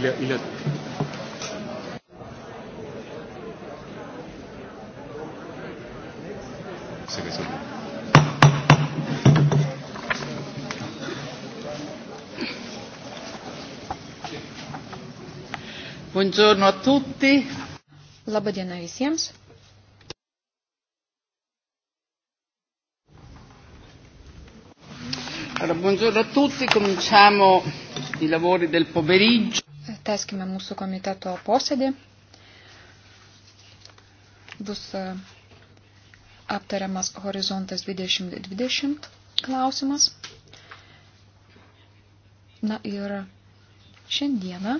il a, il a... C'est résolu. Buongiorno a tutti. Labadiena visiems. Allora, buongiorno a tutti, cominciamo i lavori del pomeriggio. Teskime mūsų komiteto posėdį. Bus e, aptariamas horizontas 2020 klausimas. Na ir šiandieną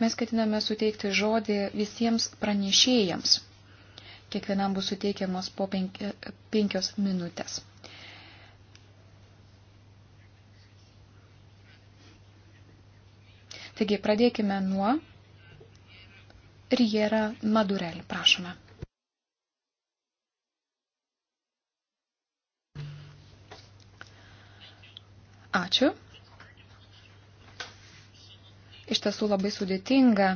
mes ketiname suteikti žodį visiems pranešėjams. Kiekvienam bus suteikiamos po penki, penkios minutės. Taigi pradėkime nuo Riera Madurel. Prašome. Ačiū. Iš tiesų labai sudėtinga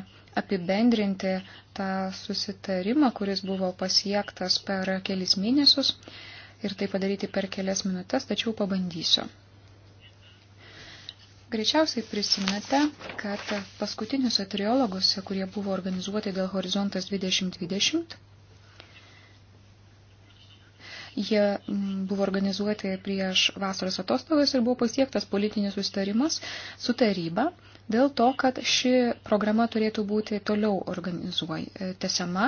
apibendrinti tą susitarimą, kuris buvo pasiektas per kelis mėnesius ir tai padaryti per kelias minutės, tačiau pabandysiu. Greičiausiai prisimenate, kad paskutiniuose triologuose, kurie buvo organizuoti dėl Horizontas 2020, jie buvo organizuoti prieš vasaros atostogas ir buvo pasiektas politinis sustarimas su taryba dėl to, kad ši programa turėtų būti toliau organizuoj e, tesama.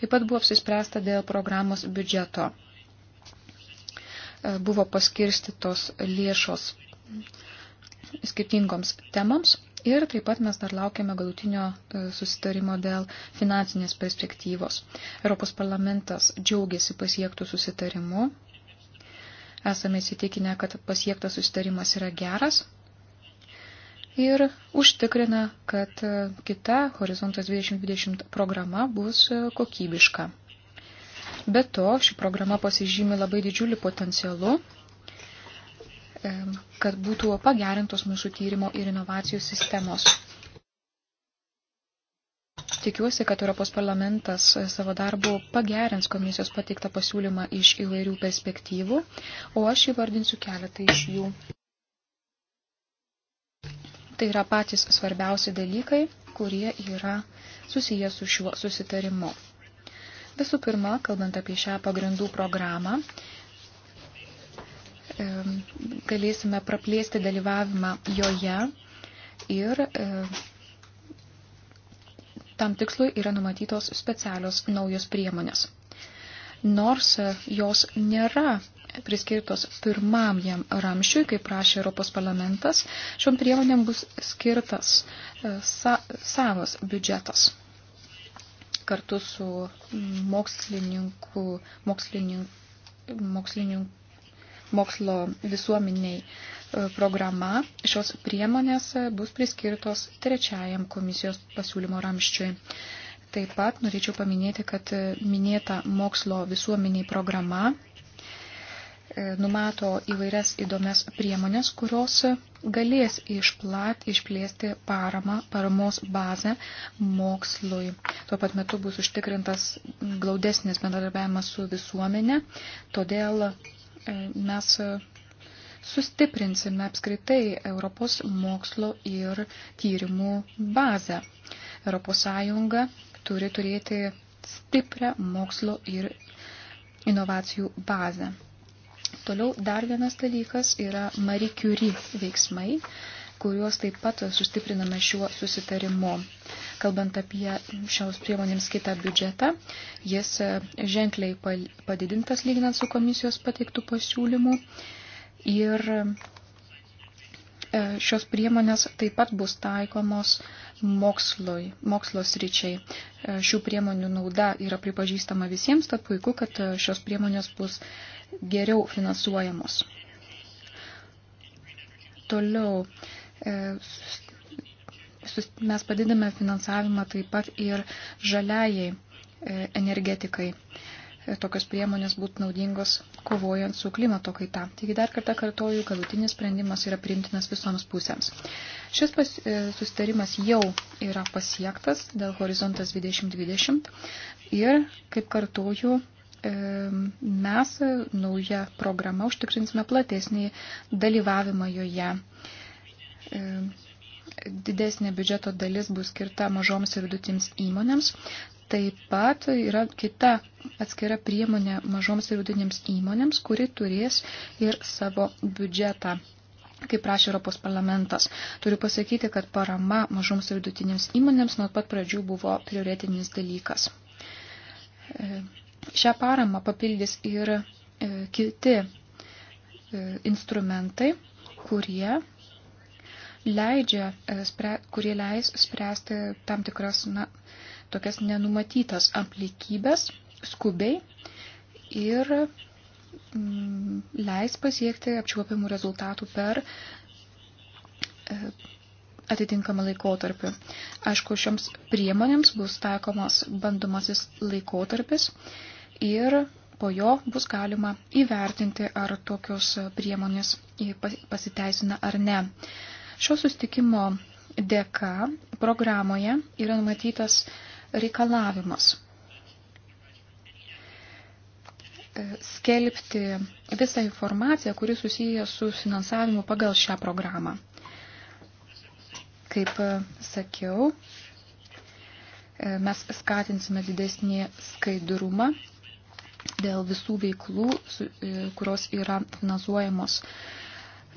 Taip pat buvo apsispręsta dėl programos biudžeto. E, buvo paskirstytos lėšos skirtingoms temams ir taip pat mes dar laukiame galutinio e, susitarimo dėl finansinės perspektyvos. Europos parlamentas džiaugiasi pasiektų susitarimu. Esame įsitikinę, kad pasiektas susitarimas yra geras ir užtikrina, kad e, kita Horizontas 2020 programa bus e, kokybiška. Be to, ši programa pasižymi labai didžiulį potencialu E, kad būtų pagerintos mūsų tyrimo ir inovacijų sistemos. Tikiuosi, kad Europos parlamentas savo darbu pagerins komisijos pateiktą pasiūlymą iš įvairių perspektyvų, o aš įvardinsiu keletą iš jų. Tai yra patys svarbiausi dalykai, kurie yra susiję su šiuo susitarimu. Visų pirma, kalbant apie šią pagrindų programą, galėsime praplėsti dalyvavimą joje ir tam tikslui yra numatytos specialios naujos priemonės. Nors e, jos nėra priskirtos pirmamjam ramšiui, kaip prašė Europos parlamentas, šiom priemonėm bus skirtas e, sa savas biudžetas kartu su mokslininku, mokslinink, mokslinink, mokslo visuomeniai e, programa, šios priemonės e, bus priskirtos trečiajam komisijos pasiūlymo ramščiui. Taip pat norėčiau paminėti, kad e, minėta mokslo visuomeniai programa numato įvairias įdomias priemonės, kurios galės išplat, išplėsti paramą, paramos bazę mokslui. Tuo pat metu bus užtikrintas glaudesnis bendradarbiavimas su visuomenė, todėl mes sustiprinsime apskritai Europos mokslo ir tyrimų bazę. Europos Sąjunga turi turėti stiprią mokslo ir inovacijų bazę. Toliau dar vienas dalykas yra Marie Curie veiksmai kuriuos taip pat sustipriname šiuo susitarimu. Kalbant apie šios priemonėms kitą biudžetą, jis e, ženkliai padidintas lyginant su komisijos pateiktų pasiūlymų ir e, šios priemonės taip pat bus taikomos moksloj, mokslos ryčiai. E, šių priemonių nauda yra pripažįstama visiems, tad puiku, kad šios priemonės bus geriau finansuojamos. Toliau E, mes padidėme finansavimą taip pat ir žaliajai e, energetikai. E, tokios priemonės būtų naudingos kovojant su klimato kaita. Taigi dar kartą kartoju, galutinis sprendimas yra priimtinas visoms pusėms. Šis pas, susitarimas jau yra pasiektas dėl horizontas 2020 ir, kaip kartoju, mes naują programą užtikrinsime platesnį dalyvavimą joje. E, didesnė biudžeto dalis bus skirta mažoms ir vidutinėms įmonėms. Taip pat yra kita atskira priemonė mažoms ir vidutinėms įmonėms, kuri turės ir savo biudžetą kaip prašė Europos parlamentas. Turiu pasakyti, kad parama mažoms ir vidutinėms įmonėms nuo pat pradžių buvo prioritinis dalykas. E, šią paramą papildys ir e, kiti instrumentai, kurie leidžia, e, kurie leis spręsti tam tikras, na, tokias nenumatytas aplikybės skubiai ir mm, leis pasiekti apčiuopimų rezultatų per e, atitinkamą laikotarpį. Aišku, šioms priemonėms bus taikomas bandomasis laikotarpis ir po jo bus galima įvertinti, ar tokios priemonės pasiteisina ar ne. Šio sustikimo dėka programoje yra numatytas reikalavimas skelbti visą informaciją, kuri susiję su finansavimu pagal šią programą. Kaip e, sakiau, e, mes skatinsime didesnį skaidrumą dėl visų veiklų, e, kurios yra finansuojamos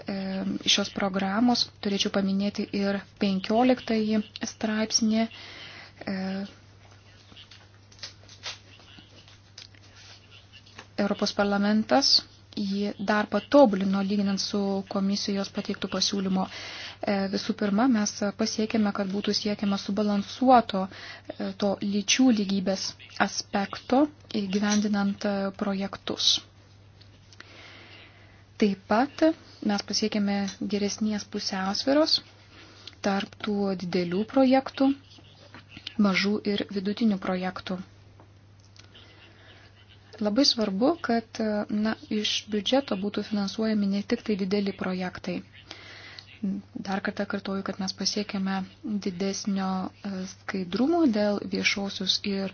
E, šios programos turėčiau paminėti ir 15 straipsnį. E, Europos parlamentas jį dar patobulino lyginant su komisijos pateiktų pasiūlymo. E, visų pirma, mes pasiekėme, kad būtų siekiama subalansuoto to lyčių lygybės aspekto įgyvendinant projektus. Taip pat mes pasiekėme geresnės pusiausviros tarp tų didelių projektų, mažų ir vidutinių projektų. Labai svarbu, kad na, iš biudžeto būtų finansuojami ne tik tai dideli projektai. Dar kartą kartuoju, kad mes pasiekėme didesnio e, skaidrumo dėl viešosios ir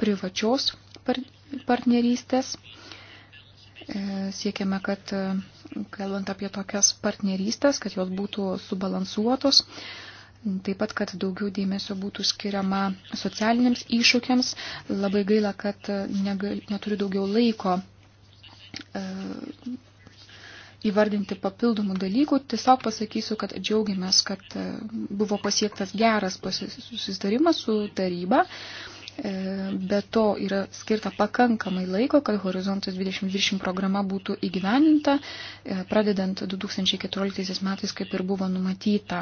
privačios partnerystės. Par Siekiame, kad kalbant apie tokias partnerystės, kad jos būtų subalansuotos, taip pat, kad daugiau dėmesio būtų skiriama socialiniams iššūkiams. Labai gaila, kad negal, neturiu daugiau laiko e, įvardinti papildomų dalykų, tiesiog pasakysiu, kad džiaugiamės, kad e, buvo pasiektas geras susitarimas su taryba. E, be to yra skirta pakankamai laiko, kad Horizontas 2020 programa būtų įgyveninta, e, pradedant 2014 metais, kaip ir buvo numatyta.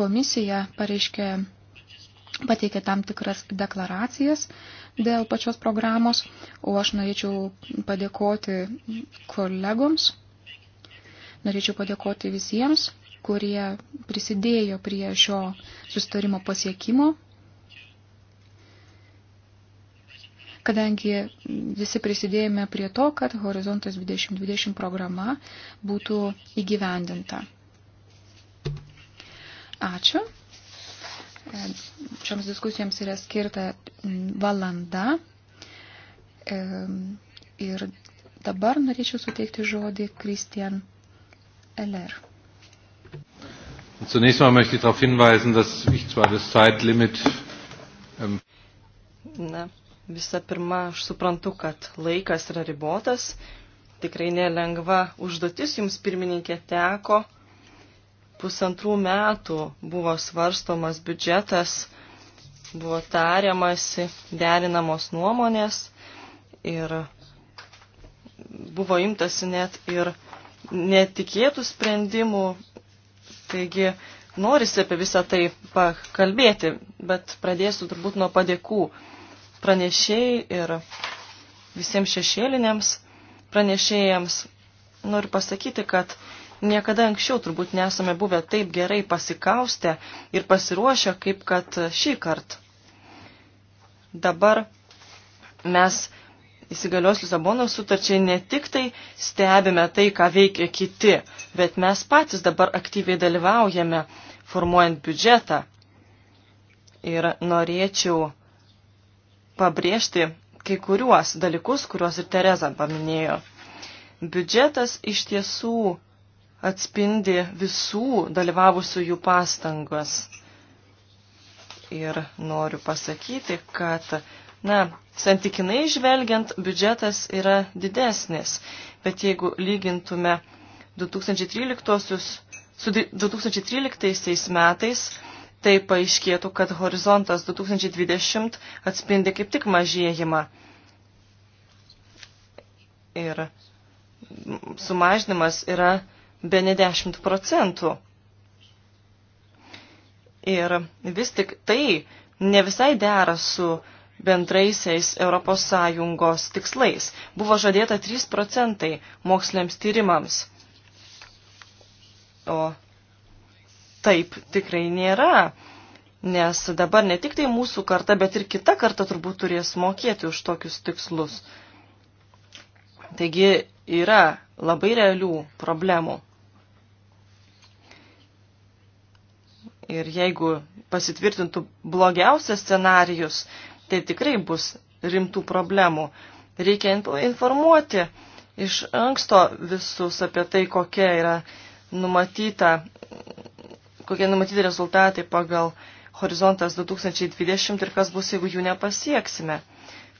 Komisija pareiškė, pateikė tam tikras deklaracijas dėl pačios programos, o aš norėčiau padėkoti kolegoms, norėčiau padėkoti visiems kurie prisidėjo prie šio sustarimo pasiekimo. Kadangi visi prisidėjome prie to, kad Horizontas 2020 programa būtų įgyvendinta. Ačiū. Šioms diskusijoms yra skirta valanda. Ir dabar norėčiau suteikti žodį Kristian Eller. Zunächst mal möchte ich darauf hinweisen, dass ich zwar das Zeitlimit. Ähm Na, visą pirma, aš suprantu, kad laikas yra ribotas. Tikrai nelengva užduotis jums pirmininkė teko. Pusantrų metų buvo svarstomas biudžetas, buvo tariamasi, derinamos nuomonės ir buvo imtasi net ir netikėtų sprendimų Taigi norisi apie visą tai pakalbėti, bet pradėsiu turbūt nuo padėkų pranešėjai ir visiems šešėliniams pranešėjams. Noriu pasakyti, kad niekada anksčiau turbūt nesame buvę taip gerai pasikaustę ir pasiruošę, kaip kad šį kartą. Dabar mes įsigalios Lisabonos sutarčiai ne tik tai stebime tai, ką veikia kiti, bet mes patys dabar aktyviai dalyvaujame formuojant biudžetą. Ir norėčiau pabrėžti kai kuriuos dalykus, kuriuos ir Tereza paminėjo. Biudžetas iš tiesų atspindi visų dalyvavusių jų pastangas. Ir noriu pasakyti, kad Na, santykinai žvelgiant, biudžetas yra didesnis, bet jeigu lygintume 2013 su 2013 metais, tai paaiškėtų, kad horizontas 2020 atspindi kaip tik mažėjimą. Ir sumažinimas yra be ne 10 procentų. Ir vis tik tai ne visai dera su bendraisiais ES tikslais. Buvo žadėta 3 procentai moksliniams tyrimams. O taip tikrai nėra, nes dabar ne tik tai mūsų karta, bet ir kita karta turbūt turės mokėti už tokius tikslus. Taigi yra labai realių problemų. Ir jeigu pasitvirtintų blogiausias scenarius, tai tikrai bus rimtų problemų. Reikia informuoti iš anksto visus apie tai, kokia yra numatyta, kokie numatyti rezultatai pagal horizontas 2020 ir kas bus, jeigu jų nepasieksime.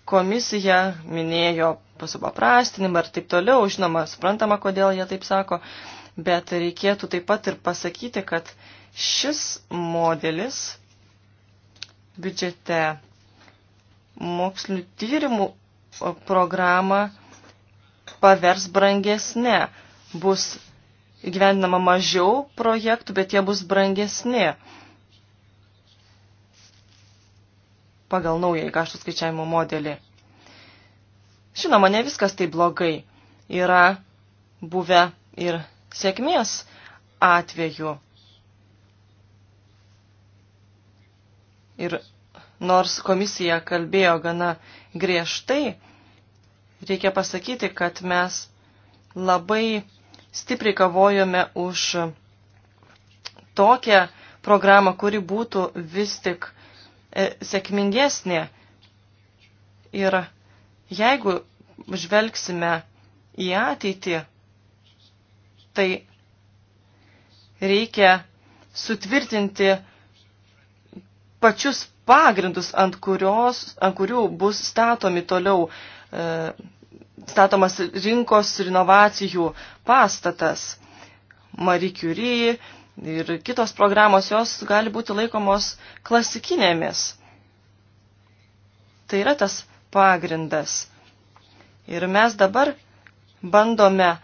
Komisija minėjo pasupaprastinimą ir taip toliau, žinoma, suprantama, kodėl jie taip sako, bet reikėtų taip pat ir pasakyti, kad šis modelis biudžete mokslinių tyrimų programą pavers brangesnė. Bus gyvendinama mažiau projektų, bet jie bus brangesnė. Pagal naują įkaštų skaičiavimo modelį. Žinoma, ne viskas tai blogai. Yra buvę ir sėkmės atveju. Ir nors komisija kalbėjo gana griežtai, reikia pasakyti, kad mes labai stipriai kavojome už tokią programą, kuri būtų vis tik e, sėkmingesnė. Ir jeigu žvelgsime į ateitį, tai reikia sutvirtinti pačius pagrindus, ant, kurios, ant kurių bus statomi toliau e, statomas rinkos ir inovacijų pastatas. Marie Curie ir kitos programos, jos gali būti laikomos klasikinėmis. Tai yra tas pagrindas. Ir mes dabar bandome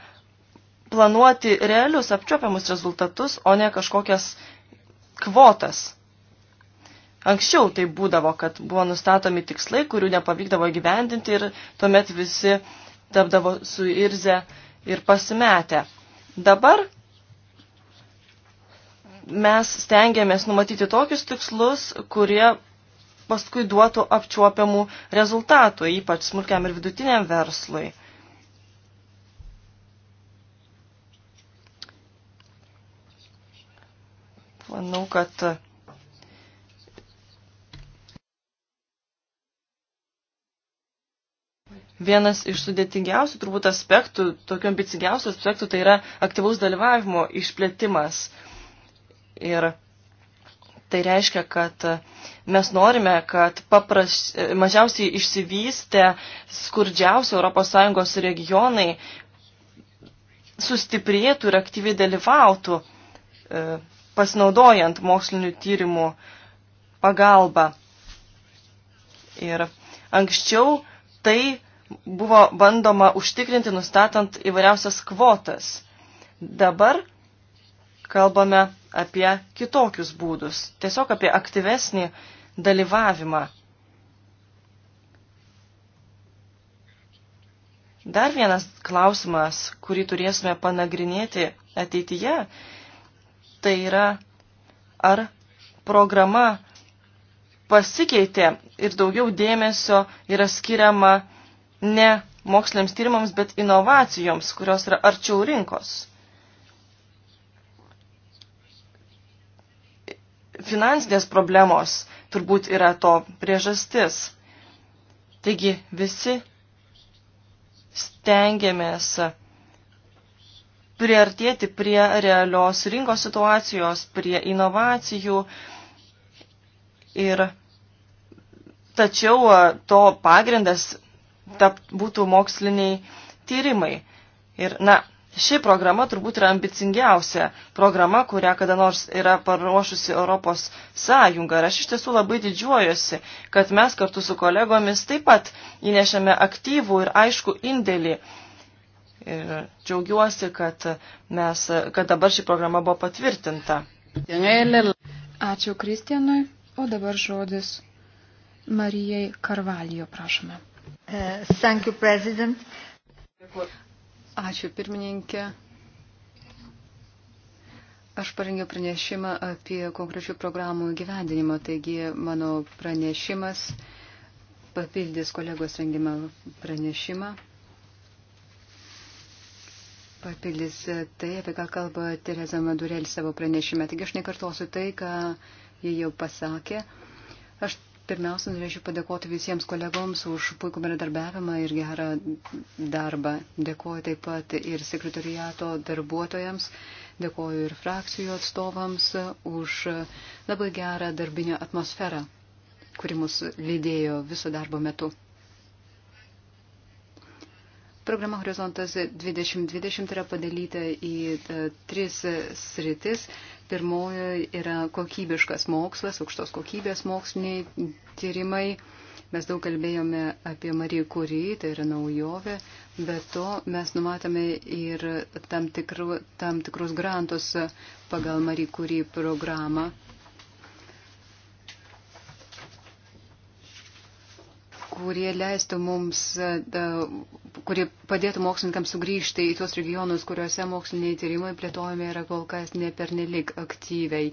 planuoti realius apčiopiamus rezultatus, o ne kažkokias kvotas Anksčiau tai būdavo, kad buvo nustatomi tikslai, kurių nepavykdavo gyvendinti ir tuomet visi tapdavo suirzę ir pasimetę. Dabar mes stengiamės numatyti tokius tikslus, kurie paskui duotų apčiuopiamų rezultatų, ypač smulkiam ir vidutiniam verslui. Manau, kad Vienas iš sudėtingiausių turbūt aspektų, tokių ambicingiausių aspektų, tai yra aktyvaus dalyvavimo išplėtimas. Ir tai reiškia, kad mes norime, kad papras, mažiausiai išsivystę skurdžiausi ES regionai sustiprėtų ir aktyviai dalyvautų e, pasinaudojant mokslinių tyrimų pagalbą. Ir anksčiau tai buvo bandoma užtikrinti, nustatant įvairiausias kvotas. Dabar kalbame apie kitokius būdus, tiesiog apie aktyvesnį dalyvavimą. Dar vienas klausimas, kurį turėsime panagrinėti ateityje, tai yra, ar programa pasikeitė ir daugiau dėmesio yra skiriama ne moksliniams tyrimams, bet inovacijoms, kurios yra arčiau rinkos. Finansinės problemos turbūt yra to priežastis. Taigi visi stengiamės priartėti prie realios rinkos situacijos, prie inovacijų ir tačiau to pagrindas tap, būtų moksliniai tyrimai. Ir, na, ši programa turbūt yra ambicingiausia programa, kurią kada nors yra paruošusi Europos Sąjunga. Ir aš iš tiesų labai didžiuojuosi, kad mes kartu su kolegomis taip pat įnešėme aktyvų ir aišku indėlį. Ir džiaugiuosi, kad, mes, kad dabar ši programa buvo patvirtinta. Ačiū Kristianui, o dabar žodis Marijai Karvalijo, prašome. Uh, thank you, President. Ačiū, pirmininkė. Aš parengiau pranešimą apie konkrečių programų gyvendinimą, taigi mano pranešimas papildys kolegos rengimą pranešimą. Papildys tai, apie ką kalba Tereza Madurel savo pranešime. Taigi aš nekartosiu tai, ką jie jau pasakė. Aš Pirmiausia, norėčiau padėkoti visiems kolegoms už puikų bendradarbiavimą ir gerą darbą. Dėkoju taip pat ir sekretariato darbuotojams, dėkoju ir frakcijų atstovams už labai gerą darbinę atmosferą, kuri mus lydėjo viso darbo metu. Programa Horizontas 2020 yra padalyta į e, tris sritis Pirmojoje yra kokybiškas mokslas, aukštos kokybės moksliniai tyrimai. Mes daug kalbėjome apie Mariją Kurį, tai yra naujovė, bet to mes numatome ir tam, tikru, tam tikrus grantus pagal Mariją Kurį programą. kurie leistų mums, da, kurie padėtų mokslininkams sugrįžti į tuos regionus, kuriuose moksliniai tyrimai plėtojami yra kol kas ne pernelik aktyviai.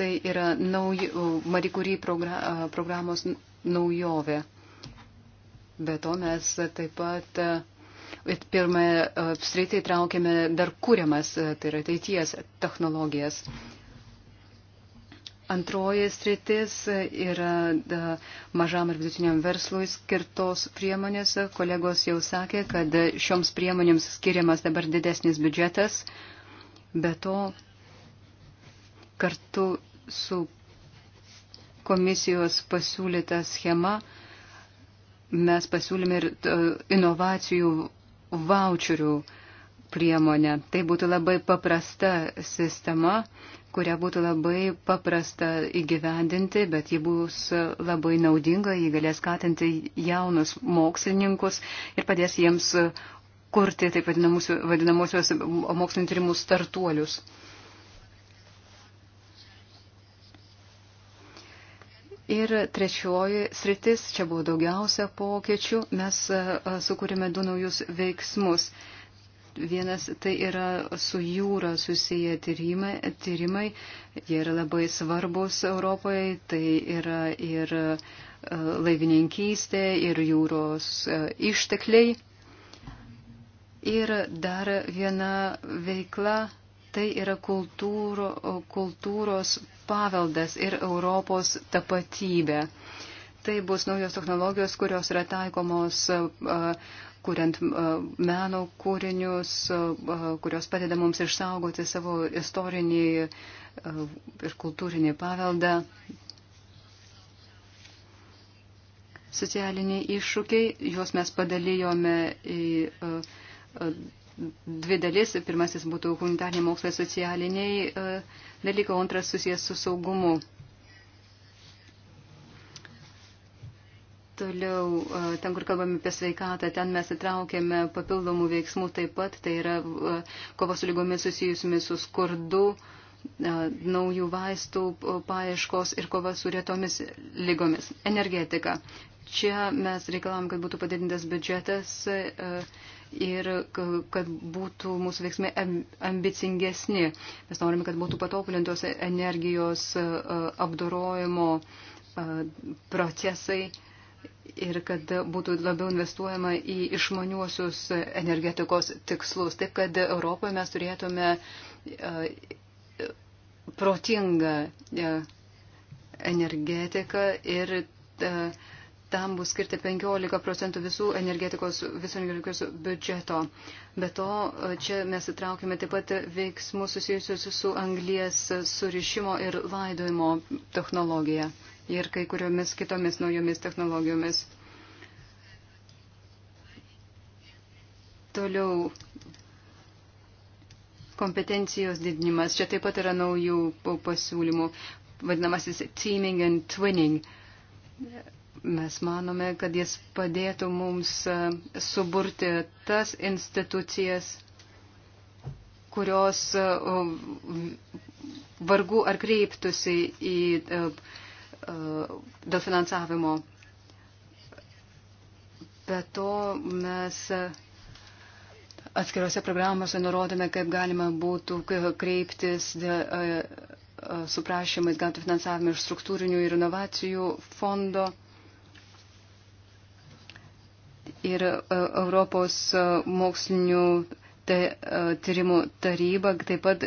Tai yra nauj, Marie Curie progra, programos naujovė. Be to mes taip pat pirmąją sritį įtraukėme dar kūriamas, tai yra ateities technologijas. Antroji sritis yra da, mažam ir vidutiniam verslui skirtos priemonės. Kolegos jau sakė, kad šioms priemonėms skiriamas dabar didesnis biudžetas. Be to, kartu su komisijos pasiūlyta schema mes pasiūlėme ir inovacijų voucherių uh, priemonę. Tai būtų labai paprasta sistema, kurią būtų labai paprasta įgyvendinti, bet ji bus labai naudinga, ji galės skatinti jaunus mokslininkus ir padės jiems kurti taip vadinamosios mokslinio tyrimų startuolius. Ir trečioji sritis, čia buvo daugiausia pokyčių, mes sukūrėme du naujus veiksmus. Uh, Vienas tai yra su jūra susiję tyrimai, tyrimai. jie yra labai svarbus Europoje, tai yra ir e, laivininkystė, ir jūros e, ištekliai. Ir dar viena veikla, tai yra kultūro, kultūros paveldas ir Europos tapatybė. Tai bus naujos technologijos, kurios yra taikomos. Uh, kuriant meno kūrinius, kurios padeda mums išsaugoti savo istorinį ir kultūrinį paveldą. Socialiniai iššūkiai, juos mes padalijome į dvi dalis. Pirmasis būtų humanitariniai mokslai socialiniai dalykai, o antras susijęs su saugumu. Toliau, e, ten, kur kalbame apie sveikatą, ten mes įtraukėme papildomų veiksmų taip pat, tai yra e, kova su lygomis susijusimis su skurdu, e, naujų vaistų paieškos ir kova su rėtomis lygomis. Energetika. Čia mes reikalam, kad būtų padidintas biudžetas ir kad būtų mūsų veiksmai ambicingesni. Mes norime, kad būtų patobulintos energijos apdorojimo procesai ir kad būtų labiau investuojama į išmaniuosius energetikos tikslus, taip kad Europoje mes turėtume e, protingą e, energetiką ir e, tam bus skirti 15 procentų visų energetikos, visų energetikos biudžeto. Be to, čia mes įtraukime taip pat veiksmus susijusius su anglies surišimo ir laidojimo technologija ir kai kuriomis kitomis naujomis technologijomis. Toliau kompetencijos didinimas. Čia taip pat yra naujų pasiūlymų, vadinamasis teaming and twinning. Mes manome, kad jis padėtų mums e, suburti tas institucijas, kurios e, vargu ar kreiptųsi į e, E, dėl finansavimo. Be to mes atskiriuose programuose nurodėme, kaip galima būtų kreiptis e, e, su prašymais gauti finansavimą iš struktūrinių ir inovacijų fondo ir Europos mokslinių tyrimų taryba taip pat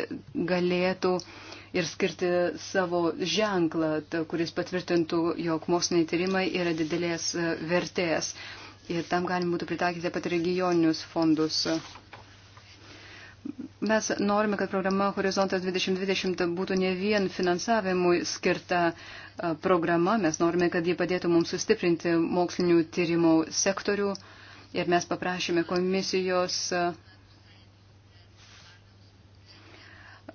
galėtų uh, ir skirti savo ženklą, kuris patvirtintų, jog moksliniai tyrimai yra didelės e, vertės. Ir tam galima būtų pritaikyti pat regioninius fondus. Mes norime, kad programa Horizontas 2020 būtų ne vien finansavimui skirta e, programa, mes norime, kad ji padėtų mums sustiprinti mokslinių tyrimų sektorių ir mes paprašėme komisijos uh,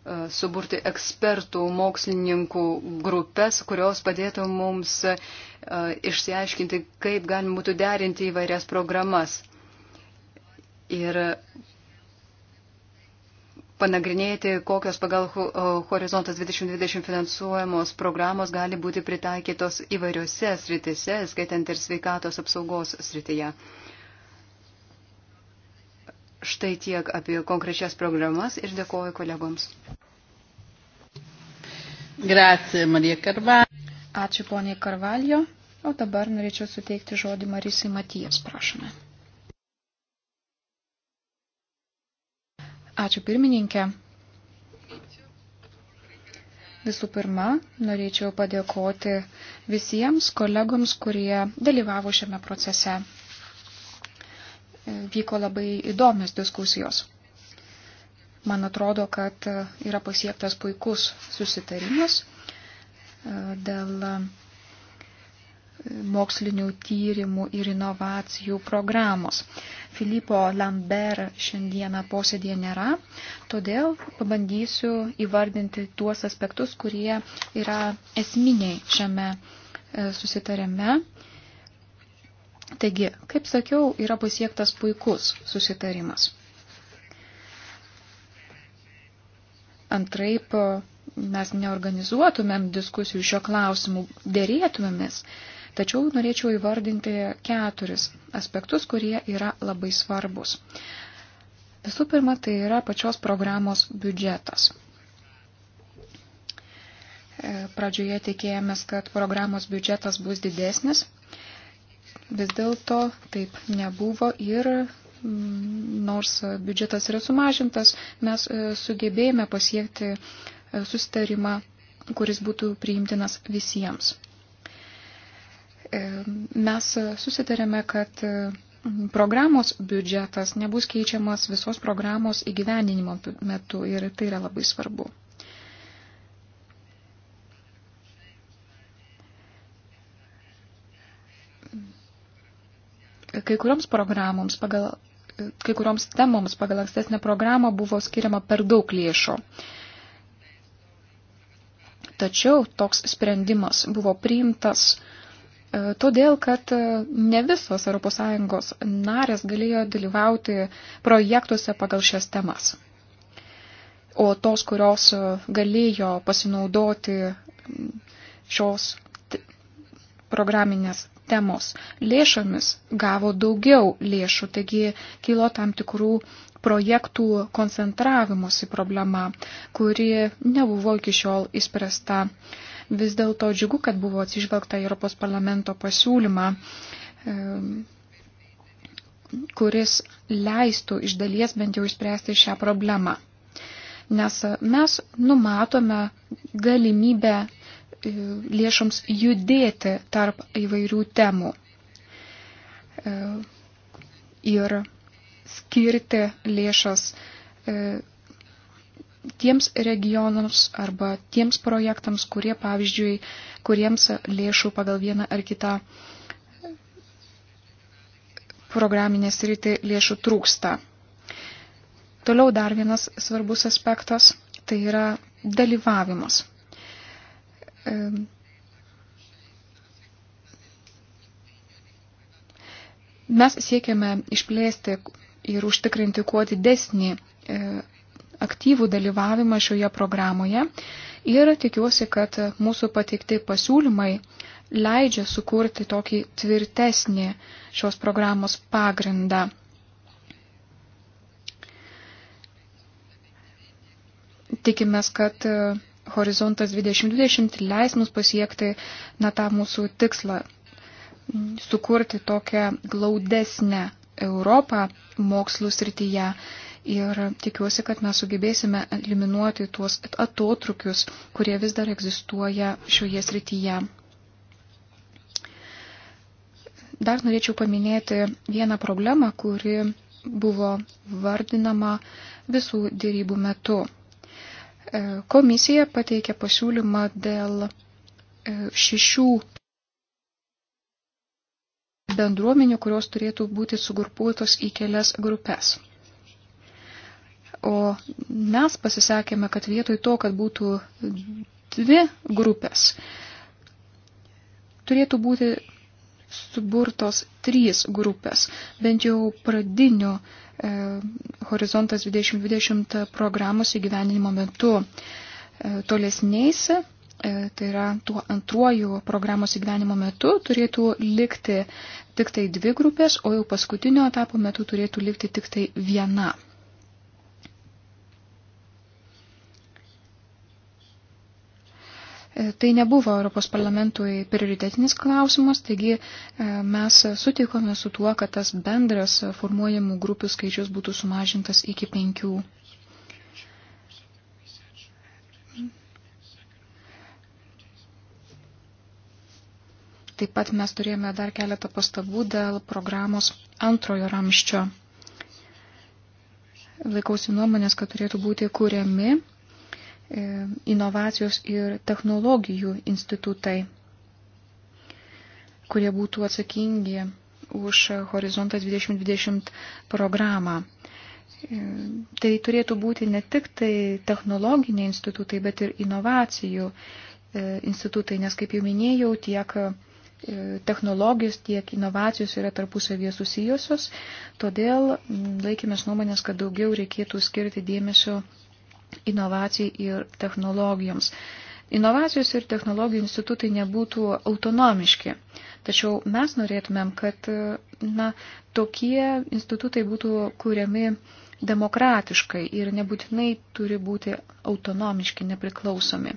E, suburti ekspertų, mokslininkų grupės, kurios padėtų mums e, išsiaiškinti, kaip galima būtų derinti įvairias programas ir panagrinėti, kokios pagal e, Horizontas 2020 finansuojamos programos gali būti pritaikytos įvairiose sritise, skaitant ir sveikatos apsaugos srityje. Štai tiek apie konkrečias programas ir dėkoju kolegoms. Grazie, Marija Karvalio. Ačiū poniai Karvalio. O dabar norėčiau suteikti žodį Marisai Matijas, prašome. Ačiū pirmininkė. Visų pirma, norėčiau padėkoti visiems kolegoms, kurie dalyvavo šiame procese vyko labai įdomios diskusijos. Man atrodo, kad yra pasiektas puikus susitarimas e, dėl e, mokslinių tyrimų ir inovacijų programos. Filipo Lambert šiandieną posėdėje nėra, todėl pabandysiu įvardinti tuos aspektus, kurie yra esminiai šiame e, susitarime Taigi, kaip sakiau, yra pasiektas puikus susitarimas. Antraip mes neorganizuotumėm diskusijų šio klausimu, dėrėtumėmės, tačiau norėčiau įvardinti keturis aspektus, kurie yra labai svarbus. Visų pirma, tai yra pačios programos biudžetas. Pradžioje tikėjomės, kad programos biudžetas bus didesnis, Vis dėlto taip nebuvo ir mm, nors biudžetas yra sumažintas, mes e, sugebėjome pasiekti e, sustarimą, kuris būtų priimtinas visiems. E, mes susitarėme, kad programos biudžetas nebus keičiamas visos programos įgyvendinimo metu ir tai yra labai svarbu. kai kurioms programoms pagal kai kurioms temoms pagal ankstesnę programą buvo skiriama per daug lėšų. Tačiau toks sprendimas buvo priimtas e, todėl, kad e, ne visos ES narės galėjo dalyvauti projektuose pagal šias temas. O tos, kurios e, galėjo pasinaudoti šios programinės temos lėšomis gavo daugiau lėšų, taigi kilo tam tikrų projektų koncentravimusi problema, kuri nebuvo iki šiol įspręsta. Vis dėlto džiugu, kad buvo atsižvelgta Europos parlamento pasiūlymą, kuris leistų iš dalies bent jau išspręsti šią problemą. Nes mes numatome galimybę lėšoms judėti tarp įvairių temų e, ir skirti lėšas e, tiems regionams arba tiems projektams, kurie, pavyzdžiui, kuriems lėšų pagal vieną ar kitą programinę sritį lėšų trūksta. Toliau dar vienas svarbus aspektas - tai yra dalyvavimas. Mes siekiame išplėsti ir užtikrinti kuo didesnį e, aktyvų dalyvavimą šioje programoje ir tikiuosi, kad mūsų pateikti pasiūlymai leidžia sukurti tokį tvirtesnį šios programos pagrindą. Tikimės, kad e, horizontas 2020 leis mus pasiekti na, tą mūsų tikslą - sukurti tokią glaudesnę Europą mokslų srityje. Ir tikiuosi, kad mes sugebėsime eliminuoti tuos atotrukius, kurie vis dar egzistuoja šioje srityje. Dar norėčiau paminėti vieną problemą, kuri buvo vardinama visų dėrybų metu. E, komisija pateikė pasiūlymą dėl e, šešių bendruomenių, kurios turėtų būti sugrupuotos į kelias grupės. O mes pasisakėme, kad vietoj to, kad būtų dvi grupės, turėtų būti suburtos trys grupės, bent jau pradinio E, horizontas 2020 programos įgyveninimo metu e, tolesniais, e, tai yra tuo antruoju programos įgyvenimo metu turėtų likti tik tai dvi grupės, o jau paskutinio etapo metu turėtų likti tik tai viena. E, tai nebuvo Europos parlamentui prioritetinis klausimas, taigi e, mes sutikome su tuo, kad tas bendras formuojamų grupių skaičius būtų sumažintas iki penkių. Taip pat mes turėjome dar keletą pastabų dėl programos antrojo ramščio. Laikausi nuomonės, kad turėtų būti kūriami E, inovacijos ir technologijų institutai, kurie būtų atsakingi už Horizontą 2020 programą. E, tai turėtų būti ne tik tai technologiniai institutai, bet ir inovacijų e, institutai, nes, kaip jau minėjau, tiek technologijos, tiek inovacijos yra tarpusavėje susijusios, todėl laikėmės nuomonės, kad daugiau reikėtų skirti dėmesio inovacijai ir technologijoms. Inovacijos ir technologijų institutai nebūtų autonomiški, tačiau mes norėtumėm, kad na, tokie institutai būtų kuriami demokratiškai ir nebūtinai turi būti autonomiški, nepriklausomi.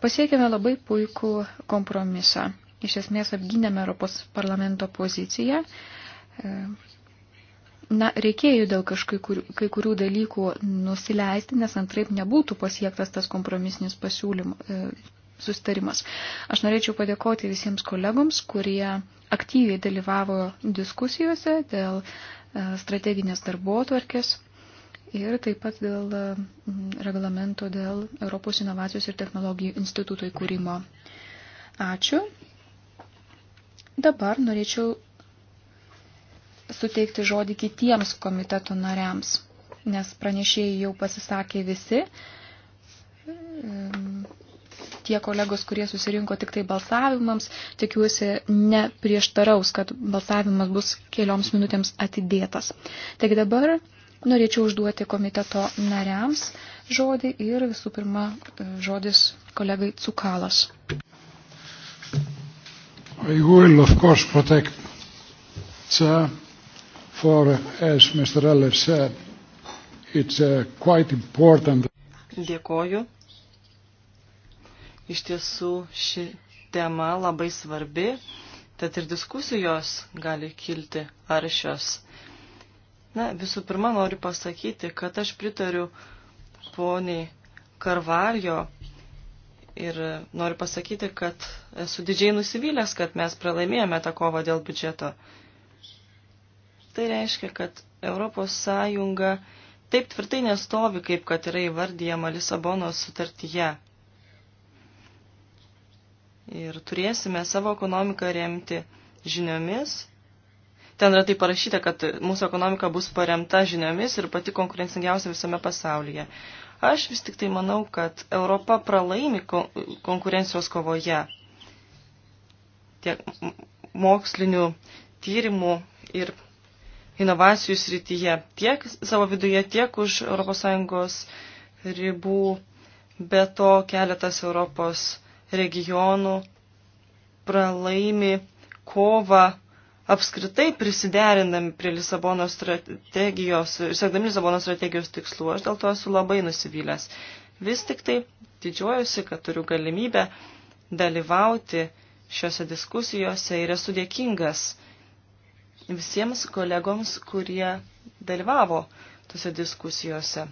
Pasiekėme labai puikų kompromisą. Iš esmės apginėme Europos parlamento poziciją, Na, reikėjo dėl kažkokių kai kurių dalykų nusileisti, nes antraip nebūtų pasiektas tas kompromisinis pasiūlymas, e, sustarimas. Aš norėčiau padėkoti visiems kolegoms, kurie aktyviai dalyvavo diskusijose dėl e, strateginės darbotvarkės ir taip pat dėl e, reglamento dėl Europos inovacijos ir technologijų instituto įkūrimo. Ačiū. Dabar norėčiau suteikti žodį kitiems komiteto nariams, nes pranešėjai jau pasisakė visi. Tie kolegos, kurie susirinko tik tai balsavimams, tikiuosi neprieštaraus, kad balsavimas bus kelioms minutėms atidėtas. Taigi dabar norėčiau užduoti komiteto nariams žodį ir visų pirma e, žodis kolegai Cukalas. I will, of course, protect, sir, for, as Mr. Eller said, it's uh, quite important. Dėkoju. Iš tiesų ši tema labai svarbi, tad ir diskusijos gali kilti aršios. Na, visų pirma, noriu pasakyti, kad aš pritariu poniai Karvarjo ir noriu pasakyti, kad esu didžiai nusivylęs, kad mes pralaimėjome tą kovą dėl biudžeto. Uh, Tai reiškia, kad Europos Sąjunga taip tvirtai nestovi, kaip kad yra įvardyjama Lisabonos sutartyje. Ir turėsime savo ekonomiką remti žiniomis. Ten yra tai parašyta, kad mūsų ekonomika bus paremta žiniomis ir pati konkurencingiausia visame pasaulyje. Aš vis tik tai manau, kad Europa pralaimi konkurencijos kovoje tiek mokslinių tyrimų ir inovacijų srityje tiek savo viduje, tiek už ES ribų, be to keletas Europos regionų pralaimi kovą apskritai prisiderindami prie Lisabono strategijos ir siekdami Lisabono strategijos tikslų. Aš dėl to esu labai nusivylęs. Vis tik tai didžiuojusi, kad turiu galimybę dalyvauti šiuose diskusijose ir esu dėkingas visiems kolegoms, kurie dalyvavo tose diskusijose.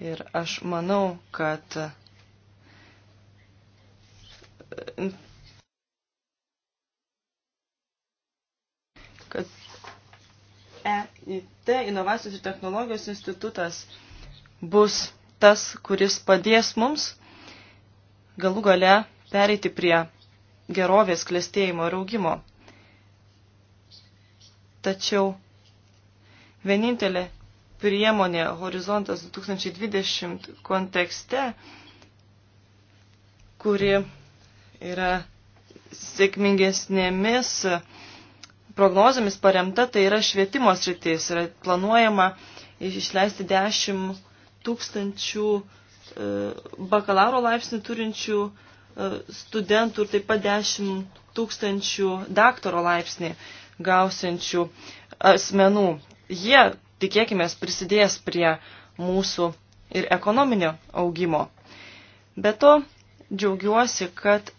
Ir aš manau, kad kad EIT inovacijos ir technologijos institutas bus tas, kuris padės mums galų gale pereiti prie gerovės klėstėjimo ir augimo. Tačiau vienintelė priemonė Horizontas 2020 kontekste, kuri yra sėkmingesnėmis prognozėmis paremta, tai yra švietimo sritis. Yra planuojama išleisti 10 tūkstančių e, bakalauro laipsnį turinčių e, studentų ir taip pat 10 tūkstančių daktaro laipsnį gausinčių asmenų. Jie, tikėkime, prisidės prie mūsų ir ekonominio augimo. Be to, džiaugiuosi, kad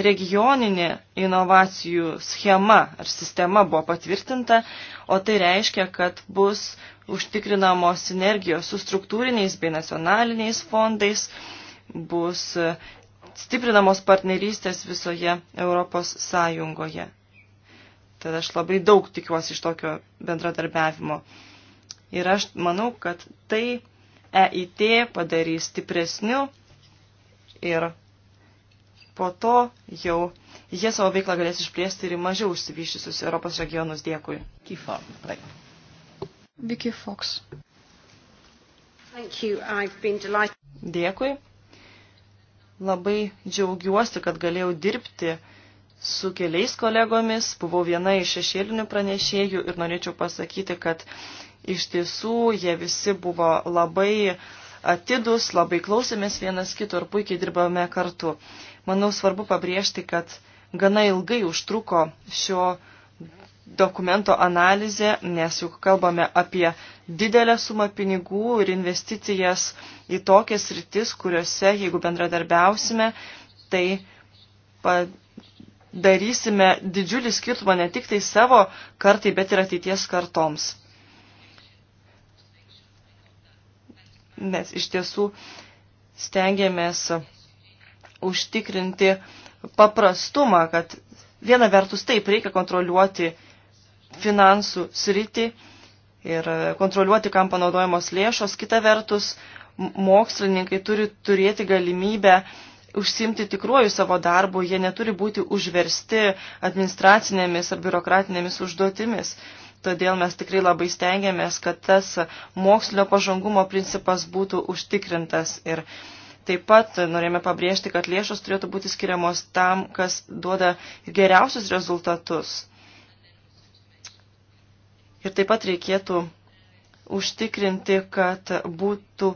regioninė inovacijų schema ar sistema buvo patvirtinta, o tai reiškia, kad bus užtikrinamos sinergijos su struktūriniais bei nacionaliniais fondais, bus stiprinamos partnerystės visoje Europos Sąjungoje. Tad aš labai daug tikiuosi iš tokio bendradarbiavimo. Ir aš manau, kad tai EIT padarys stipresniu ir po to jau jie savo veiklą galės išplėsti ir į mažiau užsivyščiusius Europos regionus. Dėkui. Vicky Fox. Dėkui. Labai džiaugiuosi, kad galėjau dirbti su keliais kolegomis, buvau viena iš šešėlinių pranešėjų ir norėčiau pasakyti, kad iš tiesų jie visi buvo labai atidus, labai klausėmės vienas kito ir puikiai dirbame kartu. Manau svarbu pabrėžti, kad gana ilgai užtruko šio dokumento analizė, nes juk kalbame apie didelę sumą pinigų ir investicijas į tokias rytis, kuriuose, jeigu bendradarbiausime, tai darysime didžiulį skirtumą ne tik tai savo kartai, bet ir ateities kartoms. Mes iš tiesų stengiamės užtikrinti paprastumą, kad viena vertus taip reikia kontroliuoti finansų sritį ir kontroliuoti, kam panaudojamos lėšos, kita vertus mokslininkai turi turėti galimybę uh, užsimti tikruoju savo darbu, jie neturi būti užversti administracinėmis ar biurokratinėmis užduotimis. Todėl mes tikrai labai stengiamės, kad tas mokslinio pažangumo principas būtų užtikrintas. Ir taip pat norėjome pabrėžti, kad lėšos turėtų būti skiriamos tam, kas duoda geriausius rezultatus. Ir taip pat reikėtų užtikrinti, kad būtų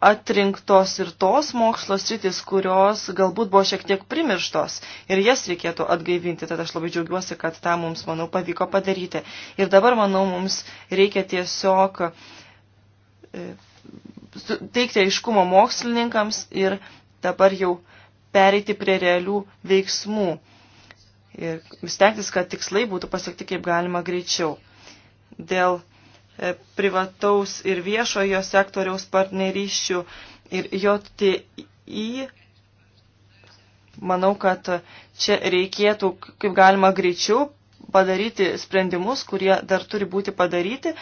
atrinktos ir tos mokslo sritis, kurios galbūt buvo šiek tiek primirštos ir jas reikėtų atgaivinti. Tad aš labai džiaugiuosi, kad tą mums, manau, pavyko padaryti. Ir dabar, manau, mums reikia tiesiog e, teikti aiškumo mokslininkams ir dabar jau pereiti prie realių veiksmų ir stengtis, kad tikslai būtų pasiekti kaip galima greičiau. Dėl E, privataus ir viešojo sektoriaus partnerysčių ir JTI. Manau, kad čia reikėtų kaip galima greičiau padaryti sprendimus, kurie dar turi būti padaryti,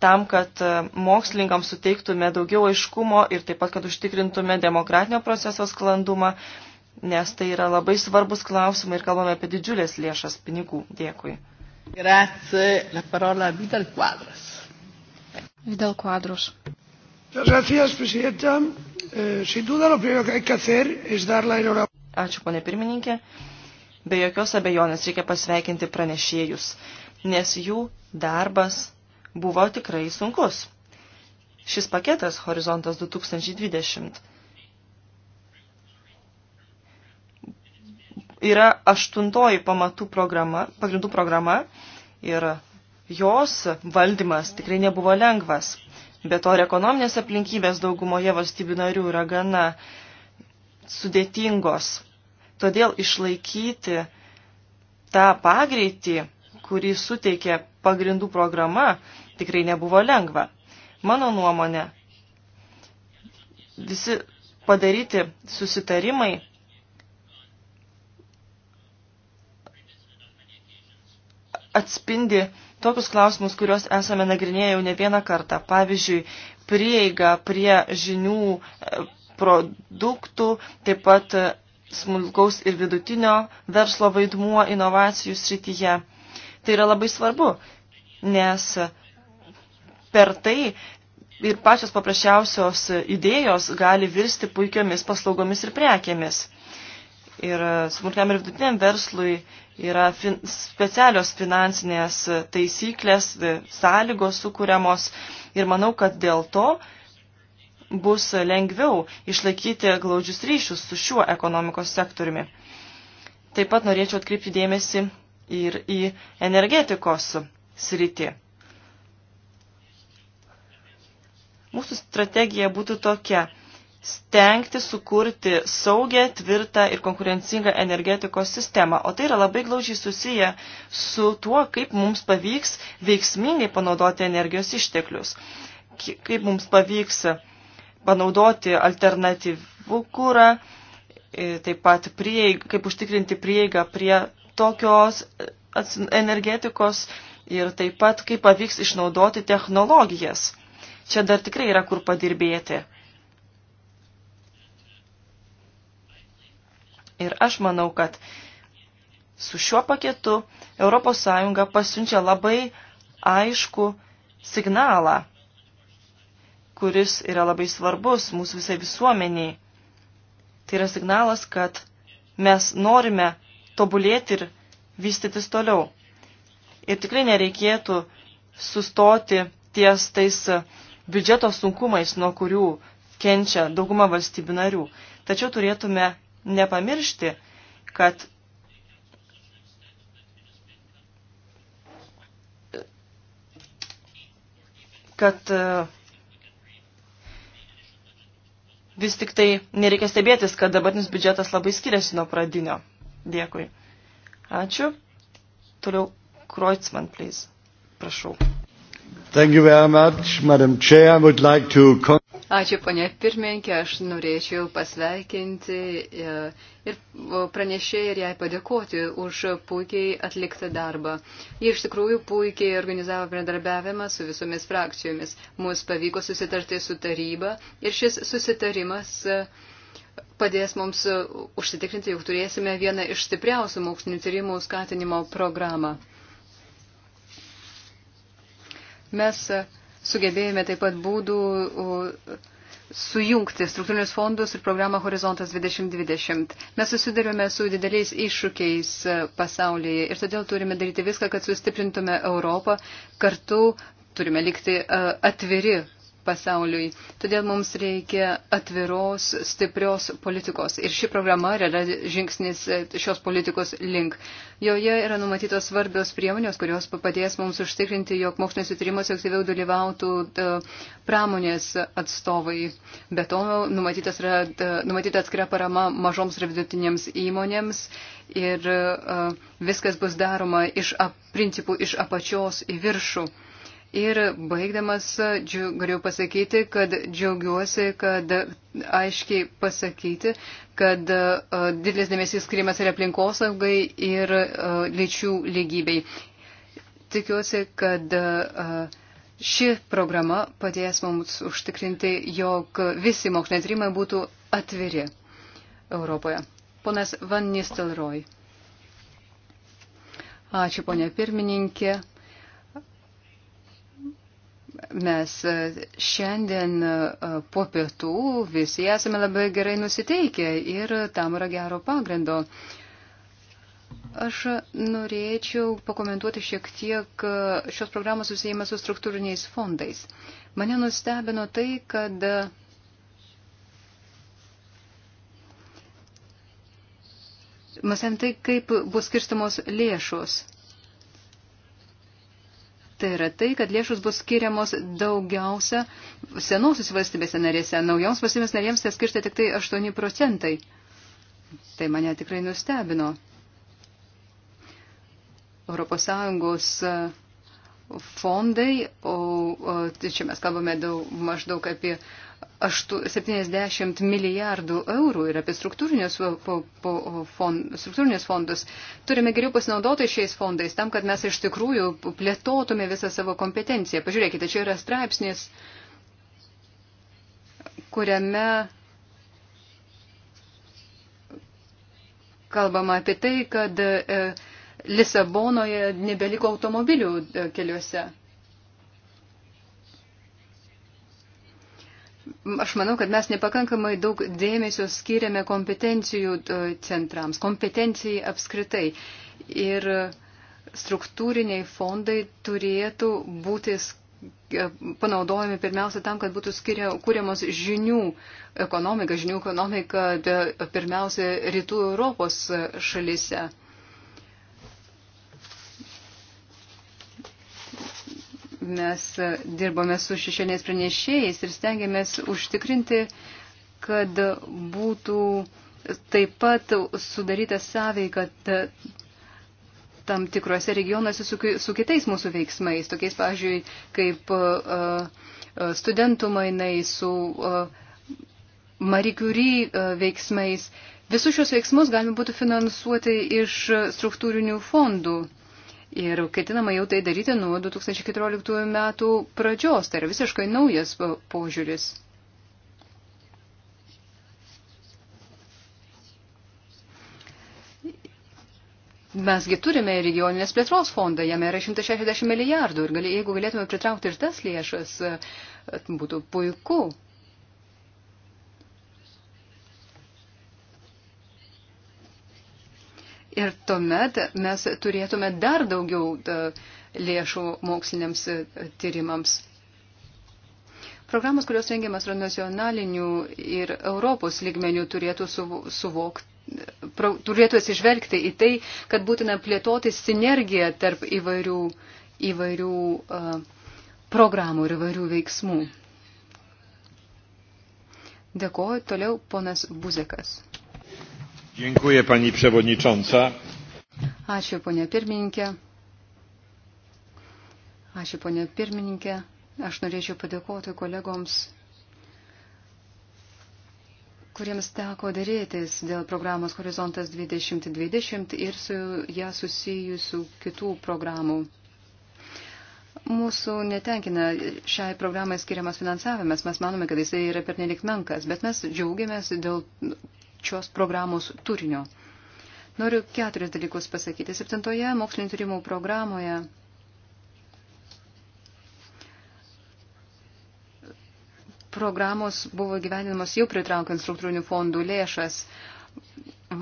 tam, kad e, mokslininkams suteiktume daugiau aiškumo ir taip pat, kad užtikrintume demokratinio proceso sklandumą, nes tai yra labai svarbus klausimai ir kalbame apie didžiulės lėšas pinigų. Dėkui. Grazie, la parola Vidal Quadras. Vidal Cuadros. Gracias, presidenta. Eh, sin duda, lo primero que hay que hacer es dar la enhorabuena. Ačiū, ponė pirmininkė. Be jokios abejonės reikia pasveikinti pranešėjus, nes jų darbas buvo tikrai sunkus. Šis paketas Horizontas 2020 yra aštuntoji pamatų programa, pagrindų programa ir jos valdymas tikrai nebuvo lengvas. Be to ir ekonominės aplinkybės daugumoje valstybių narių yra gana sudėtingos. Todėl išlaikyti tą pagreitį, kurį suteikė pagrindų programa, tikrai nebuvo lengva. Mano nuomonė, visi padaryti susitarimai atspindi tokius klausimus, kuriuos esame nagrinėję jau ne vieną kartą. Pavyzdžiui, prieiga prie žinių e, produktų, taip pat e, smulkaus ir vidutinio verslo vaidmuo inovacijų srityje. Tai yra labai svarbu, nes per tai ir pačios paprasčiausios idėjos gali virsti puikiomis paslaugomis ir prekėmis. Ir smulkiam ir vidutiniam verslui yra fin specialios finansinės taisyklės, sąlygos sukūriamos ir manau, kad dėl to bus lengviau išlaikyti glaudžius ryšius su šiuo ekonomikos sektoriumi. Taip pat norėčiau atkreipti dėmesį ir į energetikos sritį. Mūsų strategija būtų tokia stengti sukurti saugę, tvirtą ir konkurencingą energetikos sistemą. O tai yra labai glaužiai susiję su tuo, kaip mums pavyks veiksmingai panaudoti energijos išteklius, kaip mums pavyks panaudoti alternatyvų kūrą, taip pat prieig, kaip užtikrinti prieigą prie tokios e, energetikos ir taip pat kaip pavyks išnaudoti technologijas. Čia dar tikrai yra kur padirbėti. Ir aš manau, kad su šiuo paketu ES pasiunčia labai aišku signalą, kuris yra labai svarbus mūsų visai visuomeniai. Tai yra signalas, kad mes norime tobulėti ir vystytis toliau. Ir tikrai nereikėtų sustoti ties tais biudžeto sunkumais, nuo kurių kenčia dauguma valstybių narių. Tačiau turėtume nepamiršti, kad kad e, vis tik tai nereikia stebėtis, kad dabartinis biudžetas labai skiriasi nuo pradinio. Dėkui. Ačiū. Toliau Kreutzmann, please. Prašau. Thank you very much, Madam Chair. I would like to... Ačiū, ponė pirmininkė, aš norėčiau pasveikinti e, ir pranešėjai ir jai padėkoti už puikiai atliktą darbą. Jie iš tikrųjų puikiai organizavo bendradarbiavimą su visomis frakcijomis. Mums pavyko susitarti su taryba ir šis susitarimas e, padės mums užsitikrinti, jog turėsime vieną iš stipriausių mokslinių tyrimų skatinimo programą. Mes sugebėjome taip pat būdų sujungti struktūrinius fondus ir programą Horizontas 2020. Mes susidurėme su dideliais iššūkiais e, pasaulyje ir todėl turime daryti viską, kad sustiprintume Europą. Kartu turime likti e, atviri pasauliui. Todėl mums reikia atviros, stiprios politikos. Ir ši programa yra žingsnis e, šios politikos link. Joje yra numatytos svarbios priemonės, kurios padės mums užtikrinti, jog moksliniuose tyrimuose aktyviau dalyvautų e, pramonės atstovai. Be to, numatytas yra, e, numatyta atskira parama mažoms ir vidutinėms įmonėms. Ir viskas bus daroma iš principų iš apačios į viršų. Ir baigdamas džiu, galiu pasakyti, kad džiaugiuosi, kad aiškiai pasakyti, kad uh, didelis dėmesys skirimas ir aplinkosaugai, ir uh, lyčių lygybei. Tikiuosi, kad uh, ši programa padės mums užtikrinti, jog visi moksliniai tyrimai būtų atviri Europoje. Ponas Van Nistelrooy. Ačiū, ponė pirmininkė. Mes e, šiandien e, po pietų visi esame labai gerai nusiteikę ir tam yra gero pagrindo. Aš norėčiau pakomentuoti šiek tiek e, šios programos susijimą su struktūriniais fondais. Mane nustebino tai, kad Masėm tai, kaip bus skirstamos lėšos Tai yra tai, kad lėšus bus skiriamos daugiausia senosios valstybėse narėse. Naujoms valstybės narėms tai skirta tik tai 8 procentai. Tai mane tikrai nustebino. Europos Sąjungos e, fondai, o, o tai čia mes kalbame daug, maždaug apie uh, 70 milijardų eurų ir apie struktūrinius, po, po, fond, struktūrinius fondus. Turime geriau pasinaudoti šiais fondais tam, kad mes iš tikrųjų plėtotume visą savo kompetenciją. Pažiūrėkite, čia yra straipsnis, kuriame kalbama apie tai, kad e, Lisabonoje nebeliko automobilių e, keliuose. Aš manau, kad mes nepakankamai daug dėmesio skiriame kompetencijų e, centrams, kompetencijai apskritai. Ir struktūriniai fondai turėtų būti e, panaudojami pirmiausia tam, kad būtų skiria, kūriamos žinių ekonomika, žinių ekonomika pirmiausia rytų Europos šalise. mes dirbome su šešėlės pranešėjais ir stengiamės užtikrinti, kad būtų taip pat sudaryta sąveika tam tikrose regionuose su, su kitais mūsų veiksmais, tokiais, pavyzdžiui, kaip uh, uh, studentų mainai su uh, Marie Curie veiksmais. Visus šios veiksmus galima būtų finansuoti iš struktūrinių fondų. Ir ketinama jau tai daryti nuo 2014 metų pradžios. Tai yra visiškai naujas požiūris. Mesgi turime regioninės plėtros fondą, jame yra 160 milijardų ir gali, jeigu galėtume pritraukti ir tas lėšas, būtų puiku. Ir tuomet mes turėtume dar daugiau e, lėšų moksliniams e, tyrimams. Programos, kurios rengiamas yra nacionalinių ir Europos lygmenių, turėtų suvokti turėtų atsižvelgti į tai, kad būtina plėtoti sinergiją tarp įvairių, įvairių uh, programų ir įvairių veiksmų. Dėkuoju toliau ponas Buzekas. Dziękuję pani przewodnicząca. Ačiū ponė pirmininkė. Ačiū ponė pirmininkė. Aš norėčiau padėkoti kolegoms, kuriems teko dėrėtis dėl programos Horizontas 2020 ir su ją susijusių kitų programų. Mūsų netenkina šiai programai skiriamas finansavimas, mes manome, kad jisai yra pernelik menkas, bet mes džiaugiamės dėl šios programos turinio. Noriu keturis dalykus pasakyti. Septintoje mokslinio tyrimų programoje programos buvo gyvenimos jau pritraukiant struktūrinių fondų lėšas.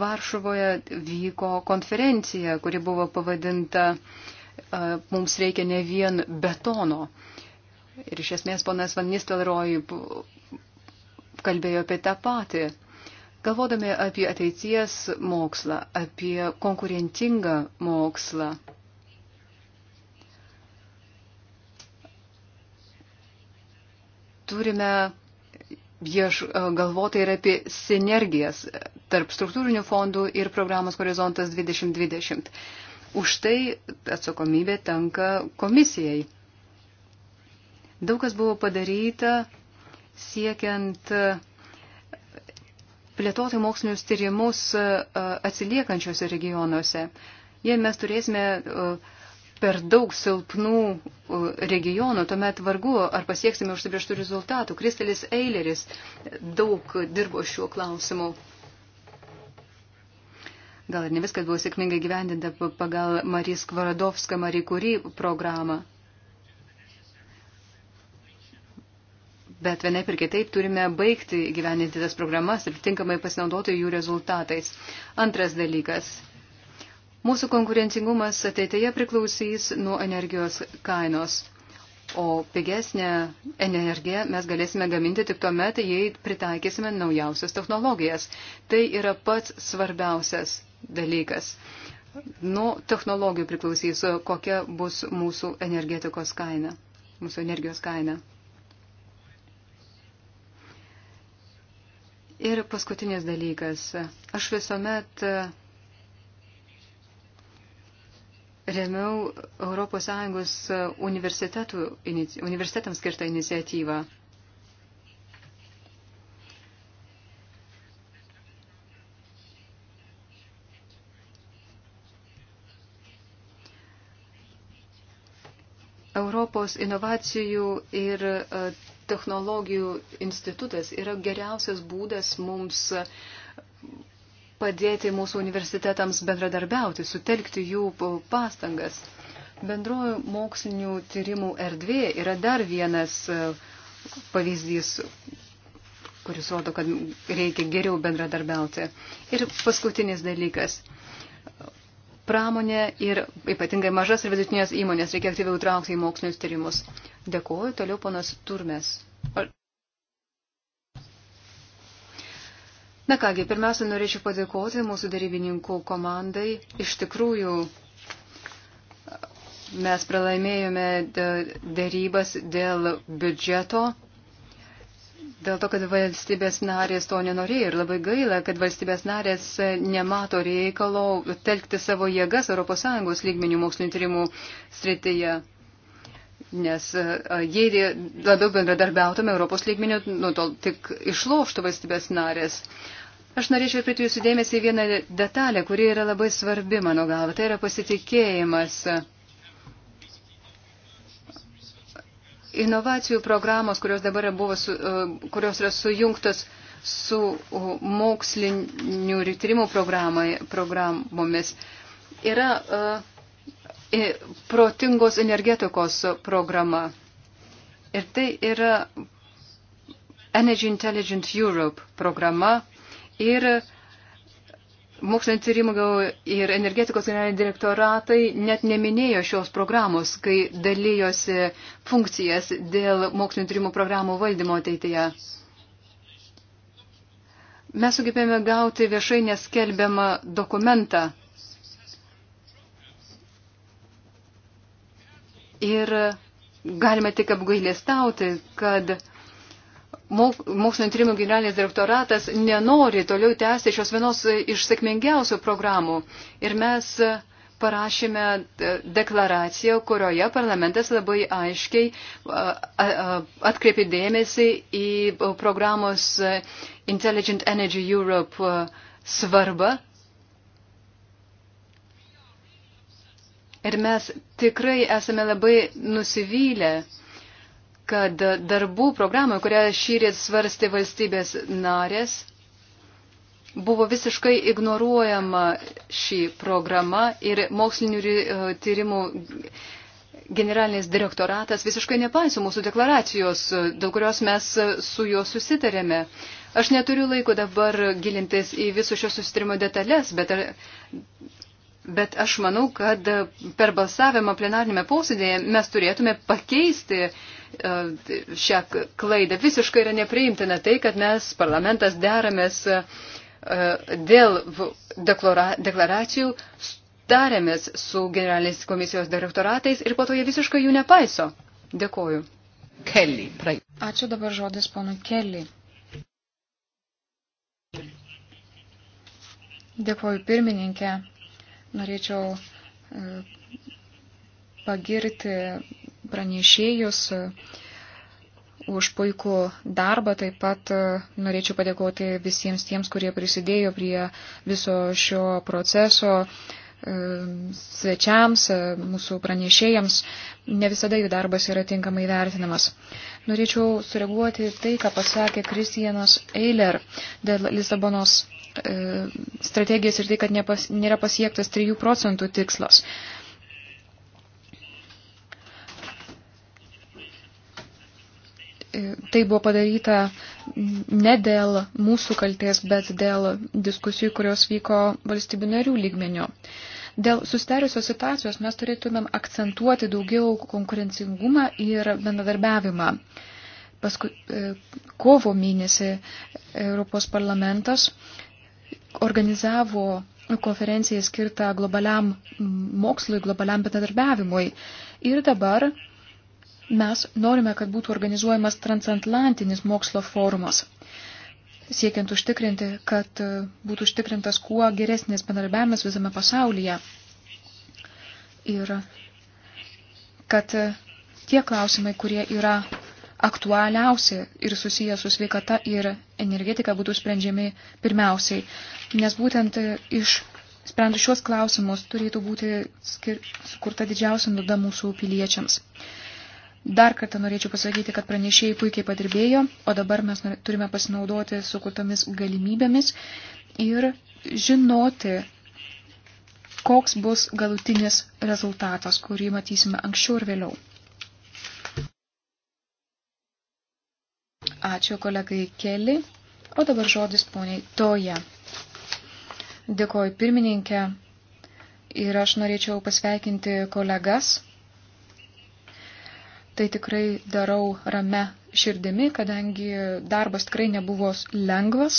Varšuvoje vyko konferencija, kuri buvo pavadinta Mums reikia ne vien betono. Ir iš esmės ponas Van Nistelrooy kalbėjo apie tą patį. Galvodami apie ateities mokslą, apie konkurentingą mokslą, turime ieš, galvoti ir apie sinergijas tarp struktūrinių fondų ir programos Horizontas 2020. Už tai atsakomybė tenka komisijai. Daug kas buvo padaryta siekiant plėtoti mokslinius tyrimus e, e, atsiliekančiuose regionuose. Jei mes turėsime e, per daug silpnų regionų, tuomet vargu ar pasieksime užsibrieštų rezultatų. Kristelis Eileris daug dirbo šiuo klausimu. Gal ir ne viskas buvo sėkmingai gyvendinta pagal Marijas Kvaradovską Marie Curie programą. bet vienaip ir kitaip turime baigti gyveninti tas programas ir tinkamai pasinaudoti jų rezultatais. Antras dalykas. Mūsų konkurencingumas ateityje priklausys nuo energijos kainos. O pigesnę energiją mes galėsime gaminti tik tuo metu, jei pritaikysime naujausias technologijas. Tai yra pats svarbiausias dalykas. Nuo technologijų priklausys, kokia bus mūsų energetikos kaina, mūsų energijos kaina. Ir paskutinis dalykas. Aš visuomet e, remiau ES e, universitetams skirtą iniciatyvą. Europos inovacijų ir e, technologijų institutas yra geriausias būdas mums padėti mūsų universitetams bendradarbiauti, sutelkti jų pastangas. Bendrojo mokslinių tyrimų erdvė yra dar vienas e, pavyzdys, kuris rodo, kad reikia geriau bendradarbiauti. Ir paskutinis dalykas pramonę ir ypatingai mažas ir vidutinės įmonės reikia aktyviau traukti į mokslinius tyrimus. Dėkuoju, toliau ponas Turmes. Na kągi, pirmiausia, norėčiau padėkoti mūsų darybininkų komandai. Iš tikrųjų, mes pralaimėjome darybas dėl biudžeto dėl to, kad valstybės narės to nenorėjo ir labai gaila, kad valstybės narės e, nemato reikalo telkti savo jėgas ES lygmenių mokslinio tyrimų srityje. Nes e, jei labiau bendradarbiautume Europos lygmenių, nu, tol tik išloštų valstybės narės. Aš norėčiau atkreipti jūsų dėmesį į vieną detalę, kuri yra labai svarbi mano galva, tai yra pasitikėjimas. Inovacijų programos, kurios dabar buvo su, e, kurios yra sujungtos su mokslinių tyrimų programomis, yra e, protingos energetikos programa. Ir tai yra Energy Intelligent Europe programa ir uh, Mokslinio tyrimų ir energetikos generaliniai direktoratai net neminėjo šios programos, kai dalyjosi funkcijas dėl mokslinio tyrimų programų valdymo ateityje. Mes sugebėjome gauti viešai neskelbiamą dokumentą. Ir galime tik apgailėstauti, kad Mokslinio tyrimų generalinis direktoratas nenori toliau tęsti šios vienos iš sėkmingiausių programų. Ir mes parašėme e, deklaraciją, kurioje parlamentas labai aiškiai atkreipė dėmesį į e, programos e, Intelligent Energy Europe svarbą. Ir mes tikrai esame labai nusivylę kad darbų programoje, kurią šyrit svarstė valstybės narės, buvo visiškai ignoruojama šį programą ir mokslinių e, tyrimų generalinis direktoratas visiškai nepaiso mūsų deklaracijos, e, dėl kurios mes e, su juo susitarėme. Aš neturiu laiko dabar gilintis į visus šios susitarimo detalės, bet, bet aš manau, kad per balsavimą plenarnėme posėdėje mes turėtume pakeisti uh, E, šią klaidą. Visiškai yra nepriimtina tai, kad mes, parlamentas, deramės e, dėl deklara, deklaracijų, darėmės su generalinės komisijos direktoratais ir po to jie visiškai jų nepaiso. Dėkoju. Kelly, praeik. Ačiū dabar žodis ponu Kelly. Dėkoju pirmininkė. Norėčiau e, pagirti pranešėjus e, už puikų darbą. Taip pat e, norėčiau padėkoti visiems tiems, kurie prisidėjo prie viso šio proceso e, svečiams, mūsų pranešėjams. Ne visada jų darbas yra tinkamai vertinamas. Norėčiau sureaguoti tai, ką pasakė Kristijanas Eiler dėl Lisabonos strategijas ir tai, kad nepas, nėra pasiektas 3 procentų tikslas. tai buvo padaryta ne dėl mūsų kalties, bet dėl diskusijų, kurios vyko valstybių narių lygmenių. Dėl susitariusios situacijos mes turėtumėm akcentuoti daugiau konkurencingumą ir bendradarbiavimą. Paskui, e, kovo mėnesį Europos parlamentas organizavo konferenciją skirtą globaliam mokslui, globaliam bendradarbiavimui. Ir dabar Mes norime, kad būtų organizuojamas transatlantinis mokslo forumas, siekiant užtikrinti, kad e, būtų užtikrintas kuo geresnis bendarbiavimas visame pasaulyje. Ir kad e, tie klausimai, kurie yra aktualiausi ir susiję su sveikata ir energetika būtų sprendžiami pirmiausiai. Nes būtent e, iš sprendus šios klausimus turėtų būti skir, sukurta didžiausia nuda mūsų piliečiams. Dar kartą norėčiau pasakyti, kad pranešėjai puikiai padirbėjo, o dabar mes turime pasinaudoti sukurtomis galimybėmis ir žinoti, koks bus galutinis rezultatas, kurį matysime anksčiau ir vėliau. Ačiū kolegai Keli, o dabar žodis poniai Toja. Dėkoju pirmininkė ir aš norėčiau pasveikinti kolegas tai tikrai darau rame širdimi, kadangi darbas tikrai nebuvo lengvas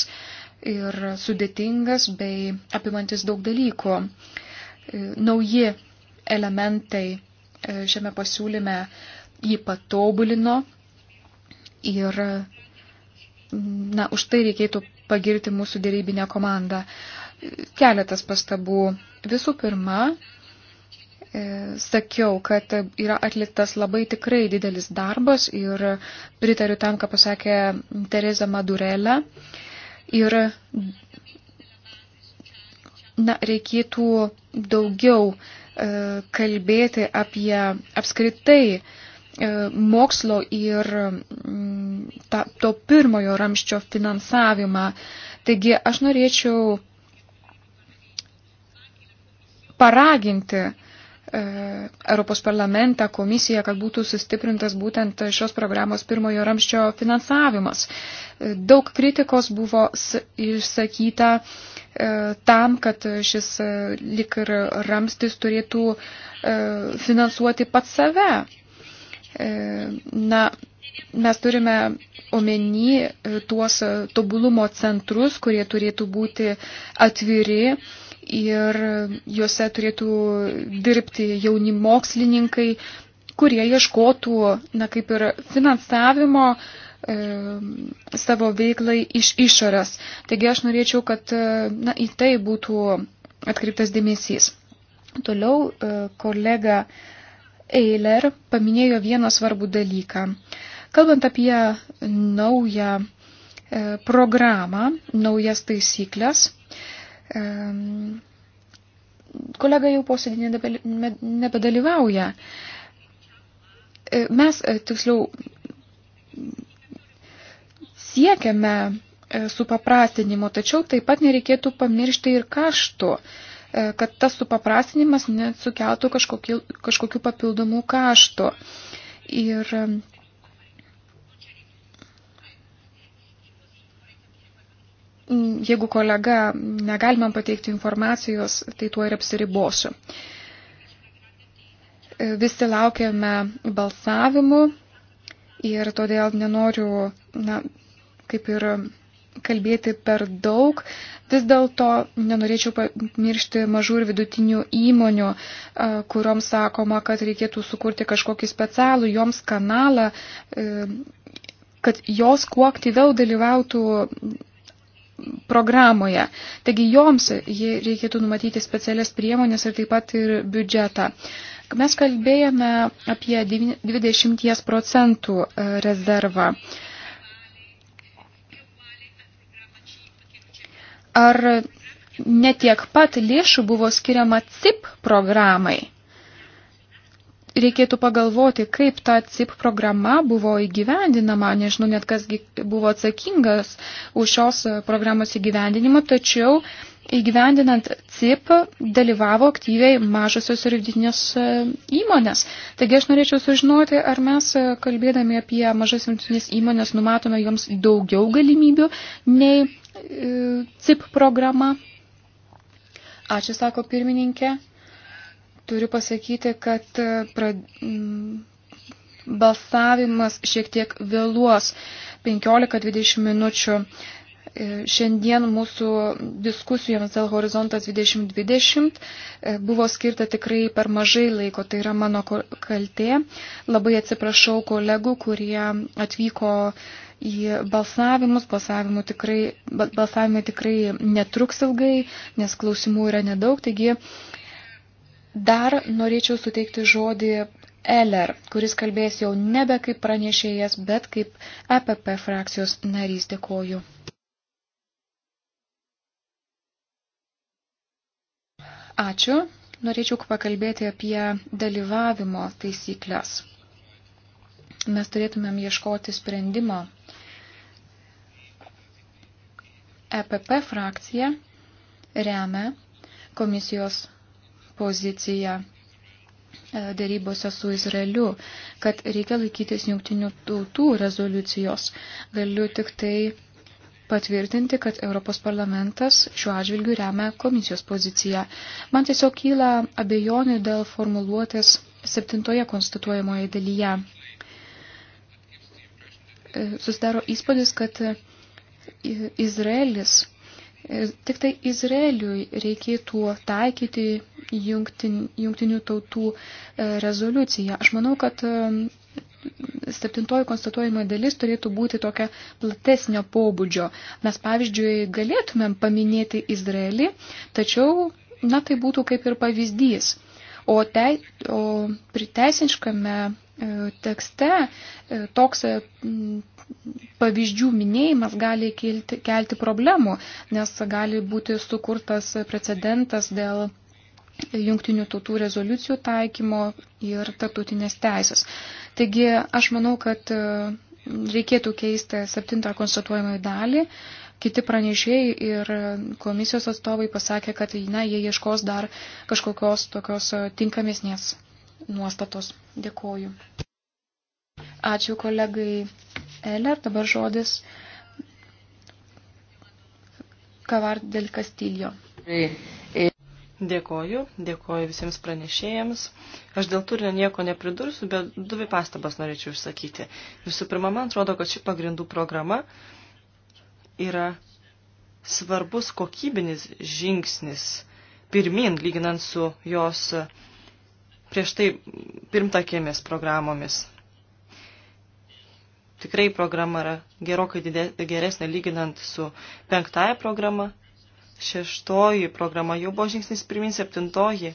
ir sudėtingas bei apimantis daug dalykų. Nauji elementai e, šiame pasiūlyme jį patobulino ir na, už tai reikėtų pagirti mūsų dėrybinę komandą. Keletas pastabų. Visų pirma, E, sakiau, kad yra atliktas labai tikrai didelis darbas ir pritariu tam, ką pasakė Tereza Madurelė. Ir na, reikėtų daugiau e, kalbėti apie apskritai e, mokslo ir m, mm, ta, to pirmojo ramščio finansavimą. Taigi aš norėčiau paraginti e, E, Europos parlamentą, komisiją, kad būtų sustiprintas būtent šios programos pirmojo ramščio finansavimas. E, daug kritikos buvo išsakyta e, tam, kad šis lik ir ramstis turėtų finansuoti pat save. Na, mes turime omeny tuos tobulumo centrus, kurie turėtų būti atviri ir juose turėtų dirbti jauni mokslininkai, kurie ieškotų, na kaip ir finansavimo e, savo veiklai iš išorės. Taigi aš norėčiau, kad e, na, į tai būtų atkreiptas dėmesys. Toliau e, kolega Eiler paminėjo vieną svarbų dalyką. Kalbant apie naują e, programą, naujas taisyklės, kolega jau posėdį nebedalyvauja. E, mes, e, tiksliau, siekiame e, supaprastinimo, tačiau taip pat nereikėtų pamiršti ir kaštų, kad tas supaprastinimas nesukeltų kažkokių, kažkokių papildomų kaštų. Ir Mm, jeigu kolega negali man pateikti informacijos, tai tuo ir apsiribosiu. E, visi laukiame balsavimų ir todėl nenoriu, na, kaip ir kalbėti per daug. Vis dėlto nenorėčiau pamiršti mažų ir vidutinių įmonių, e, kuriuoms sakoma, kad reikėtų sukurti kažkokį specialų joms kanalą, e, kad jos kuo aktyviau dalyvautų programoje. Taigi joms reikėtų numatyti specialias priemonės ir taip pat ir biudžetą. Mes kalbėjome apie 20 procentų e, rezervą. Ar netiek pat lėšų buvo skiriama CIP programai? reikėtų pagalvoti, kaip ta CIP programa buvo įgyvendinama, nežinau net kas buvo atsakingas už šios programos įgyvendinimą, tačiau įgyvendinant CIP dalyvavo aktyviai mažosios ir vidutinės e, įmonės. Taigi aš norėčiau sužinoti, ar mes e, kalbėdami apie mažas vidutinės įmonės numatome joms daugiau galimybių nei e, CIP programa. Ačiū, sako pirmininkė. Turiu pasakyti, kad e, prad... balsavimas šiek tiek vėluos 15-20 minučių. E, šiandien mūsų diskusijoms dėl horizontas 2020 e, buvo skirta tikrai per mažai laiko, tai yra mano kaltė. Labai atsiprašau kolegų, kurie atvyko į balsavimus. Balsavimų tikrai, balsavimai tikrai netruks ilgai, nes klausimų yra nedaug, taigi Dar norėčiau suteikti žodį Eller, kuris kalbės jau nebe kaip pranešėjas, bet kaip EPP frakcijos narys. Dėkoju. Ačiū. Norėčiau pakalbėti apie dalyvavimo taisyklės. Mes turėtumėm ieškoti sprendimo. EPP frakcija remia komisijos poziciją e, dėrybose su Izraeliu, kad reikia laikytis jungtinių tautų rezoliucijos. Galiu tik tai patvirtinti, kad Europos parlamentas šiuo atžvilgiu remia komisijos poziciją. Man tiesiog kyla abejonių dėl formuluotės septintoje konstatuojamoje dalyje. E, susidaro įspūdis, kad Izraelis Tik tai Izraeliui reikėtų taikyti jungtin, jungtinių tautų e, rezoliuciją. Aš manau, kad e, septintoji konstatuojama dalis turėtų būti tokia platesnio pobūdžio. Mes, pavyzdžiui, galėtumėm paminėti Izraelį, tačiau, na, tai būtų kaip ir pavyzdys. O, te, o priteisiškame e, tekste toks pavyzdžių minėjimas gali kelti, kelti problemų, nes gali būti sukurtas precedentas dėl jungtinių tautų rezoliucijų taikymo ir tarptautinės teisės. Taigi aš manau, kad e, reikėtų keisti septintą konstatuojamąjį dalį. Kiti pranešėjai ir komisijos atstovai pasakė, kad na, jie ieškos dar kažkokios tokios e, tinkamesnės nuostatos. Dėkoju. Ačiū kolegai Eller, dabar žodis Kavar del Castillo. Dėkoju, dėkoju visiems pranešėjams. Aš dėl turinio nieko nepridursiu, bet duvi pastabas norėčiau išsakyti. Visų pirma, man atrodo, kad ši pagrindų programa yra svarbus kokybinis žingsnis pirmin, lyginant su jos prieš tai pirmtakėmis programomis tikrai programa yra gerokai didė, geresnė lyginant su penktąją programą. Šeštoji programa jau buvo žingsnis pirmin, septintoji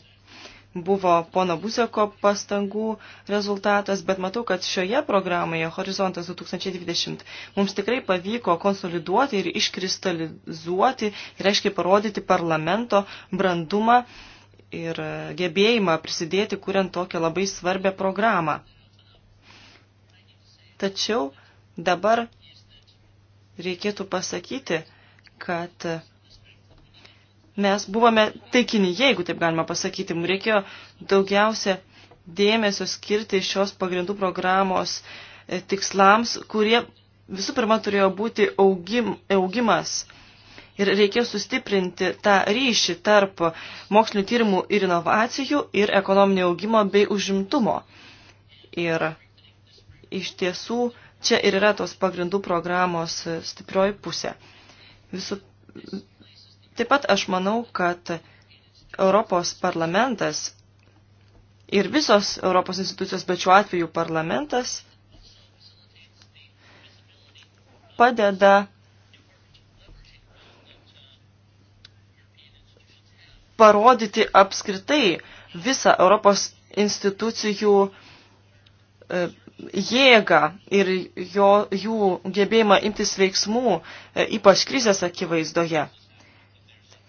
buvo pono Buseko pastangų rezultatas, bet matau, kad šioje programoje Horizontas 2020 mums tikrai pavyko konsoliduoti ir iškristalizuoti ir aiškiai parodyti parlamento brandumą ir gebėjimą prisidėti, kuriant tokią labai svarbę programą. Tačiau dabar reikėtų pasakyti, kad mes buvome taikinyje, jeigu taip galima pasakyti, mums reikėjo daugiausia dėmesio skirti šios pagrindų programos e, tikslams, kurie visų pirma turėjo būti augim, augimas. Ir reikėjo sustiprinti tą ryšį tarp mokslinio tyrimų ir inovacijų ir ekonominio augimo bei užimtumo. Ir iš tiesų čia ir yra tos pagrindų programos stiprioji pusė. Visų, taip pat aš manau, kad Europos parlamentas ir visos Europos institucijos, bet šiuo atveju parlamentas, padeda parodyti apskritai visą Europos institucijų e, jėgą ir jo, jų gebėjimą imtis veiksmų, e, ypač krizės akivaizdoje.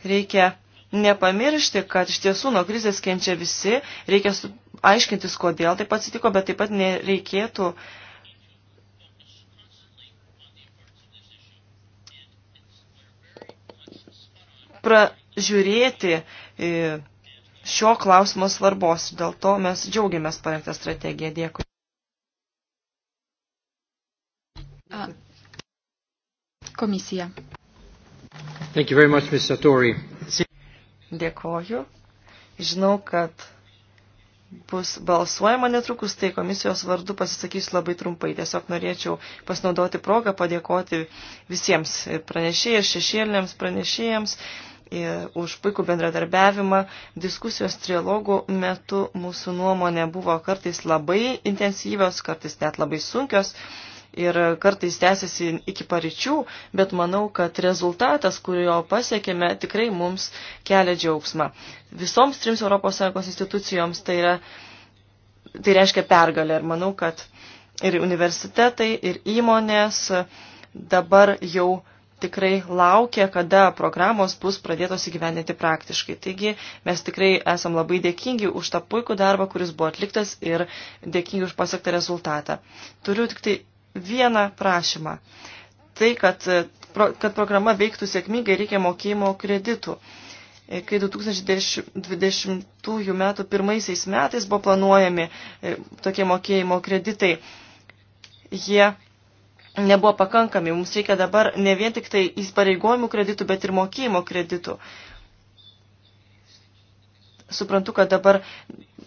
Reikia nepamiršti, kad iš tiesų nuo krizės kenčia visi, reikia aiškintis, kodėl taip atsitiko, bet taip pat nereikėtų pražiūrėti e, šio klausimo svarbos. Dėl to mes džiaugiamės parengtą strategiją. Dėkui. A, komisija. Thank you very much, Ms. Satori. Dėkoju. Žinau, kad bus balsuojama netrukus, tai komisijos vardu pasisakysiu labai trumpai. Tiesiog norėčiau pasinaudoti progą padėkoti visiems pranešėjams, šešėlėms pranešėjams e, už puikų bendradarbiavimą. Diskusijos trilogų metu mūsų nuomonė buvo kartais labai intensyvios, kartais net labai sunkios ir kartais tęsiasi iki paryčių, bet manau, kad rezultatas, kurio pasiekėme, tikrai mums kelia džiaugsmą. Visoms trims ES institucijoms tai, yra, tai reiškia pergalę ir manau, kad ir universitetai, ir įmonės dabar jau tikrai laukia, kada programos bus pradėtos įgyvendinti praktiškai. Taigi mes tikrai esam labai dėkingi už tą puikų darbą, kuris buvo atliktas ir dėkingi už pasiektą rezultatą. Turiu tik tai vieną prašymą. Tai, kad, e, kad programa veiktų sėkmingai, reikia mokėjimo kreditų. E, kai 2020 metų pirmaisiais metais buvo planuojami e, tokie mokėjimo kreditai, jie nebuvo pakankami. Mums reikia dabar ne vien tik tai įsipareigojimų kreditų, bet ir mokėjimo kreditų suprantu, kad dabar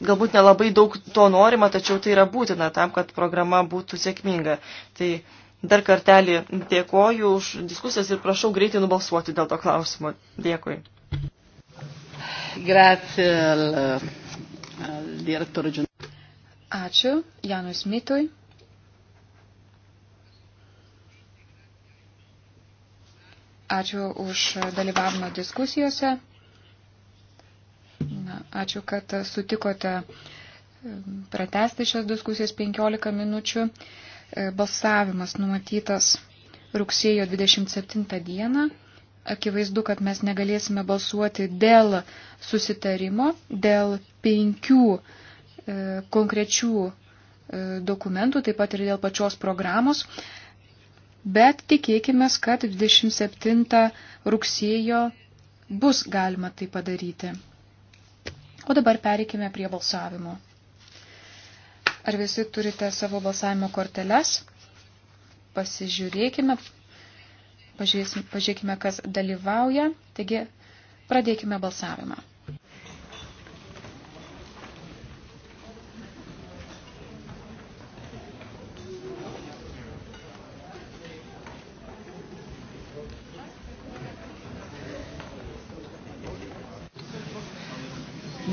galbūt nelabai daug to norima, tačiau tai yra būtina tam, kad programa būtų sėkminga. Tai dar kartelį dėkoju už diskusijas ir prašau greitai nubalsuoti dėl to klausimo. Dėkui. Ačiū Janui Smitui. Ačiū už dalyvavimą diskusijose. Ačiū, kad sutikote pratesti šias diskusijas 15 minučių. E, balsavimas numatytas rugsėjo 27 dieną. Akivaizdu, kad mes negalėsime balsuoti dėl susitarimo, dėl penkių e, konkrečių e, dokumentų, taip pat ir dėl pačios programos. Bet tikėkime, kad 27 rugsėjo bus galima tai padaryti. O dabar pereikime prie balsavimo. Ar visi turite savo balsavimo korteles? Pasižiūrėkime, pažiūrėkime, kas dalyvauja. Taigi, pradėkime balsavimą.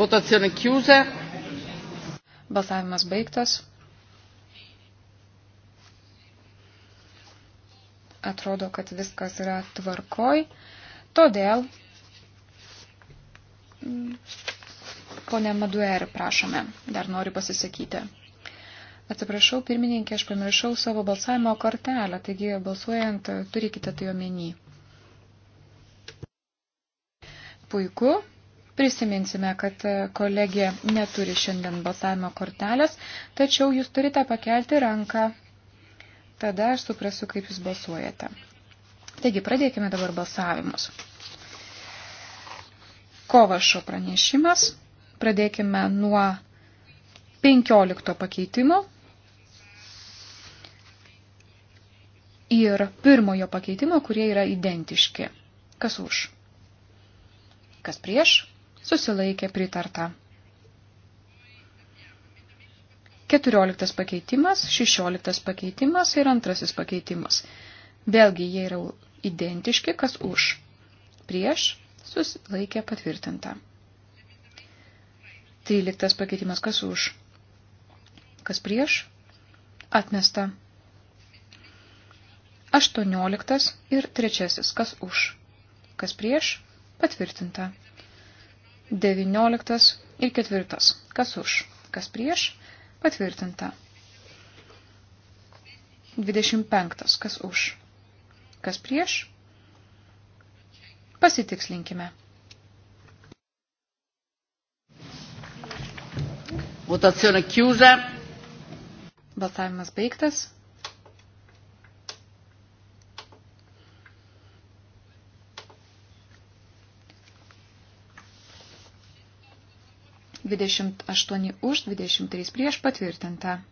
Votazione chiusa. Balsavimas baigtas. Atrodo, kad viskas yra tvarkoj. Todėl mm, Pone Maduer, prašome, dar noriu pasisakyti. Atsiprašau, pirmininkė, aš pamiršau savo balsavimo kortelę, taigi balsuojant turėkite tai omeny. Puiku, Prisiminsime, kad e, kolegė neturi šiandien balsavimo kortelės, tačiau jūs turite pakelti ranką. Tada aš suprasiu, kaip jūs balsuojate. Taigi, pradėkime dabar balsavimus. Kovašo pranešimas. Pradėkime nuo 15 pakeitimo. Ir pirmojo pakeitimo, kurie yra identiški. Kas už? Kas prieš? susilaikė pritarta. 14 pakeitimas, 16 pakeitimas ir antrasis pakeitimas. Vėlgi jie yra identiški, kas už. Prieš susilaikė patvirtinta. 13 pakeitimas, kas už. Kas prieš? Atmesta. 18 ir trečiasis, kas už. Kas prieš? Patvirtinta. 19 ir 4. Kas už, kas prieš, patvirtinta. 25. Kas už, kas prieš, pasitikslinkime. Votazione chiusa. Balsavimas baigtas. 28 už, 23 prieš patvirtinta.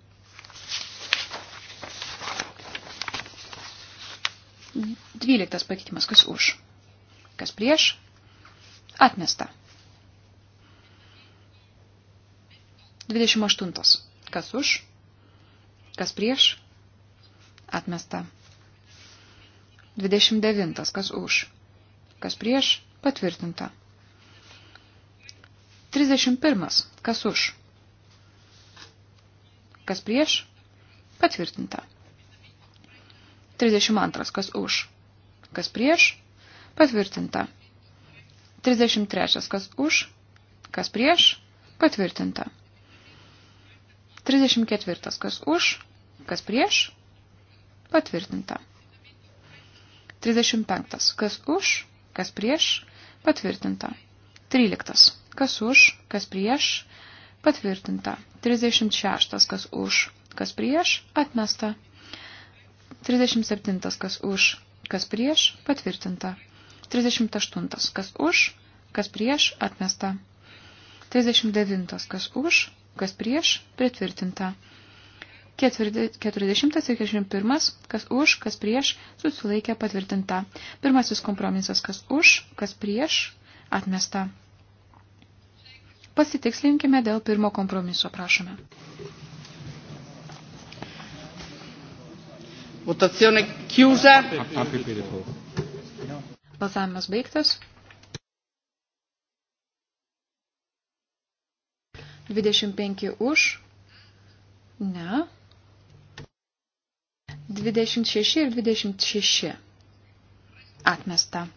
Dvyliktas pakeitimas, kas už, kas prieš, atmesta. 28. Kas už, kas prieš, atmesta. 29. Kas už, kas prieš, patvirtinta. 31. Kas už? Kas prieš? Patvirtinta. 32. Kas už? Kas prieš? Patvirtinta. 33. Kas už? Kas prieš? Patvirtinta. 34. Kas už? Kas prieš? Patvirtinta. 35. Kas už? Kas prieš? Patvirtinta. 13. Kas už, kas prieš, patvirtinta. 36. Kas už, kas prieš, atmesta. 37. Kas už, kas prieš, patvirtinta. 38. Kas už, kas prieš, atmesta. 39. Kas už, kas prieš, pritvirtinta. 40 ir 41, kas už, kas prieš, susilaikė patvirtinta. Pirmasis kompromisas, kas už, kas prieš, atmesta. Pasitikslinkime dėl pirmo kompromiso, prašome. Votazione chiusa. Balsavimas baigtas. 25 už. Ne. 26 ir 26. Atmesta.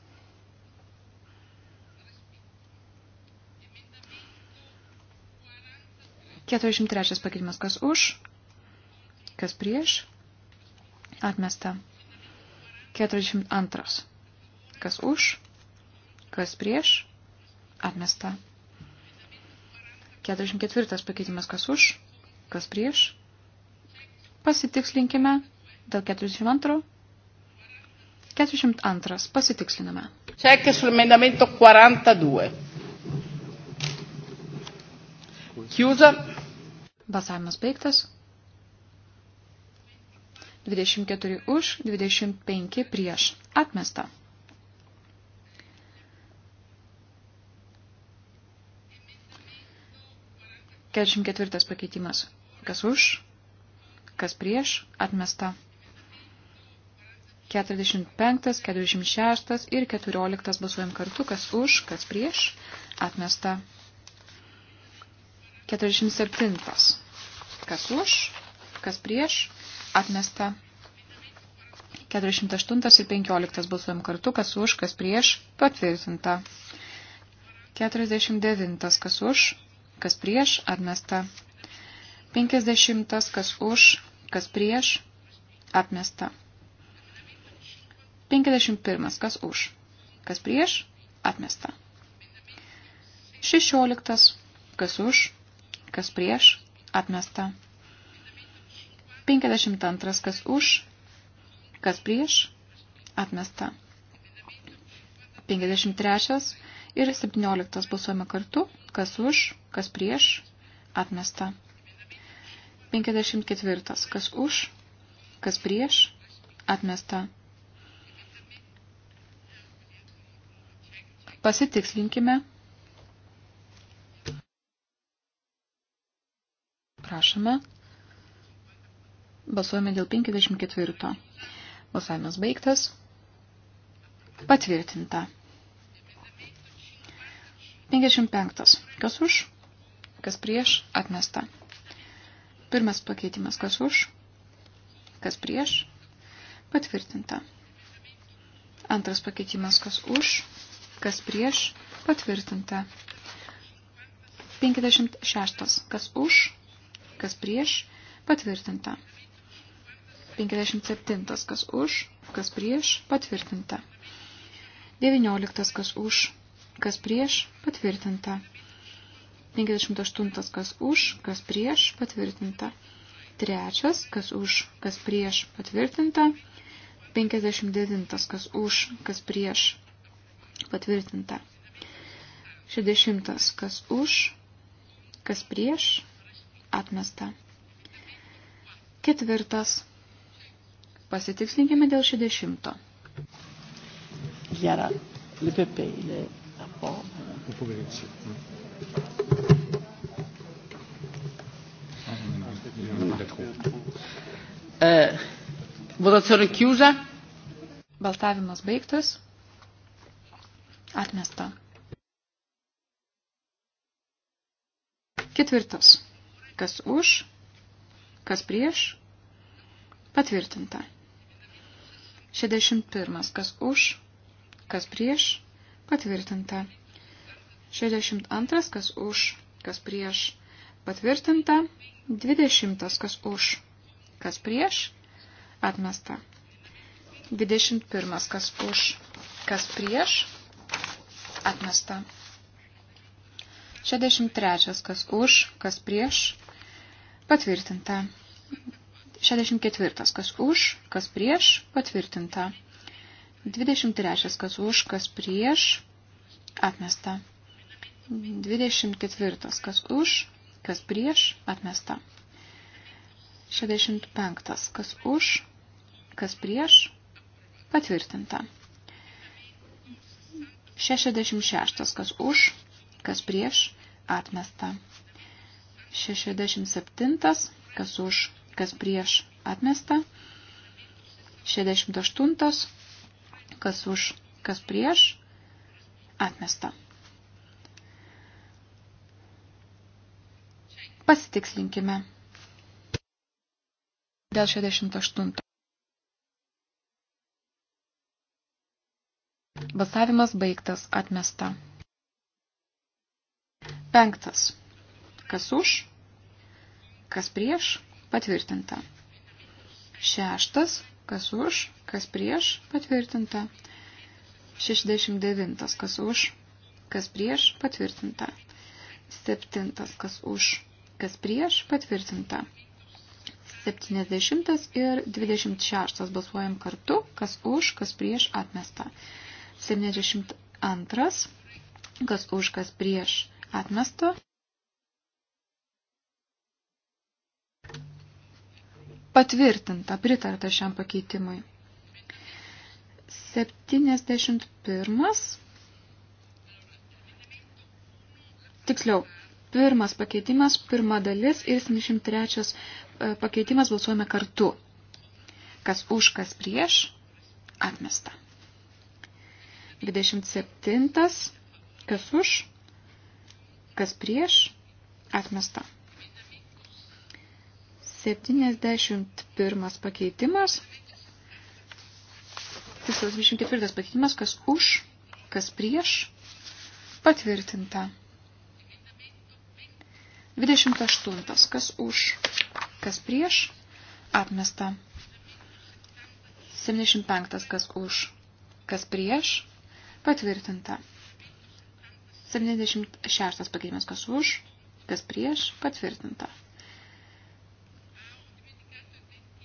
43 pakeitimas kas už, kas prieš, atmesta. 42 kas už, kas prieš, atmesta. 44 pakeitimas kas už, kas prieš. Pasitikslinkime dėl 42. 42. Pasitiksliname. Čekis l'emendamento 42. Chiusa. Balsavimas baigtas. 24 už, 25 prieš. Atmesta. Keturiasdešimt ketvirtas pakeitimas. Kas už, kas prieš, atmesta. 45, 46 ir 14 balsuojam kartu, kas už, kas prieš, atmesta. 47. Kas už, kas prieš, atmesta. 48 ir 15 balsuojam kartu, kas už, kas prieš, patvirtinta. 49. Kas už, kas prieš, atmesta. 50. Kas už, kas prieš, atmesta. 51. Kas už, kas prieš, atmesta. 16. Kas už, kas prieš, atmesta. 52, kas už, kas prieš, atmesta. 53 ir 17 balsuojame kartu, kas už, kas prieš, atmesta. 54, kas už, kas prieš, atmesta. Pasitikslinkime. Prašome. Balsuojame dėl 54. Balsavimas baigtas. Patvirtinta. 55. Kas už? Kas prieš? Atmesta. Pirmas pakeitimas. Kas už? Kas prieš? Patvirtinta. Antras pakeitimas. Kas už? Kas prieš? Patvirtinta. 56. Kas už? kas prieš, patvirtinta. 57. kas už, kas prieš, patvirtinta. 19. kas už, kas prieš, patvirtinta. 58. kas už, kas prieš, patvirtinta. 3. kas už, kas prieš, patvirtinta. 59. kas už, kas prieš, patvirtinta. 60. kas už, kas prieš, Atmesta. Ketvirtas. Pasitikslinkime dėl šedešimto. Gera. Le PP, il est à bord. Vous pouvez réussir. Votazione chiusa. Balsavimas baigtas. Atmesta. Ketvirtas. Kas už, kas prieš, patvirtinta. 61. Kas už, kas prieš, patvirtinta. 62. Kas už, kas prieš, patvirtinta. 20. Kas už, kas prieš, atmesta. 21. Kas už, kas prieš, atmesta. 63. Kas už, kas prieš, Patvirtinta. 64. Kas už, kas prieš, patvirtinta. 23. Kas už, kas prieš, atmesta. 24. Kas už, kas prieš, atmesta. 65. Kas už, kas prieš, patvirtinta. 66. Kas už, kas prieš, atmesta. 67, kas už, kas prieš atmesta. 68, kas už, kas prieš atmesta. Pasitikslinkime. Dėl 68. Balsavimas baigtas atmesta. Penktas. Kas už? Kas prieš? Patvirtinta. Šeštas. Kas už? Kas prieš? Patvirtinta. 69. Kas už? Kas prieš? Patvirtinta. Septintas. Kas už? Kas prieš? Patvirtinta. 70 ir 26 balsuojam kartu, kas už, kas prieš atmesta. 72, kas už, kas prieš atmesta. patvirtinta, pritarta šiam pakeitimui. 71. Tiksliau, pirmas pakeitimas, pirma dalis ir 73 e, pakeitimas balsuojame kartu. Kas už, kas prieš, atmesta. 27. Kas už, kas prieš, atmesta. 71 pakeitimas. Tikslas 24 pakeitimas, kas už, kas prieš, patvirtinta. 28. Kas už, kas prieš, atmesta. 75. Kas už, kas prieš, patvirtinta. 76. Pakeitimas, kas už, kas prieš, patvirtinta.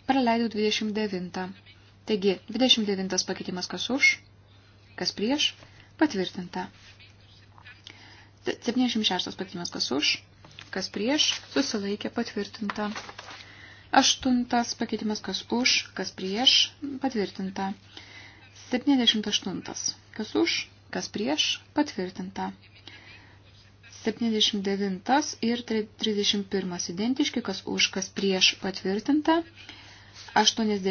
praleidau 29. Taigi, 29 pakeitimas kas už, kas prieš, patvirtinta. 76 pakeitimas kas už, kas prieš, susilaikė patvirtinta. 8 pakeitimas kas už, kas prieš, patvirtinta. 78 kas už, kas prieš, patvirtinta. 79 ir 31 identiški, kas už, kas prieš patvirtinta, 80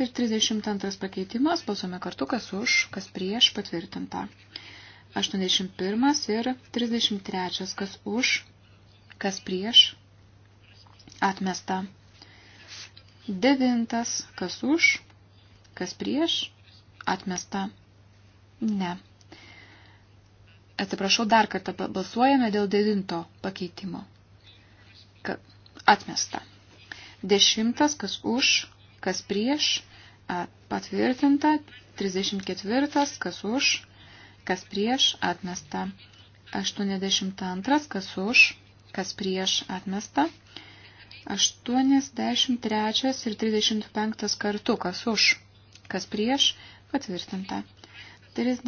ir 32 pakeitimas, balsuome kartu, kas už, kas prieš patvirtinta. 81 ir 33, kas už, kas prieš atmesta. 9, kas už, kas prieš atmesta. Ne. Atsiprašau, dar kartą balsuojame dėl devinto pakeitimo. Atmesta. Dešimtas, kas už, kas prieš, patvirtinta. 34, kas už, kas prieš, atmesta. 82, kas už, kas prieš, atmesta. 83 ir 35 kartu, kas už, kas prieš, patvirtinta. 36,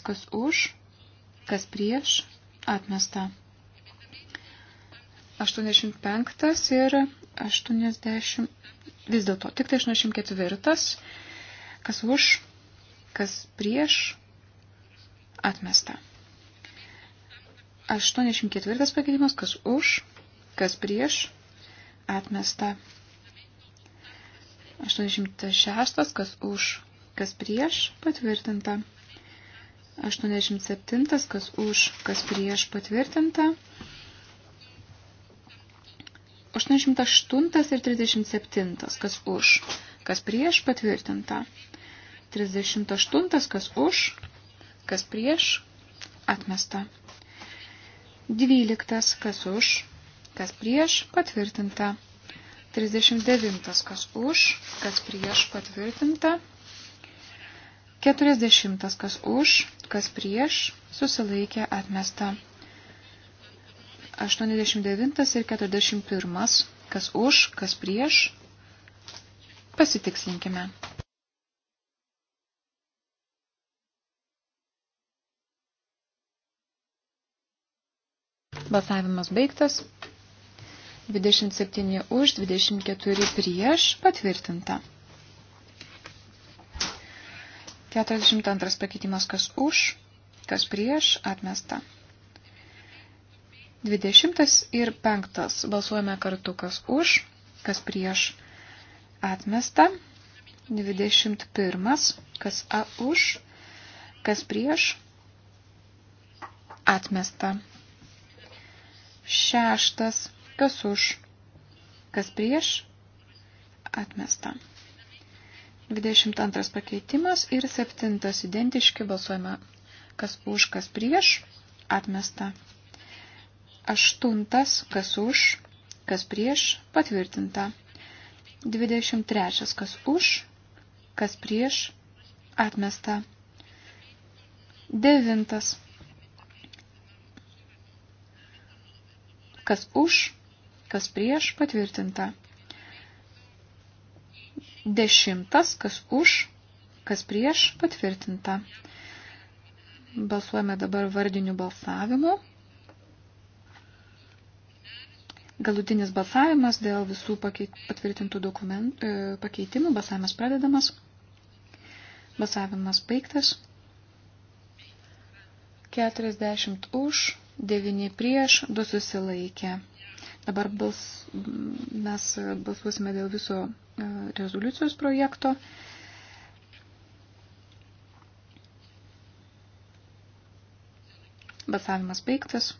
kas už, kas prieš, atmesta. 85 ir 80, vis dėlto, tik tai 84, kas už, kas prieš, atmesta. 84 pakeitimas, kas už, kas prieš, atmesta. 86, kas už, kas prieš, patvirtinta. 87, kas už, kas prieš, patvirtinta. 88 ir 37, kas už, kas prieš patvirtinta. 38, kas už, kas prieš atmesta. 12, kas už, kas prieš patvirtinta. 39, kas už, kas prieš patvirtinta. 40, kas už, kas prieš susilaikė atmesta. 89 ir 41. Kas už, kas prieš. Pasitikslinkime. Balsavimas baigtas. 27 už, 24 prieš, patvirtinta. 42 pakeitimas kas už, kas prieš, atmesta. 20 ir 5 balsuojame kartu, kas už, kas prieš atmesta. 21, kas a už, kas prieš atmesta. Šeštas, kas už, kas prieš atmesta. 22 pakeitimas ir 7 identiški balsuojame kas už, kas prieš atmesta. Aštuntas, kas už, kas prieš, patvirtinta. 23. Kas už, kas prieš, atmesta. 9. Kas už, kas prieš, patvirtinta. 10. Kas už, kas prieš, patvirtinta. Balsuojame dabar vardiniu balsavimu. Galutinis balsavimas dėl visų patvirtintų dokument, e, pakeitimų. Balsavimas pradedamas. Balsavimas baigtas. 40 už, 9 prieš, 2 susilaikė. Dabar bals, mes balsuosime dėl viso e, rezoliucijos projekto. Balsavimas baigtas.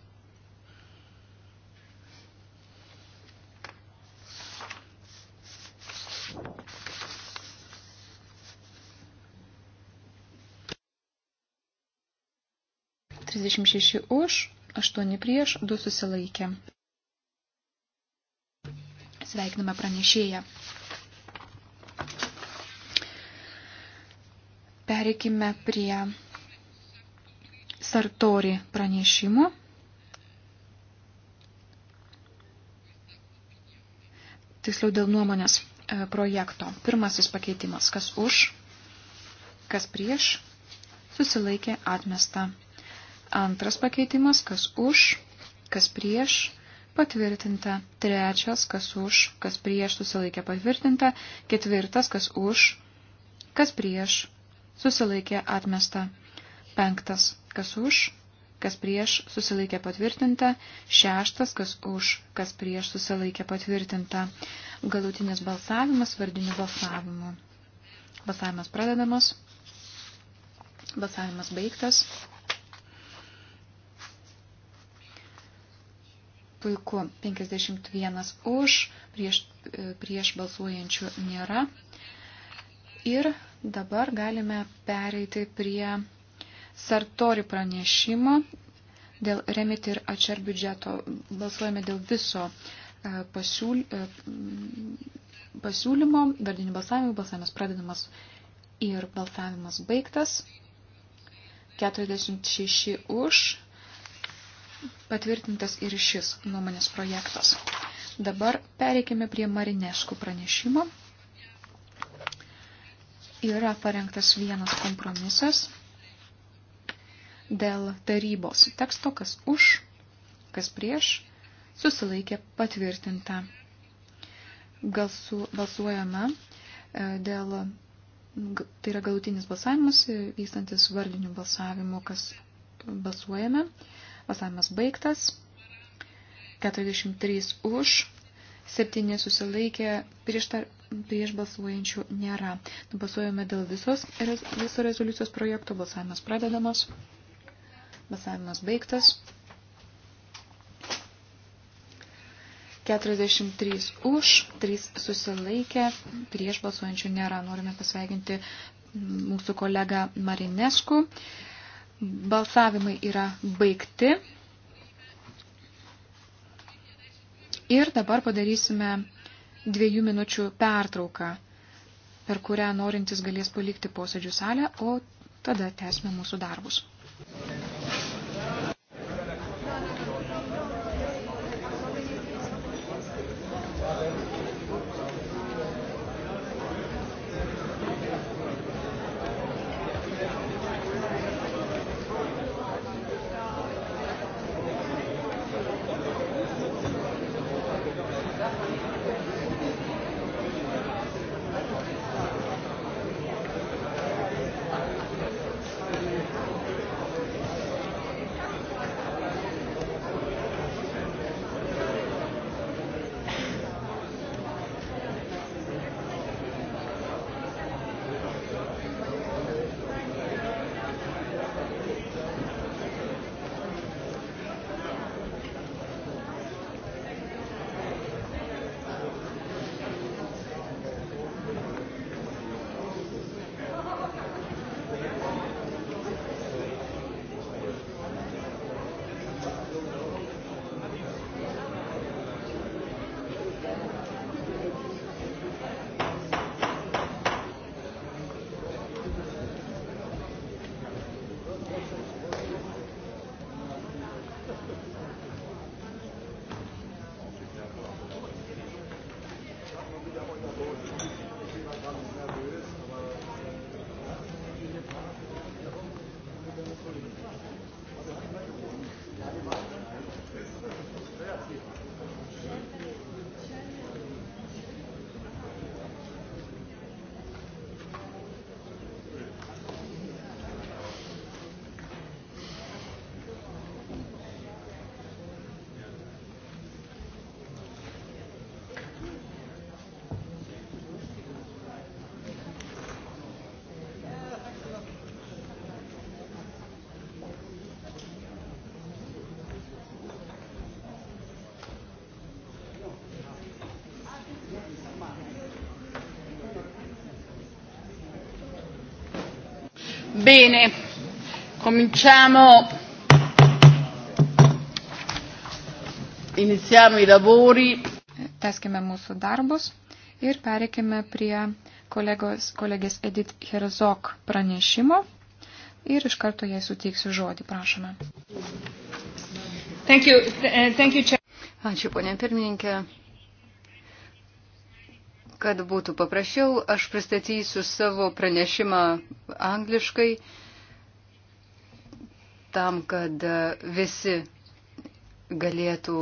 36 už, 8 prieš, 2 susilaikė. Sveikiname pranešėją. Pereikime prie Sartori pranešimo. Tiksliau dėl nuomonės e, projekto. Pirmasis pakeitimas. Kas už, kas prieš, susilaikė atmesta. Antras pakeitimas, kas už, kas prieš, patvirtinta. Trečias, kas už, kas prieš, susilaikė patvirtinta. Ketvirtas, kas už, kas prieš, susilaikė atmesta. Penktas, kas už, kas prieš susilaikė patvirtinta, šeštas, kas už, kas prieš susilaikė patvirtinta. Galutinis balsavimas vardiniu balsavimu. Balsavimas pradedamas. Balsavimas baigtas. Puiku, 51 už, prieš, prieš balsuojančių nėra. Ir dabar galime pereiti prie Sartori pranešimo dėl remit ir ačer biudžeto. Balsuojame dėl viso e, pasiūl, e, pasiūlymo, vardinių balsavimų, balsavimas pradedamas ir balsavimas baigtas. 46 už, patvirtintas ir šis nuomonės projektas. Dabar pereikime prie Marineskų pranešimo. Yra parengtas vienas kompromisas dėl tarybos teksto, kas už, kas prieš, susilaikė patvirtinta. Galsu, balsuojame e, dėl, tai yra galutinis balsavimas, vystantis vardiniu balsavimu, kas balsuojame. Balsavimas baigtas. 43 už, 7 susilaikė, prieš, tar, prieš balsuojančių nėra. Balsuojame dėl visos, viso rezoliucijos projekto. Balsavimas pradedamas. Balsavimas baigtas. 43 už, 3 susilaikė, prieš balsuojančių nėra. Norime pasveikinti mūsų kolegą Marinesku. Balsavimai yra baigti. Ir dabar padarysime dviejų minučių pertrauką, per kurią norintis galės palikti posėdžių salę, o tada tęsime mūsų darbus. Bene, cominciamo. Iniziamo i lavori. Teskime mūsų darbus ir pereikime prie kolegos, kolegės Edith Herzog pranešimo. Ir iš karto jai suteiksiu žodį, prašome. Thank you, eh, thank you, Ačiū, ponė pirmininkė. Kad būtų paprasčiau, aš pristatysiu savo pranešimą angliškai, tam, kad e, visi galėtų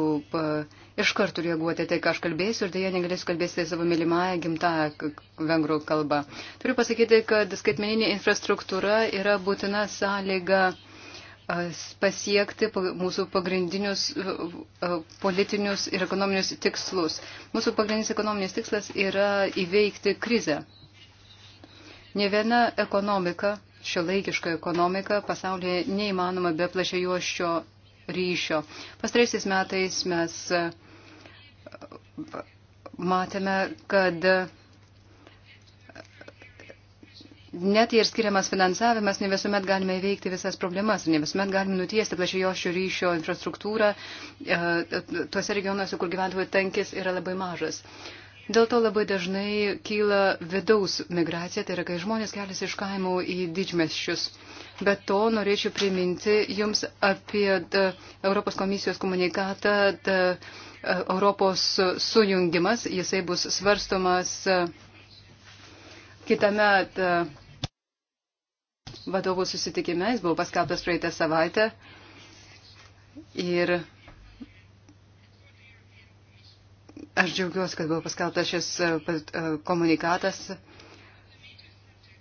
iš karto reaguoti tai, ką aš kalbėsiu, ir dėja negalėsiu kalbėti tai savo mylimąją gimtąją vengrų kalbą. Turiu pasakyti, kad skaitmeninė infrastruktūra yra būtina sąlyga pasiekti mūsų pagrindinius politinius ir ekonominius tikslus. Mūsų pagrindinis ekonominis tikslas yra įveikti krizę. Ne viena ekonomika, šiolaikiška ekonomika pasaulyje neįmanoma be plašėjuoščio ryšio. Pastraisiais metais mes matėme, kad net ir skiriamas finansavimas, ne visuomet galime veikti visas problemas, ne visuomet galime nutiesti plačiojošių ryšio infrastruktūrą e, tuose regionuose, kur gyventojų tankis yra labai mažas. Dėl to labai dažnai kyla vidaus migracija, tai yra, kai žmonės keliasi iš kaimų į didmesčius. Bet to norėčiau priminti jums apie da, e, Europos komisijos komunikatą da, e, Europos sujungimas. Jisai bus svarstomas. Da, kitame e, vadovų susitikime, jis buvo paskelbtas praeitą savaitę. Ir aš džiaugiuosi, kad buvo paskelbtas šis e, e, komunikatas.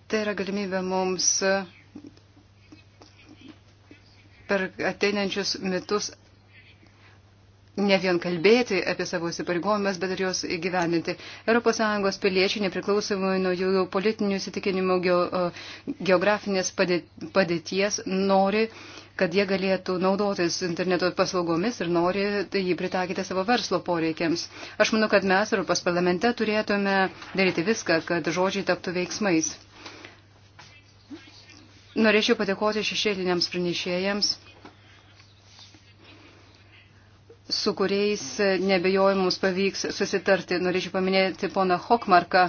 Tai yra galimybė mums per ateinančius metus ne vien kalbėti apie savo įsipareigojimus, bet ir juos įgyvendinti. ES piliečiai, nepriklausomai nuo jų politinių įsitikinimų, geografinės padėties, nori, kad jie galėtų naudotis interneto paslaugomis ir nori tai jį pritaikyti savo verslo poreikiams. Aš manau, kad mes Europos parlamente turėtume daryti viską, kad žodžiai taptų veiksmais. Norėčiau padėkoti šešėliniams pranešėjams su kuriais nebejojimus pavyks susitarti. Norėčiau paminėti poną Hokmarką,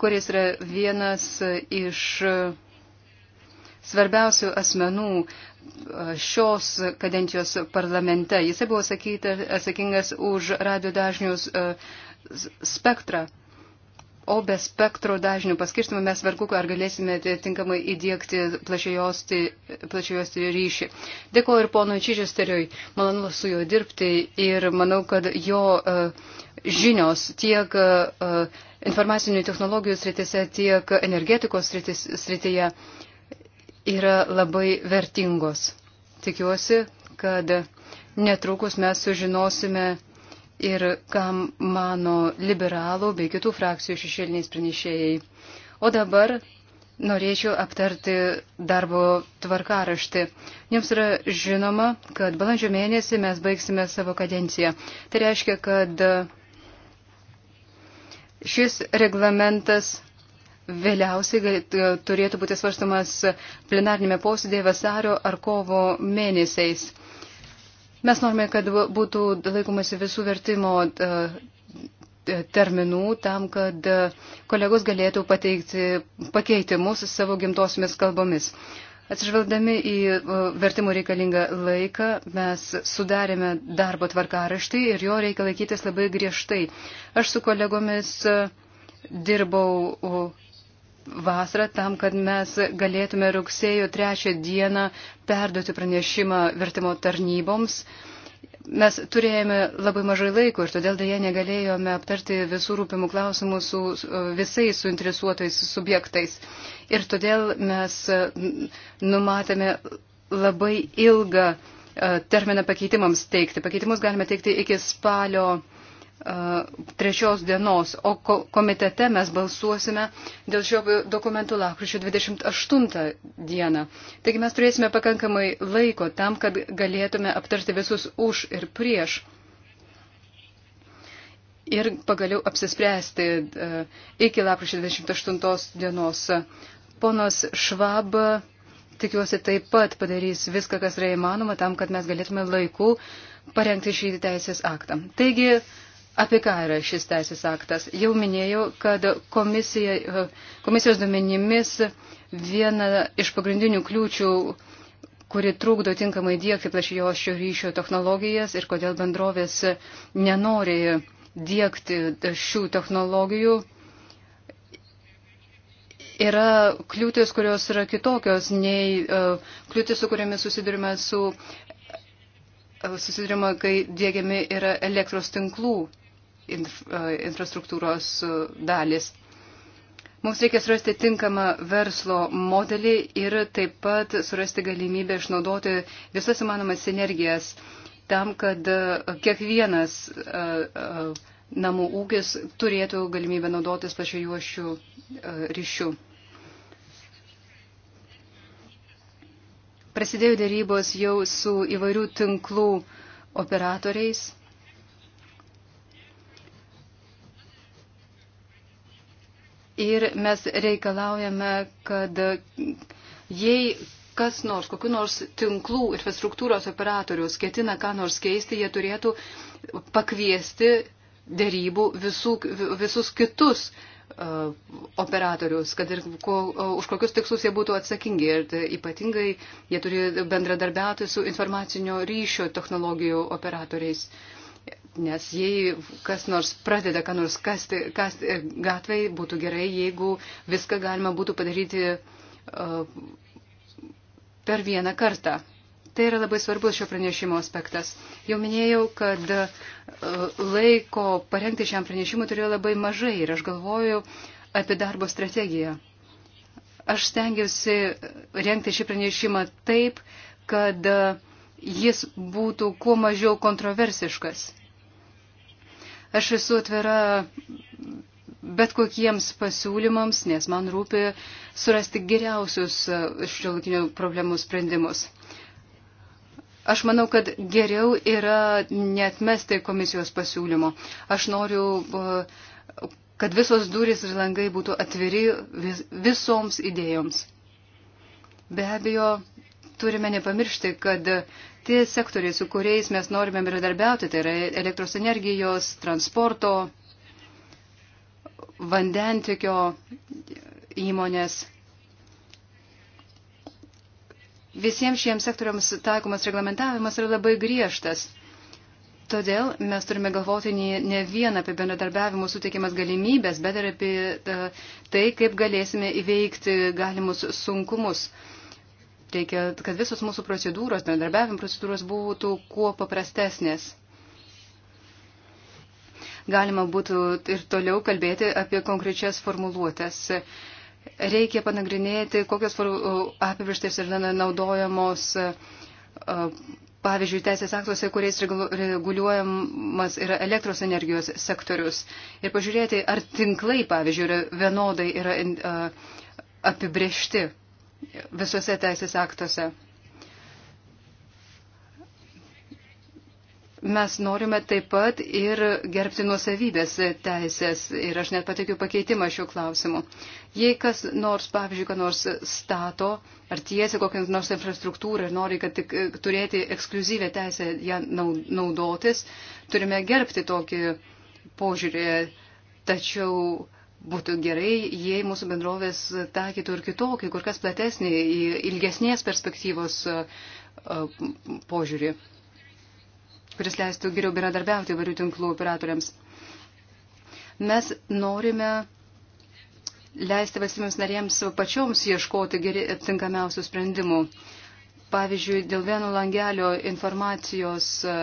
kuris yra vienas iš svarbiausių asmenų šios kadencijos parlamente. Jisai buvo sakyta, atsakingas už radio dažnius e, spektrą. O be spektro dažnių paskirstimo mes vargu, ar galėsime tinkamai įdėkti plačiajosti ryšį. Dėkuoju ir ponui Čižesteriui, malonu su juo dirbti ir manau, kad jo e, žinios tiek e, informacinių technologijų sritise, tiek energetikos srityje yra labai vertingos. Tikiuosi, kad netrukus mes sužinosime ir kam mano liberalų bei kitų frakcijų šešėliniais pranešėjai. O dabar norėčiau aptarti darbo tvarkaraštį. Jums yra žinoma, kad balandžio mėnesį mes baigsime savo kadenciją. Tai reiškia, kad šis reglamentas vėliausiai galėtų, turėtų būti svarstamas plenarnėme posėdėje vasario ar kovo mėnesiais. Mes norime, kad būtų laikomasi visų vertimo e, terminų tam, kad e, kolegos galėtų pateikti pakeitimus savo gimtosiomis kalbomis. Atsižvelgdami į e, vertimų reikalingą laiką, mes sudarėme darbo tvarkaraštį ir jo reikia laikytis labai griežtai. Aš su kolegomis dirbau vasarą tam, kad mes galėtume rugsėjo trečią dieną perduoti pranešimą vertimo tarnyboms. Mes turėjome labai mažai laiko ir todėl dėje negalėjome aptarti visų rūpimų klausimų su visais suinteresuotais subjektais. Ir todėl mes numatėme labai ilgą e, terminą pakeitimams teikti. Pakeitimus galime teikti iki spalio trečios dienos, o komitete mes balsuosime dėl šio dokumentų lakryčio 28 dieną. Taigi mes turėsime pakankamai laiko tam, kad galėtume aptarti visus už ir prieš. Ir pagaliau apsispręsti iki lapkričio 28 dienos. Ponas Švab, tikiuosi, taip pat padarys viską, kas yra įmanoma, tam, kad mes galėtume laiku parengti šį teisės aktą. Taigi, Apie ką yra šis teisės aktas? Jau minėjau, kad komisija, komisijos duomenimis viena iš pagrindinių kliūčių, kuri trukdo tinkamai dėkti plašiošio ryšio technologijas ir kodėl bendrovės nenori dėkti šių technologijų, yra kliūtis, kurios yra kitokios nei e, kliūtis, su kuriamis susidurime su e, susidurima, kai dėgiami yra elektros tinklų E, infrastruktūros dalis. Mums reikia surasti tinkamą verslo modelį ir taip pat surasti galimybę išnaudoti visas įmanomas sinergijas tam, kad e, kiekvienas e, namų ūkis turėtų galimybę naudotis plačiajuošių ryšių. Prasidėjo dėrybos jau su įvairių tinklų operatoriais ir mes reikalaujame, kad jei kas nors, kokiu nors tinklų infrastruktūros operatorius ketina ką nors keisti, jie turėtų pakviesti dėrybų visų, visus kitus uh, operatorius, kad ir ko, uh, už kokius tikslus jie būtų atsakingi. Ir tai ypatingai jie turi bendradarbiauti su informacinio ryšio technologijų operatoriais. Uh, Nes jei kas nors pradeda, ką nors kasti, kasti e, gatvai, būtų gerai, jeigu viską galima būtų padaryti uh, per vieną kartą. Tai yra labai svarbus šio pranešimo aspektas. Jau minėjau, kad uh, laiko parengti šiam pranešimui turėjo labai mažai ir aš galvoju apie darbo strategiją. Aš stengiausi rengti šį pranešimą taip, kad uh, jis būtų kuo mažiau kontroversiškas Aš esu atvira bet kokiems pasiūlymams, nes man rūpi surasti geriausius šiuolaikinių problemų sprendimus. Aš manau, kad geriau yra netmesti komisijos pasiūlymo. Aš noriu, kad visos durys ir langai būtų atviri visoms idėjoms. Be abejo, turime nepamiršti, kad tie sektoriai, su kuriais mes norime bendradarbiauti, tai yra elektros energijos, transporto, vandentikio įmonės. Visiems šiems sektoriams taikomas reglamentavimas yra labai griežtas. Todėl mes turime galvoti ne, ne vien apie bendradarbiavimo suteikiamas galimybės, bet ir apie tai, kaip galėsime įveikti galimus sunkumus. Uh, Reikia, kad visos mūsų procedūros, bendradarbiavimo procedūros būtų kuo paprastesnės. Galima būtų ir toliau kalbėti apie konkrečias formuluotės. Reikia panagrinėti, kokios apibrištės yra naudojamos, pavyzdžiui, teisės aktuose, kuriais reguliuojamas yra elektros energijos sektorius. Ir pažiūrėti, ar tinklai, pavyzdžiui, yra vienodai yra apibriešti visose teisės aktuose. Mes norime taip pat ir gerbti nuosavybės teisės ir aš net patikiu pakeitimą šiuo klausimu. Jei kas nors, pavyzdžiui, ką nors stato ar tiesi kokią nors infrastruktūrą ir nori, kad tik turėti ekskluzyvę teisę ją naudotis, turime gerbti tokį požiūrį. Tačiau Būtų gerai, jei mūsų bendrovės taikytų ir kitokį, kur kas platesnį, ilgesnės perspektyvos e, e, požiūrį, kuris leistų geriau bendradarbiauti įvairių tinklų operatoriams. Mes norime leisti valstybėms narėms pačioms ieškoti geri, tinkamiausių sprendimų. Pavyzdžiui, dėl vieno langelio informacijos e,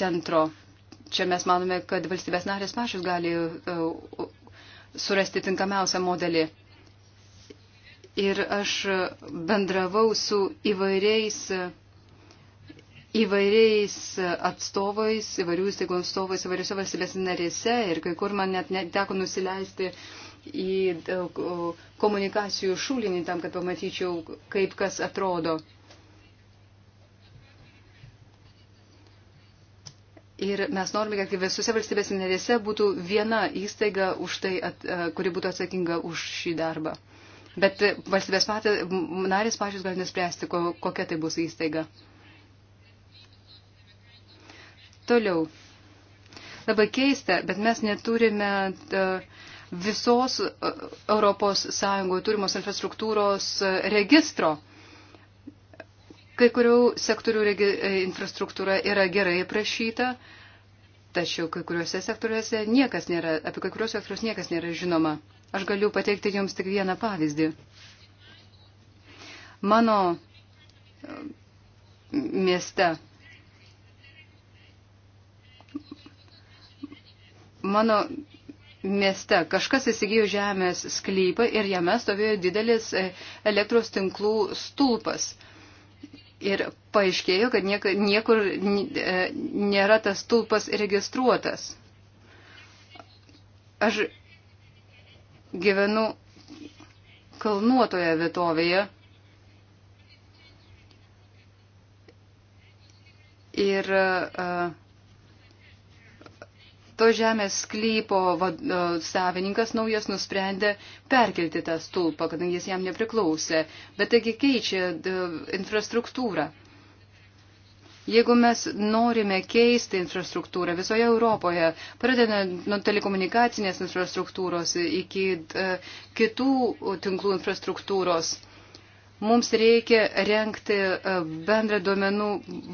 centro Čia mes manome, kad valstybės narės pačios gali e, surasti tinkamiausią modelį. Ir aš bendravau su įvairiais, įvairiais atstovais, įvairių įstaigų atstovais, įvairiose valstybės narėse ir kai kur man net teko nusileisti į e, komunikacijų šulinį tam, kad pamatyčiau, kaip kas atrodo. Ir mes norime, kad visose valstybės narėse būtų viena įstaiga, tai, at, e, kuri būtų atsakinga už šį darbą. Bet valstybės patė, narės pačios gali nespręsti, ko, kokia tai bus įstaiga. Toliau. Labai keista, bet mes neturime e, visos e, Europos Sąjungoje turimos infrastruktūros registro. Kai kurių sektorių e, infrastruktūra yra gerai aprašyta, tačiau kai kuriuose sektoriuose niekas nėra, apie kai kuriuos sektorius niekas nėra žinoma. Aš galiu pateikti jums tik vieną pavyzdį. Mano e, mieste mano mieste kažkas įsigijo žemės sklypą ir jame stovėjo didelis e, elektros tinklų stulpas. Ir paaiškėjo, kad niekur, niekur nėra tas tulpas registruotas. Aš gyvenu kalnuotoje vietovėje. Ir uh, to žemės sklypo vad, savininkas naujas nusprendė perkelti tą stulpą, kadangi jis jam nepriklausė, bet taigi keičia infrastruktūrą. Jeigu mes norime keisti infrastruktūrą visoje Europoje, pradedant nuo telekomunikacinės infrastruktūros iki kitų tinklų infrastruktūros, uh, mums reikia renkti e, bendrą duomenų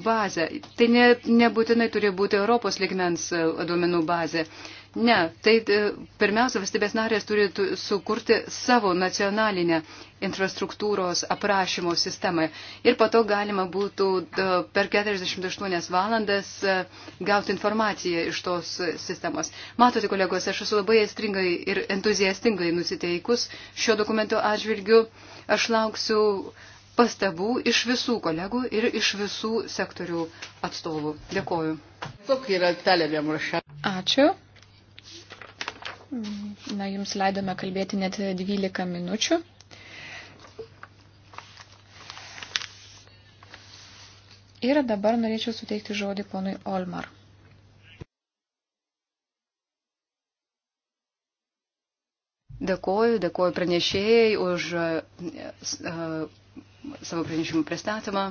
bazę. Tai ne, nebūtinai turi būti Europos ligmens e, duomenų bazė. Ne, tai e, pirmiausia, valstybės narės turi sukurti savo nacionalinę infrastruktūros aprašymo sistemą ir po to galima būtų e, per 48 valandas e, gauti informaciją iš tos sistemos. Matote, kolegos, aš esu labai estringai ir entuziastingai nusiteikus šio dokumento atžvilgiu. Aš lauksiu pastabų iš visų kolegų ir iš visų sektorių atstovų. Dėkoju. Ačiū. Na, jums leidome kalbėti net 12 minučių. Ir dabar norėčiau suteikti žodį ponui Olmar. Dėkoju, dėkoju pranešėjai už uh, savo pranešimų pristatymą.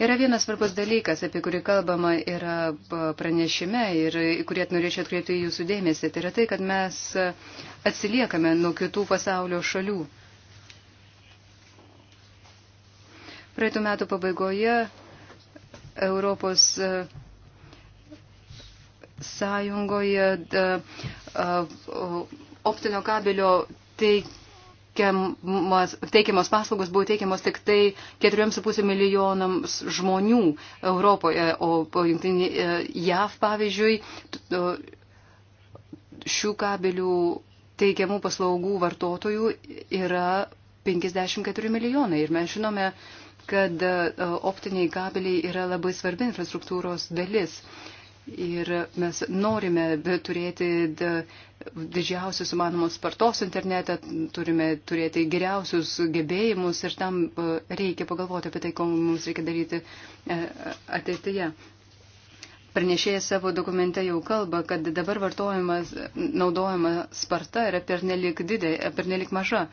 Yra vienas svarbus dalykas, apie kurį kalbama yra pranešime ir kurį norėčiau atkreipti jūsų dėmesį. Tai yra tai, kad mes atsiliekame nuo kitų pasaulio šalių. Praeitų metų pabaigoje Europos e, Sąjungoje e, e, optinio kabelio teikti teikiamos paslaugos buvo teikiamos tik tai 4,5 milijonams žmonių Europoje, o jungtinė e, JAV, pavyzdžiui, šių kabelių teikiamų paslaugų vartotojų yra 54 milijonai. Ir mes žinome, kad e, optiniai kabeliai yra labai svarbi infrastruktūros dalis. Ir mes norime turėti didžiausius įmanomos spartos internetą, turime turėti geriausius gebėjimus ir tam e, reikia pagalvoti apie tai, ko mums reikia daryti e, ateityje. Pranešėjas savo dokumente jau kalba, kad dabar vartojimas, naudojama sparta yra pernelik, didė, pernelik maža.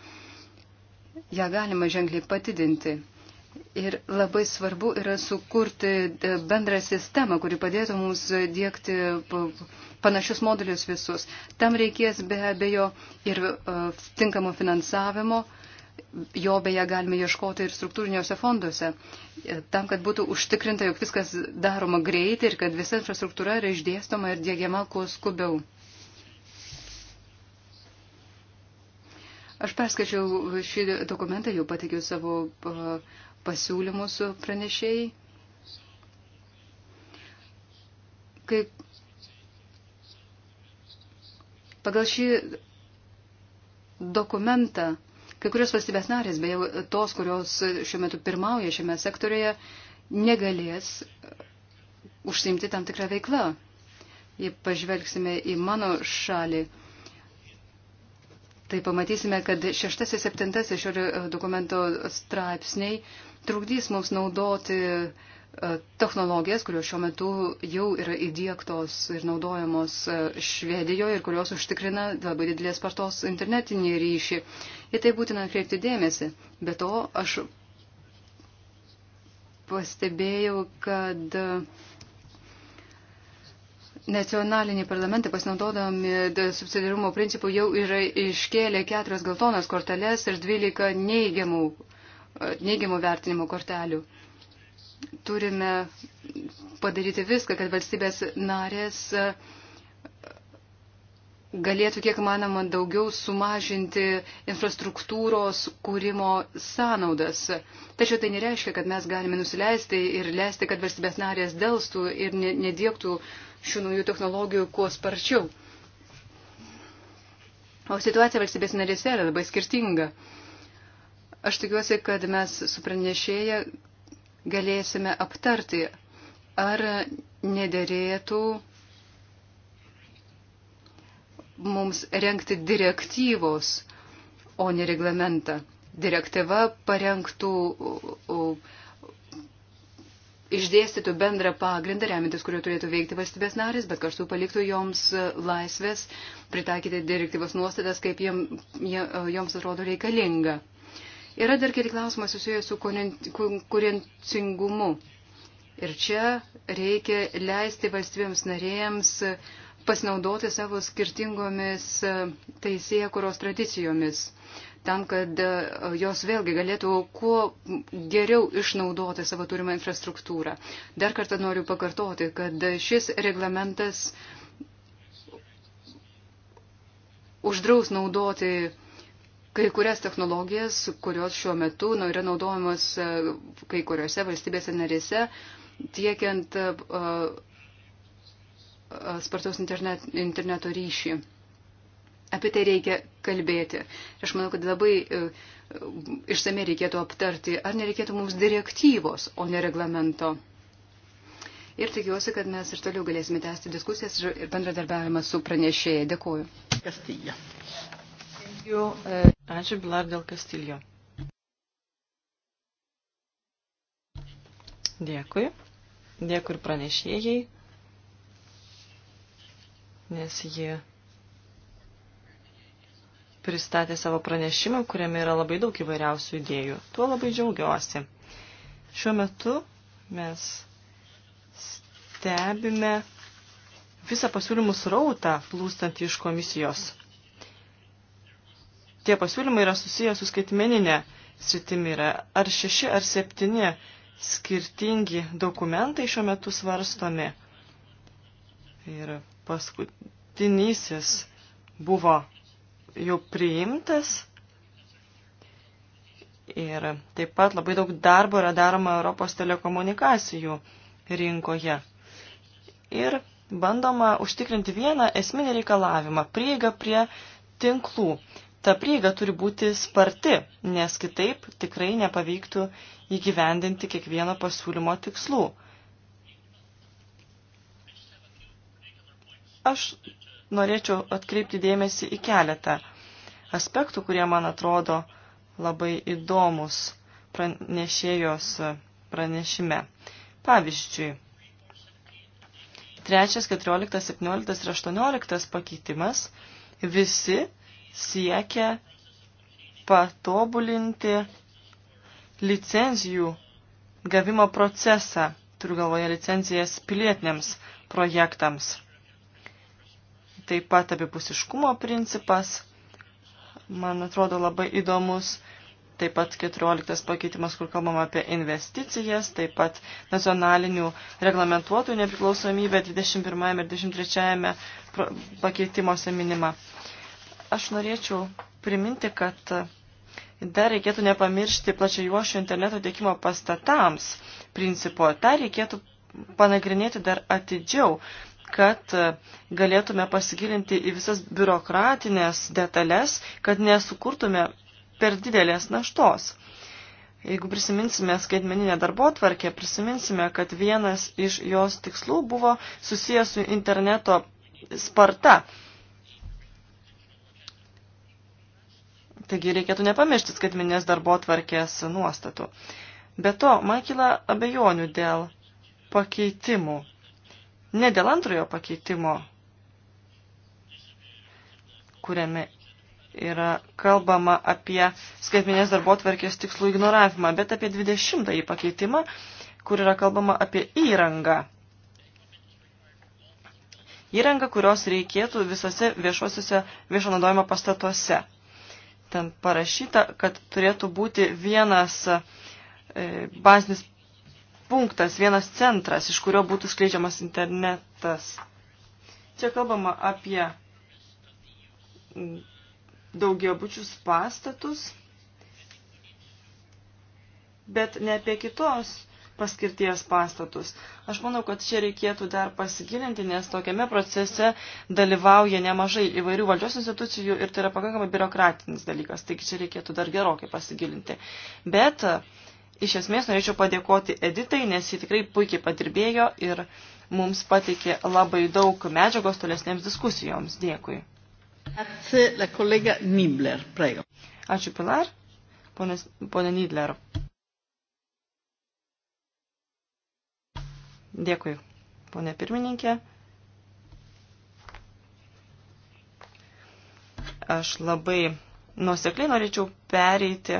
Ja galima ženkliai patidinti. Ir labai svarbu yra sukurti e, bendrą sistemą, kuri padėtų mums dėkti panašius modulius visus. Tam reikės be abejo ir e, tinkamo finansavimo, jo beje galime ieškoti ir struktūriniuose fonduose, e, tam, kad būtų užtikrinta, jog viskas daroma greitai ir kad visa infrastruktūra yra išdėstoma ir dėgiama kuo skubiau. Aš perskaičiau šį dokumentą, jau patikiu savo uh, pasiūlymus pranešėjai. Kaip pagal šį dokumentą, kai kurios valstybės narės, beje, tos, kurios šiuo metu pirmauja šiame sektorioje, negalės užsimti tam tikrą veiklą. Jei pažvelgsime į mano šalį, tai pamatysime, kad šeštasis, septintasis šio dokumento straipsniai trukdys mums naudoti e, technologijas, kurios šiuo metu jau yra įdėktos ir naudojamos e, Švedijoje ir kurios užtikrina labai didelės spartos internetinį ryšį. Į tai būtina kreipti dėmesį. Be to, aš pastebėjau, kad nacionaliniai parlamentai pasinaudodami subsidiarumo principų jau yra iškėlę keturias geltonas korteles ir dvylika neigiamų neigiamų vertinimo kortelių. Turime padaryti viską, kad valstybės narės e, galėtų kiek manoma daugiau sumažinti infrastruktūros kūrimo sąnaudas. Tačiau tai nereiškia, kad mes galime nusileisti ir leisti, kad valstybės narės dėlstų ir nedėktų šių naujų technologijų kuo sparčiau. O situacija valstybės narėse yra labai skirtinga. Aš tikiuosi, kad mes su pranešėja galėsime aptarti, ar nederėtų mums renkti direktyvos, o ne reglamentą. Direktyva parengtų, išdėstytų bendrą pagrindą, remintis, kuriuo turėtų veikti valstybės narės, bet kartu paliktų joms laisvės pritaikyti direktyvos nuostatas, kaip jiems, joms atrodo reikalinga. Yra dar keli klausimai susijęs su konkurencingumu. Ir čia reikia leisti valstybėms narėjams pasinaudoti savo skirtingomis e, teisėkuros tradicijomis, tam, kad e, jos vėlgi galėtų kuo geriau išnaudoti savo turimą infrastruktūrą. Dar kartą noriu pakartoti, kad šis reglamentas uždraus naudoti kai kurias technologijas, kurios šiuo metu nu, yra naudojamos e, kai kuriuose valstybėse narėse, tiekiant uh, spartaus internet, interneto ryšį. Apie tai reikia kalbėti. Aš manau, kad labai uh, išsamei reikėtų aptarti, ar nereikėtų mums direktyvos, o ne reglamento. Ir tikiuosi, kad mes ir toliau galėsime tęsti diskusijas ir bendradarbiavimą su pranešėjai. Dėkuoju. Kastija. Thank you. Uh... Ačiū, Bilar dėl Kastilio. Dėkui. Dėkui ir pranešėjai, nes jie pristatė savo pranešimą, kuriame yra labai daug įvairiausių idėjų. Tuo labai džiaugiuosi. Šiuo metu mes stebime visą pasiūlymų srautą plūstant iš komisijos tie pasiūlymai yra susiję su skaitmeninė sritimi. Yra ar šeši ar septyni skirtingi dokumentai šiuo metu svarstomi. Ir paskutinysis buvo jau priimtas. Ir taip pat labai daug darbo yra daroma Europos telekomunikacijų rinkoje. Ir bandoma užtikrinti vieną esminį reikalavimą - prieigą prie tinklų ta prieiga turi būti sparti, nes kitaip tikrai nepavyktų įgyvendinti kiekvieno pasiūlymo tikslų. Aš norėčiau atkreipti dėmesį į keletą aspektų, kurie man atrodo labai įdomus pranešėjos pranešime. Pavyzdžiui, 3, 14, 17 ir 18 pakeitimas visi siekia patobulinti licenzijų gavimo procesą, turiu galvoje licencijas pilietiniams projektams. Taip pat abipusiškumo principas, man atrodo, labai įdomus. Taip pat 14 pakeitimas, kur kalbam apie investicijas, taip pat nacionalinių reglamentuotojų nepriklausomybė 21 ir 23 pakeitimuose minima. Aš norėčiau priminti, kad dar reikėtų nepamiršti plačiajuošio interneto tiekimo pastatams principo. Ta reikėtų panagrinėti dar atidžiau, kad galėtume pasigilinti į visas biurokratinės detalės, kad nesukurtume per didelės naštos. Jeigu prisiminsime skaitmeninę darbo tvarkę, prisiminsime, kad vienas iš jos tikslų buvo susijęs su interneto sparta Taigi reikėtų nepamiršti skaitminės darbo tvarkės nuostatų. Be to, man kyla abejonių dėl pakeitimų. Ne dėl antrojo pakeitimo, kuriame yra kalbama apie skaitminės darbo tvarkės tikslų ignoravimą, bet apie 20-ąjį pakeitimą, kur yra kalbama apie įrangą. Įrangą, kurios reikėtų visose viešosiuose viešo naudojimo pastatuose ten parašyta, kad turėtų būti vienas e, bazinis punktas, vienas centras, iš kurio būtų skleidžiamas internetas. Čia kalbama apie mm, daugiabučius pastatus, bet ne apie kitos paskirties pastatus. Aš manau, kad čia reikėtų dar pasigilinti, nes tokiame procese dalyvauja nemažai įvairių valdžios institucijų ir tai yra pakankamai biurokratinis dalykas, taigi čia reikėtų dar gerokai pasigilinti. Bet iš esmės norėčiau padėkoti Editai, nes ji tikrai puikiai padirbėjo ir mums pateikė labai daug medžiagos tolesnėms diskusijoms. Dėkui. Ačiū, kolega Nibler, prego. Ačiū, Pilar. Ponas, ponė Nidler. Dėkui, ponė pirmininkė. Aš labai nusekliai norėčiau pereiti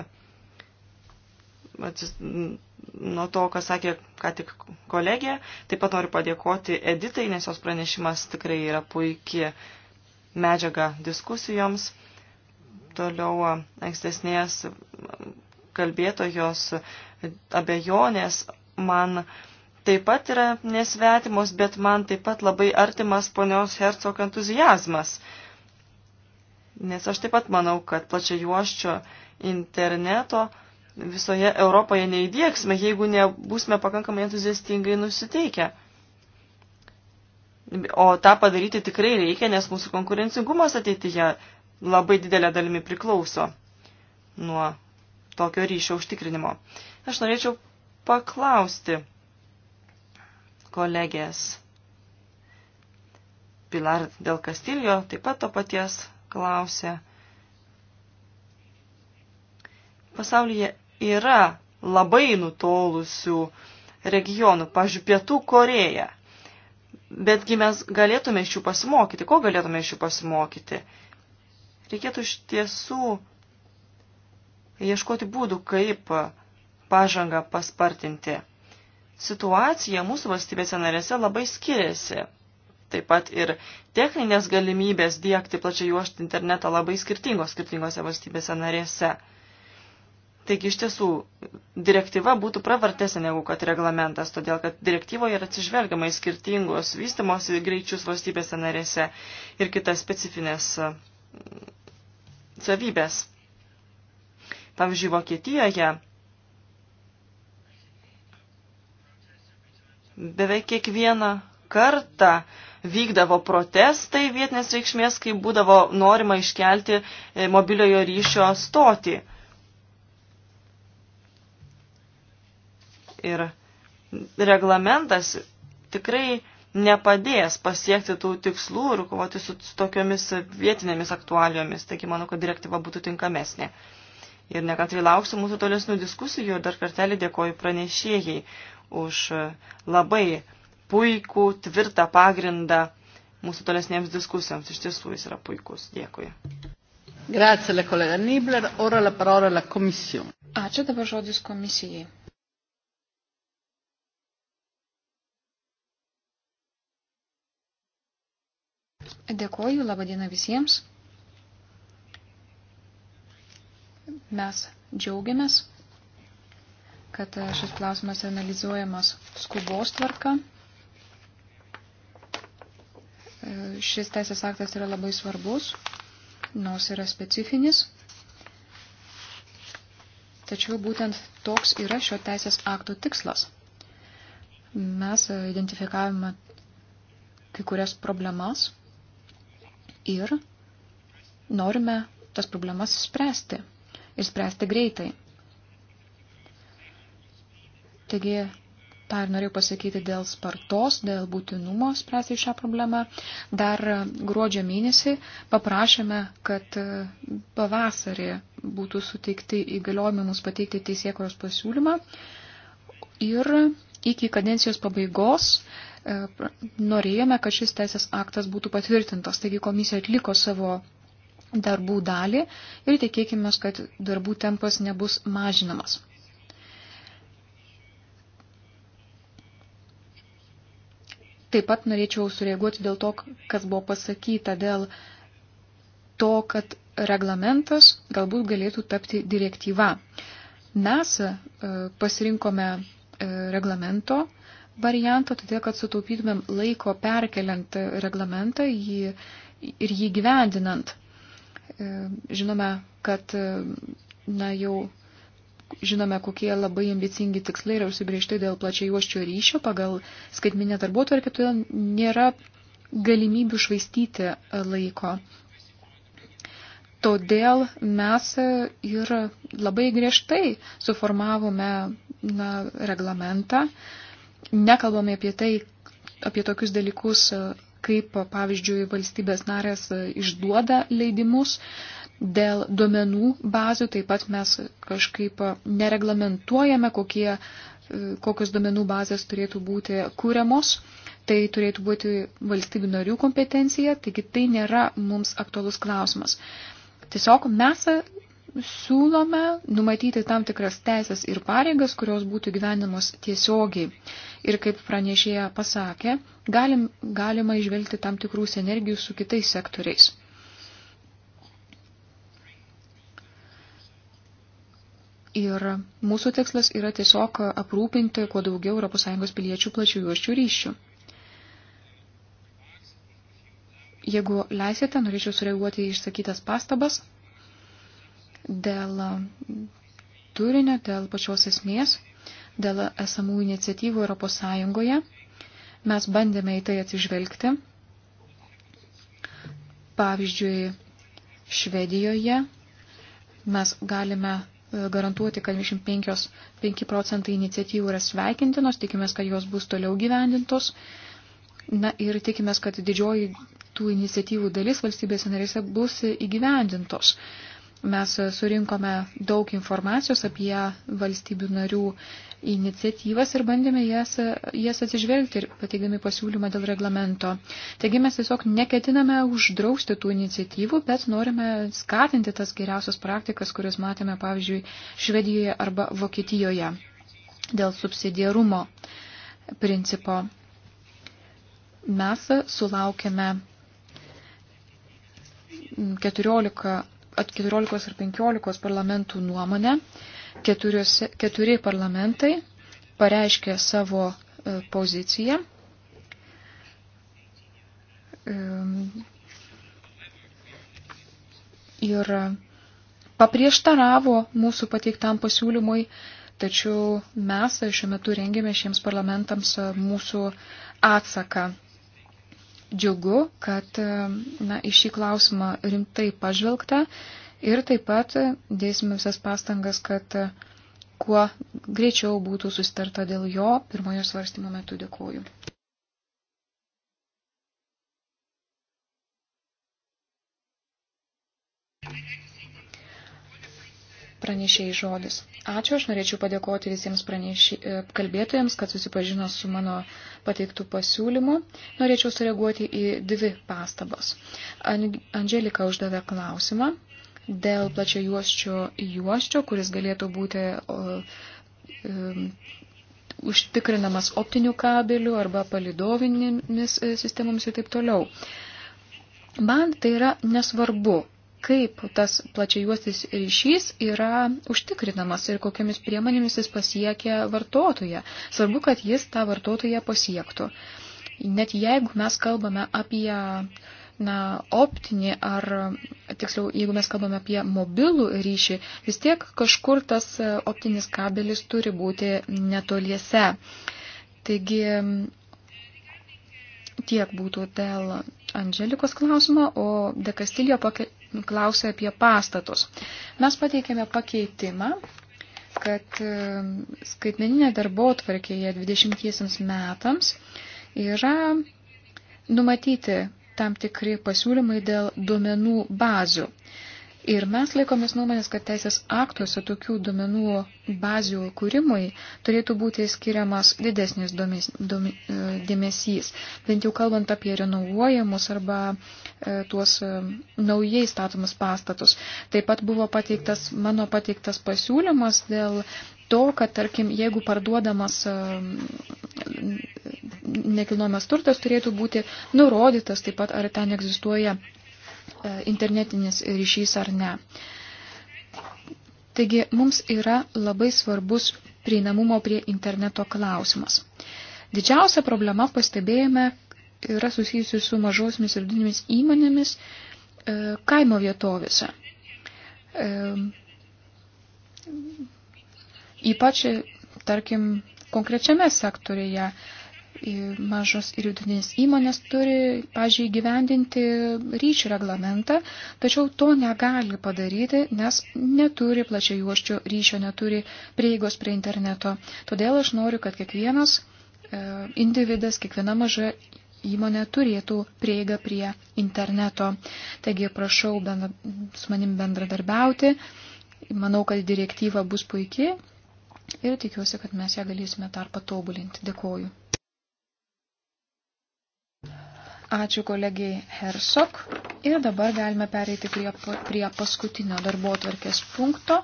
nuo to, ką sakė ką tik kolegė. Taip pat noriu padėkoti Editai, nes jos pranešimas tikrai yra puikia medžiaga diskusijoms. Toliau ankstesnės kalbėtojos abejonės man uh, taip pat yra nesvetimos, bet man taip pat labai artimas ponios Hercog entuzijazmas. Nes aš taip pat manau, kad plačia juoščio interneto visoje Europoje neįdėksime, jeigu nebūsime pakankamai entuziastingai nusiteikę. O tą padaryti tikrai reikia, nes mūsų konkurencingumas ateityje labai didelė dalimi priklauso nuo tokio ryšio užtikrinimo. Aš norėčiau paklausti kolegės Pilar dėl Kastiljo taip pat to paties klausė. Pasaulyje yra labai nutolusių regionų, pažiūrėjau, Pietų Koreja. Betgi mes galėtume iš jų pasimokyti. Ko galėtume iš jų pasimokyti? Reikėtų iš tiesų ieškoti būdų, kaip pažangą paspartinti situacija mūsų valstybėse narėse labai skiriasi. Taip pat ir techninės galimybės dėkti plačiai juoštį internetą labai skirtingos skirtingose valstybėse narėse. Taigi iš tiesų direktyva būtų pravartesnė negu kad reglamentas, todėl kad direktyvoje yra atsižvelgiama į skirtingus vystimosi greičius valstybėse narėse ir kitas specifines mm, savybės. Pavyzdžiui, Vokietijoje beveik kiekvieną kartą vykdavo protestai vietinės reikšmės, kai būdavo norima iškelti e, mobiliojo ryšio stotį. Ir reglamentas tikrai nepadės pasiekti tų tikslų ir kovoti su tokiomis vietinėmis aktualiomis. Taigi manau, kad direktyva būtų tinkamesnė. Ir nekantrai lauksiu mūsų tolesnių diskusijų ir dar kartelį dėkoju pranešėjai už labai puikų, tvirtą pagrindą mūsų tolesnėms diskusijoms. Iš tiesų jis yra puikus. Dėkui. Grazie, la kolega Nibler. Ora la parola la komisijon. Ačiū dabar žodis komisijai. Dėkoju, labadiena visiems. Mes džiaugiamės kad e, šis klausimas analizuojamas skubos tvarka. E, šis teisės aktas yra labai svarbus, nors yra specifinis. Tačiau būtent toks yra šio teisės akto tikslas. Mes e, identifikavome kai kurias problemas ir norime tas problemas spręsti. Ir spręsti greitai. Taigi, tą ir norėjau pasakyti dėl spartos, dėl būtinumo spręsti šią problemą. Dar gruodžio mėnesį paprašėme, kad pavasarį būtų suteikti įgaliojimai mums pateikti teisėkojos pasiūlymą. Ir iki kadencijos pabaigos e, norėjome, kad šis teisės aktas būtų patvirtintas. Taigi komisija atliko savo darbų dalį ir tikėkime, kad darbų tempas nebus mažinamas. Taip pat norėčiau sureaguoti dėl to, kas buvo pasakyta, dėl to, kad reglamentas galbūt galėtų tapti direktyva. Mes e, pasirinkome e, reglamento variantą, todėl kad sutaupytumėm laiko perkeliant e, reglamentą jį, ir jį gyvendinant. Žinome, kad na, jau žinome, kokie labai ambicingi tikslai yra užsibriežti dėl plačiai juoščio ryšio pagal skaitminę darbuotvarkę, todėl nėra galimybių švaistyti e, laiko. Todėl mes e, ir labai griežtai suformavome na, reglamentą, nekalbame apie tai, apie tokius dalykus, e, kaip, pavyzdžiui, valstybės narės išduoda leidimus, uh, Dėl duomenų bazių taip pat mes kažkaip nereglamentuojame, kokie, e, kokios duomenų bazės turėtų būti kūriamos. Tai turėtų būti valstybių narių kompetencija, taigi tai nėra mums aktualus klausimas. Tiesiog mes siūlome numatyti tam tikras teisės ir pareigas, kurios būtų gyvenamos tiesiogiai. Ir kaip pranešėja pasakė, galim, galima išvelgti tam tikrų sinergijų su kitais sektoriais. Ir mūsų tikslas yra tiesiog aprūpinti kuo daugiau ES piliečių plačių juoščių ryšių. Jeigu leisite, norėčiau sureaguoti į išsakytas pastabas dėl turinio, dėl pačios esmės, dėl esamų iniciatyvų ES. Mes bandėme į tai atsižvelgti. Pavyzdžiui, Švedijoje mes galime E, garantuoti, kad 25 procentai iniciatyvų yra sveikintinos, tikimės, kad jos bus toliau gyvendintos. Na ir tikimės, kad didžioji tų iniciatyvų dalis valstybės narėse bus įgyvendintos. Mes surinkome daug informacijos apie valstybių narių iniciatyvas ir bandėme jas, jas atsižvelgti ir pateikdami pasiūlymą dėl reglamento. Taigi mes tiesiog neketiname uždrausti tų iniciatyvų, bet norime skatinti tas geriausias praktikas, kurias matėme, pavyzdžiui, Švedijoje arba Vokietijoje dėl subsidiarumo principo. Mes sulaukėme 14 14 ir 15 parlamentų nuomonę, keturiose, keturi parlamentai pareiškė savo e, poziciją. Ir paprieštaravo mūsų pateiktam pasiūlymui, tačiau mes šiuo metu rengėme šiems parlamentams e, mūsų atsaką džiugu, kad na, į šį klausimą rimtai pažvelgta ir taip pat dėsime visas pastangas, kad kuo greičiau būtų sustarta dėl jo pirmojo svarstymo metu. Dėkuoju pranešėjai žodis. Ačiū, aš norėčiau padėkoti visiems pranešė, e, kalbėtojams, kad susipažino su mano pateiktų pasiūlymu. Norėčiau sureaguoti į dvi pastabas. Andželika uždavė klausimą dėl plačio juoščio juoščio, kuris galėtų būti o, um, užtikrinamas optinių kabelių arba palidovinėmis e, sistemomis ir taip toliau. Man tai yra nesvarbu, kaip tas plačiajuostis ryšys yra užtikrinamas ir kokiamis priemonėmis jis pasiekia vartotoje. Svarbu, kad jis tą vartotoje pasiektų. Net jeigu mes kalbame apie na, optinį ar, tiksliau, jeigu mes kalbame apie mobilų ryšį, vis tiek kažkur tas optinis kabelis turi būti netoliese. Taigi tiek būtų dėl Andželikos klausimo, o Dekastilio klausė apie pastatus. Mes pateikėme pakeitimą, kad e, skaitmeninė darbo tvarkėje 20 metams yra numatyti tam tikri pasiūlymai dėl duomenų bazių. Ir mes laikomės nuomonės, kad teisės aktuose tokių duomenų bazių kūrimui turėtų būti skiriamas didesnis domis, domi, e, dėmesys. Bent jau kalbant apie renovuojamus arba e, tuos e, naujai statomus pastatus. Taip pat buvo pateiktas mano pateiktas pasiūlymas dėl to, kad, tarkim, jeigu parduodamas e, nekilnojamas turtas turėtų būti nurodytas taip pat, ar ten egzistuoja E, internetinis ryšys ar ne. Taigi mums yra labai svarbus prieinamumo prie interneto klausimas. Didžiausia problema pastebėjome yra susijusi su mažosmis ir didinėmis įmonėmis e, kaimo vietovėse. E, ypač, tarkim, konkrečiame sektorėje e, mažos ir vidutinės įmonės turi, pažiūrėjau, gyvendinti ryšių reglamentą, tačiau to negali padaryti, nes neturi plačiai juoščio ryšio, neturi prieigos prie interneto. Todėl aš noriu, kad kiekvienas e, individas, kiekviena maža įmonė turėtų prieigą prie interneto. Taigi prašau bendra, su manim bendradarbiauti. Manau, kad direktyva bus puikiai ir tikiuosi, kad mes ją galėsime dar patobulinti. Dėkuoju. Ačiū kolegijai Hersok. Ir dabar galime pereiti prie, prie paskutinio darbo tvarkės punkto.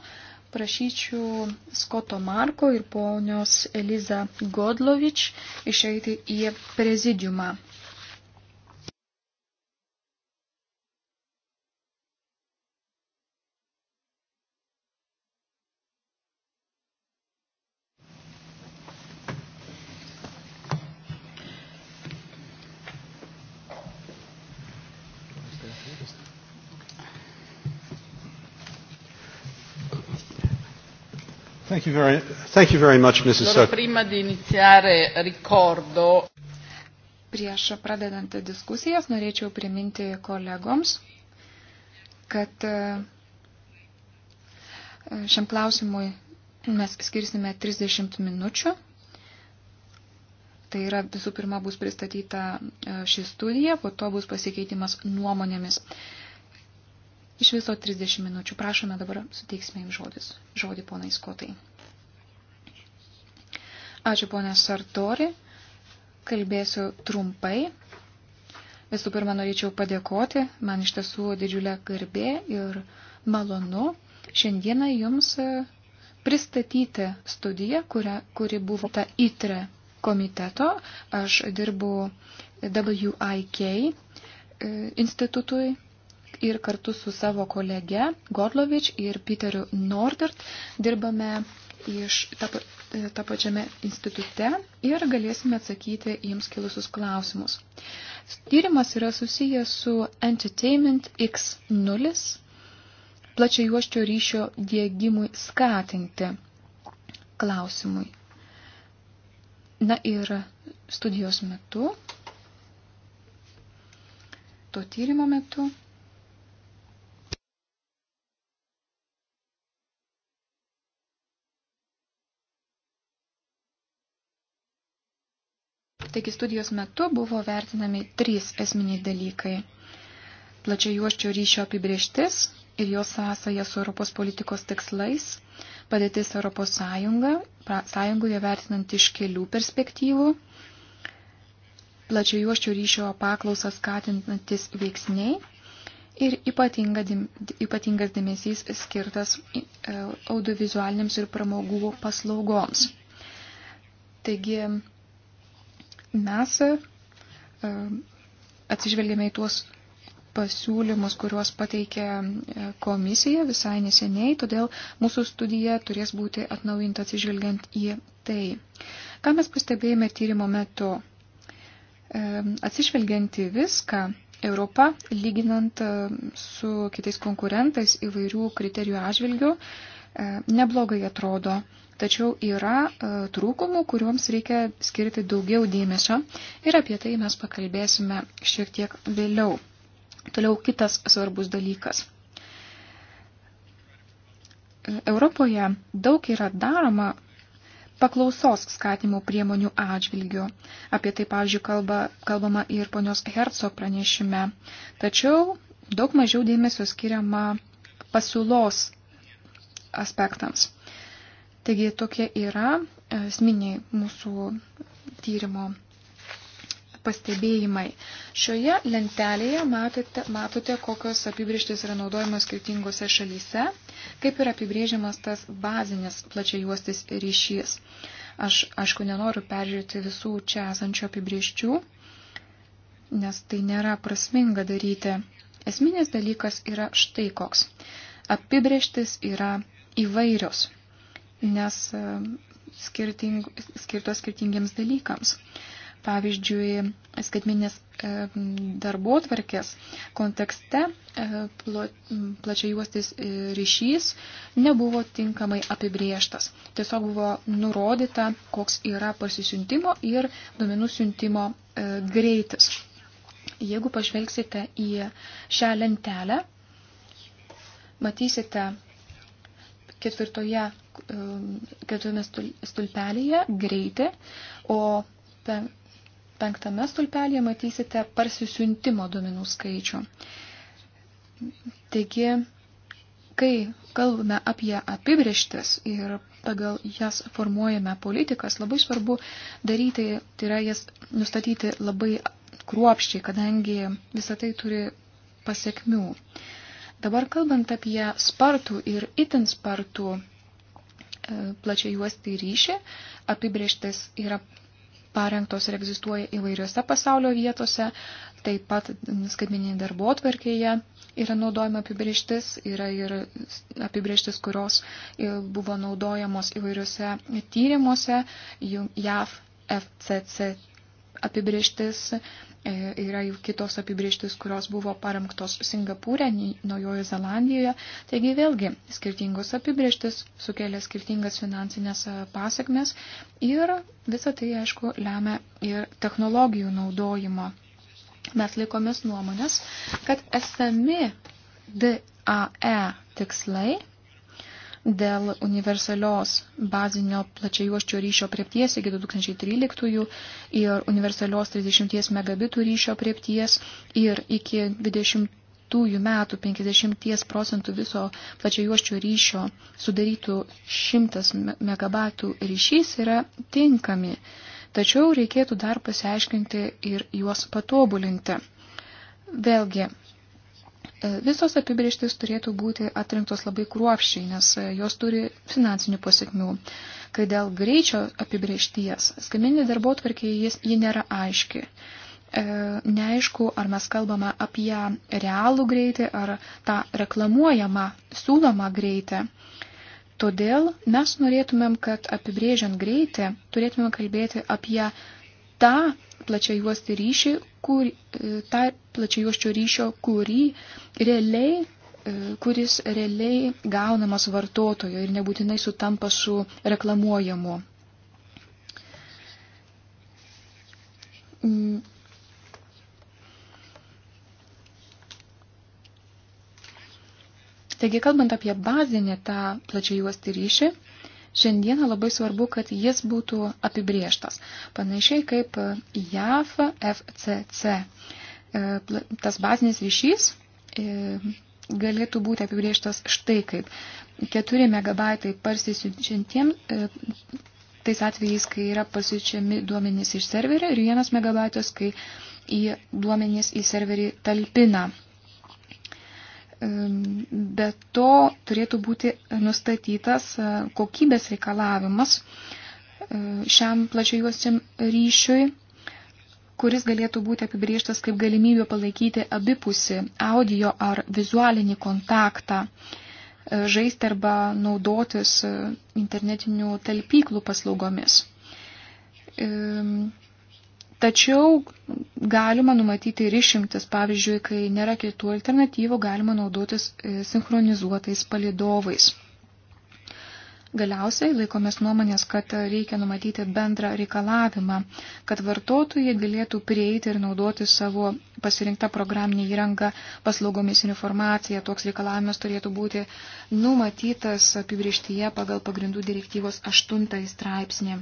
Prašyčiau Skoto Marko ir ponios Eliza Godlovič išeiti į prezidiumą. Thank you very, thank you very much, Mrs. Allora, prima di iniziare, ricordo... Prieš pradedant diskusijas norėčiau priminti kolegoms, kad e, šiam klausimui mes skirsime 30 minučių. Tai yra visų pirma bus pristatyta e, ši studija, po to bus pasikeitimas nuomonėmis. Iš viso 30 minučių. Prašome dabar suteiksime jums žodis. Žodį ponai Skotai. Ačiū ponė Sartori. Kalbėsiu trumpai. Visų pirma, norėčiau padėkoti. Man iš tiesų didžiulė garbė ir malonu šiandieną jums e, pristatyti studiją, kuria, kuri buvo ta ITRE komiteto. Aš dirbu WIK e, institutui ir kartu su savo kolege Godlovič ir Peteriu Nordert dirbame iš tą, e, tą pačiame institute ir galėsime atsakyti jums kilusius klausimus. Tyrimas yra susijęs su Entertainment X0 plačia juoščio ryšio dėgymui skatinti klausimui. Na ir studijos metu, to tyrimo metu Taigi studijos metu buvo vertinami trys esminiai dalykai. Plačia juoščio ryšio apibrieštis ir jos sąsaja su Europos politikos tikslais, padėtis Europos Sąjunga, sąjungoje vertinant iš kelių perspektyvų, plačia juoščio ryšio paklausą skatinantis veiksniai ir ypatinga, ypatingas dėmesys skirtas e, audiovizualiniams ir pramogų paslaugoms. Taigi Mes e, atsižvelgėme į tuos pasiūlymus, kuriuos pateikė e, komisija visai neseniai, todėl mūsų studija turės būti atnaujinta atsižvelgiant į tai. Ką mes pastebėjome tyrimo metu? E, atsižvelgiant į viską, Europa, lyginant su kitais konkurentais įvairių kriterijų atžvilgių, neblogai atrodo. Tačiau yra e, trūkumų, kuriuoms reikia skirti daugiau dėmesio ir apie tai mes pakalbėsime šiek tiek vėliau. Toliau kitas svarbus dalykas. E, Europoje daug yra daroma paklausos skatimo priemonių atžvilgių. Apie tai, pavyzdžiui, kalba, kalbama ir ponios Herco pranešime. Tačiau daug mažiau dėmesio skiriama pasiūlos aspektams. Taigi tokie yra e, esminiai mūsų tyrimo pastebėjimai. Šioje lentelėje matote, matote kokios apibrieštis yra naudojamos skirtingose šalyse, kaip yra apibrėžiamas tas bazinis plačiai juostis ryšys. Aš, aišku, nenoriu peržiūrėti visų čia esančių apibrieščių, nes tai nėra prasminga daryti. Esminis dalykas yra štai koks. Apibrieštis yra įvairios nes e, skirting, skirtos skirtingiems dalykams. Pavyzdžiui, skaitminės e, darbo tvarkės kontekste e, plačiai juostis ryšys nebuvo tinkamai apibrieštas. Tiesiog buvo nurodyta, koks yra pasisiuntimo ir duomenų siuntimo greitis. Jeigu pažvelgsite į šią lentelę, matysite ketvirtoje keturiame stulpelėje greitį, o penktame stulpelėje matysite parsisiuntimo duomenų skaičių. Taigi, kai kalbame apie apibrieštis ir pagal jas formuojame politikas, labai svarbu daryti, tai yra jas nustatyti labai kruopščiai, kadangi visą tai turi pasiekmių. Dabar kalbant apie spartų ir itin spartų E, plačia juosti ryšį. Apibrieštis yra parengtos ir egzistuoja įvairiose pasaulio vietose, taip pat skaitmeninėje darbo atverkėje yra naudojama apibrieštis, yra ir apibrieštis, kurios e, buvo naudojamos įvairiose tyrimuose, JAF FCC apibrieštis E, yra jau kitos apibrieštis, kurios buvo parengtos Singapūrė, Naujojo Zelandijoje. Taigi vėlgi skirtingos apibrieštis sukelia skirtingas finansinės e, pasiekmes ir visą tai, aišku, lemia ir technologijų naudojimo. Mes laikomės nuomonės, kad esami DAE tikslai dėl universalios bazinio plačiajuoščio ryšio priepties iki 2013 ir universalios 30 megabitų ryšio priepties ir iki 20 metų 50 procentų viso plačiajuoščio ryšio sudarytų 100 megabatų ryšys yra tinkami, tačiau reikėtų dar pasiaiškinti ir juos patobulinti. Vėlgi, Visos apibrieštis turėtų būti atrinktos labai kruopščiai, nes e, jos turi finansinių pasiekmių. Kai dėl greičio apibriešties, skaminė darbo tvarkė ji nėra aiški. E, neaišku, ar mes kalbame apie realų greitį ar tą reklamuojamą, siūlomą greitį. Todėl mes norėtumėm, kad apibrėžiant greitį turėtumėm kalbėti apie tą plačiai juosti ryšį, kur, e, tą plačiajuoščio ryšio, kurį realiai e, kuris realiai gaunamas vartotojo ir nebūtinai sutampa su reklamuojamu. Mm. Taigi, kalbant apie bazinį tą plačiai juosti ryšį, Šiandieną labai svarbu, kad jis būtų apibrieštas. Panašiai kaip JAF FCC. E, tas bazinis ryšys e, galėtų būti apibrieštas štai kaip. 4 megabaitai parsisiunčiantiem e, tais atvejais, kai yra pasiučiami duomenys iš serverio ir 1 megabaitas, kai į duomenys į serverį talpina Be to turėtų būti nustatytas e, kokybės reikalavimas e, šiam plačiajuosiam ryšiui, kuris galėtų būti apibrėžtas kaip galimybė palaikyti abipusi audio ar vizualinį kontaktą, e, žaisti arba naudotis internetinių talpyklų paslaugomis. Tačiau galima numatyti ir išimtis, pavyzdžiui, kai nėra kitų alternatyvų, galima naudotis e, sinchronizuotais palidovais. Galiausiai laikomės nuomonės, kad reikia numatyti bendrą reikalavimą, kad vartotojai galėtų prieiti ir naudoti savo pasirinktą programinį įrangą paslaugomis ir informaciją. Toks reikalavimas turėtų būti numatytas apibrieštyje pagal pagrindų direktyvos 8 straipsnį.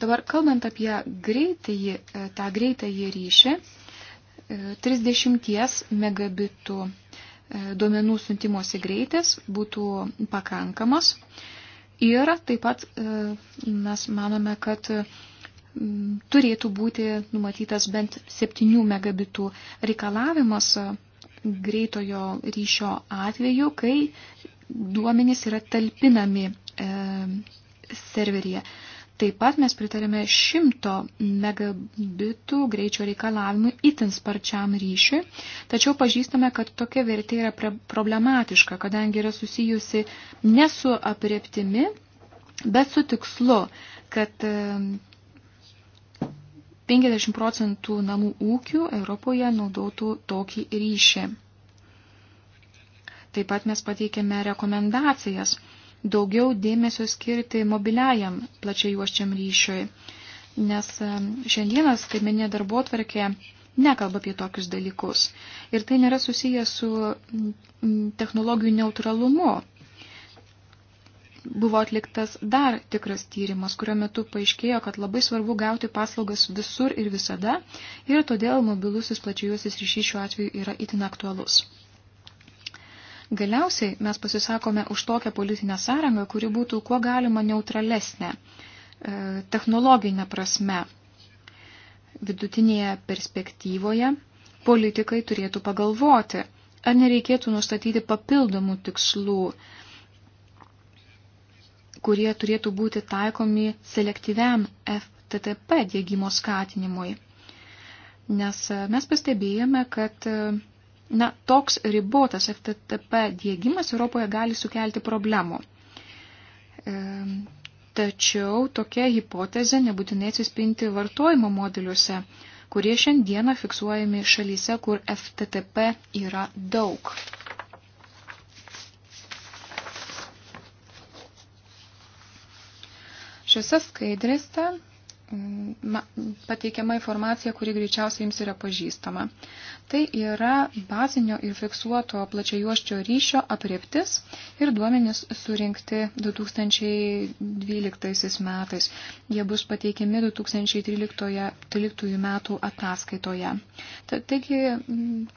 Dabar kalbant apie greitąjį, e, tą greitąjį ryšį, 30 e, megabitų e, duomenų suntimosi greitis būtų pakankamas. Ir taip pat mes manome, kad turėtų būti numatytas bent 7 megabitų reikalavimas greitojo ryšio atveju, kai duomenys yra talpinami serveryje. Taip pat mes pritarėme 100 megabitų greičio reikalavimui itin sparčiam ryšiui, tačiau pažįstame, kad tokia vertė yra problematiška, kadangi yra susijusi ne su apreptimi, bet su tikslu, kad 50 e, procentų namų ūkių Europoje naudotų tokį ryšį. Taip pat mes pateikėme rekomendacijas daugiau dėmesio skirti mobiliajam plačiai juoščiam ryšiui, nes šiandieną skaitmeninė darbo tvarkė nekalba apie tokius dalykus. Ir tai nėra susijęs su technologijų neutralumu. Buvo atliktas dar tikras tyrimas, kurio metu paaiškėjo, kad labai svarbu gauti paslaugas visur ir visada ir todėl mobilusis plačiajuosis ryšys šiuo atveju yra itin aktualus. Galiausiai mes pasisakome už tokią politinę sąrangą, kuri būtų kuo galima neutralesnė e, technologinė prasme. Vidutinėje perspektyvoje politikai turėtų pagalvoti, ar nereikėtų nustatyti papildomų tikslų, kurie turėtų būti taikomi selektyviam FTTP dėgymo skatinimui. Nes e, mes pastebėjome, kad e, Na, toks ribotas FTTP dėgymas Europoje gali sukelti problemų. E, tačiau tokia hipotezė nebūtinai atsispinti vartojimo modeliuose, kurie šiandieną fiksuojami šalyse, kur FTTP yra daug. Šiose skaidrėse pateikiama informacija, kuri greičiausiai jums yra pažįstama. Tai yra bazinio ir fiksuoto plačiajuoščio ryšio apriptis ir duomenys surinkti 2012 metais. Jie bus pateikiami 2013 metų ataskaitoje. Taigi,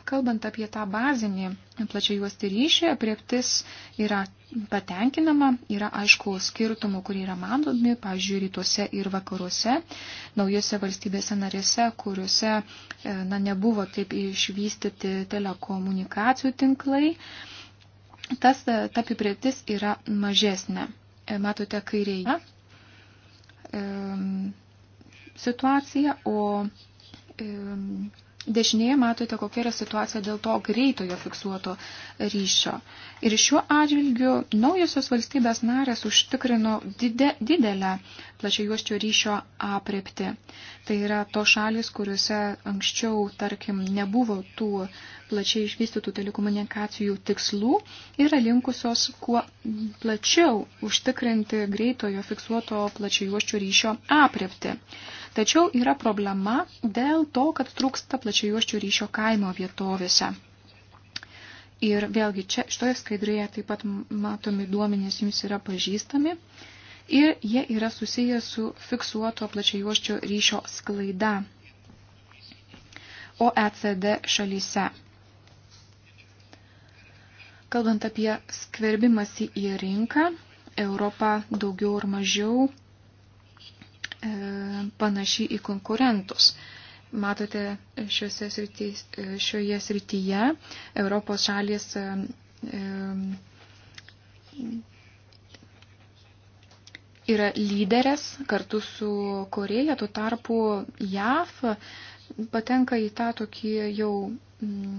kalbant apie tą bazinį plačiajuosti ryšį, apriptis yra patenkinama. Yra aišku skirtumų, kurie yra manomi, pavyzdžiui, rytuose ir vakaruose, naujose valstybėse narėse, kuriuose e, na, nebuvo taip išvystyti telekomunikacijų tinklai. Tas e, ta apibrėtis yra mažesnė. E, matote kairėje e, situaciją, o e, Dešinėje matote, kokia yra situacija dėl to greitojo fiksuoto ryšio. Ir šiuo atžvilgiu naujosios valstybės narės užtikrino dide, didelę plačiajuoščio ryšio aprepti. Tai yra to šalis, kuriuose anksčiau, tarkim, nebuvo tų plačiai išvystytų telekomunikacijų tikslų, yra linkusios kuo plačiau užtikrinti greitojo fiksuoto plačiajuoščio ryšio aprepti. Tačiau yra problema dėl to, kad trūksta plačiajuoščių ryšio kaimo vietovėse. Ir vėlgi čia šitoje skaidrėje taip pat matomi duomenys jums yra pažįstami ir jie yra susiję su fiksuoto plačiajuoščio ryšio sklaida OECD šalyse. Kalbant apie skverbimąsi į rinką, Europa daugiau ir mažiau E, panaši į konkurentus. Matote, srityje, šioje srityje Europos šalis e, e, yra lyderės kartu su Koreja, tuo tarpu JAV patenka į tą tokį jau mm,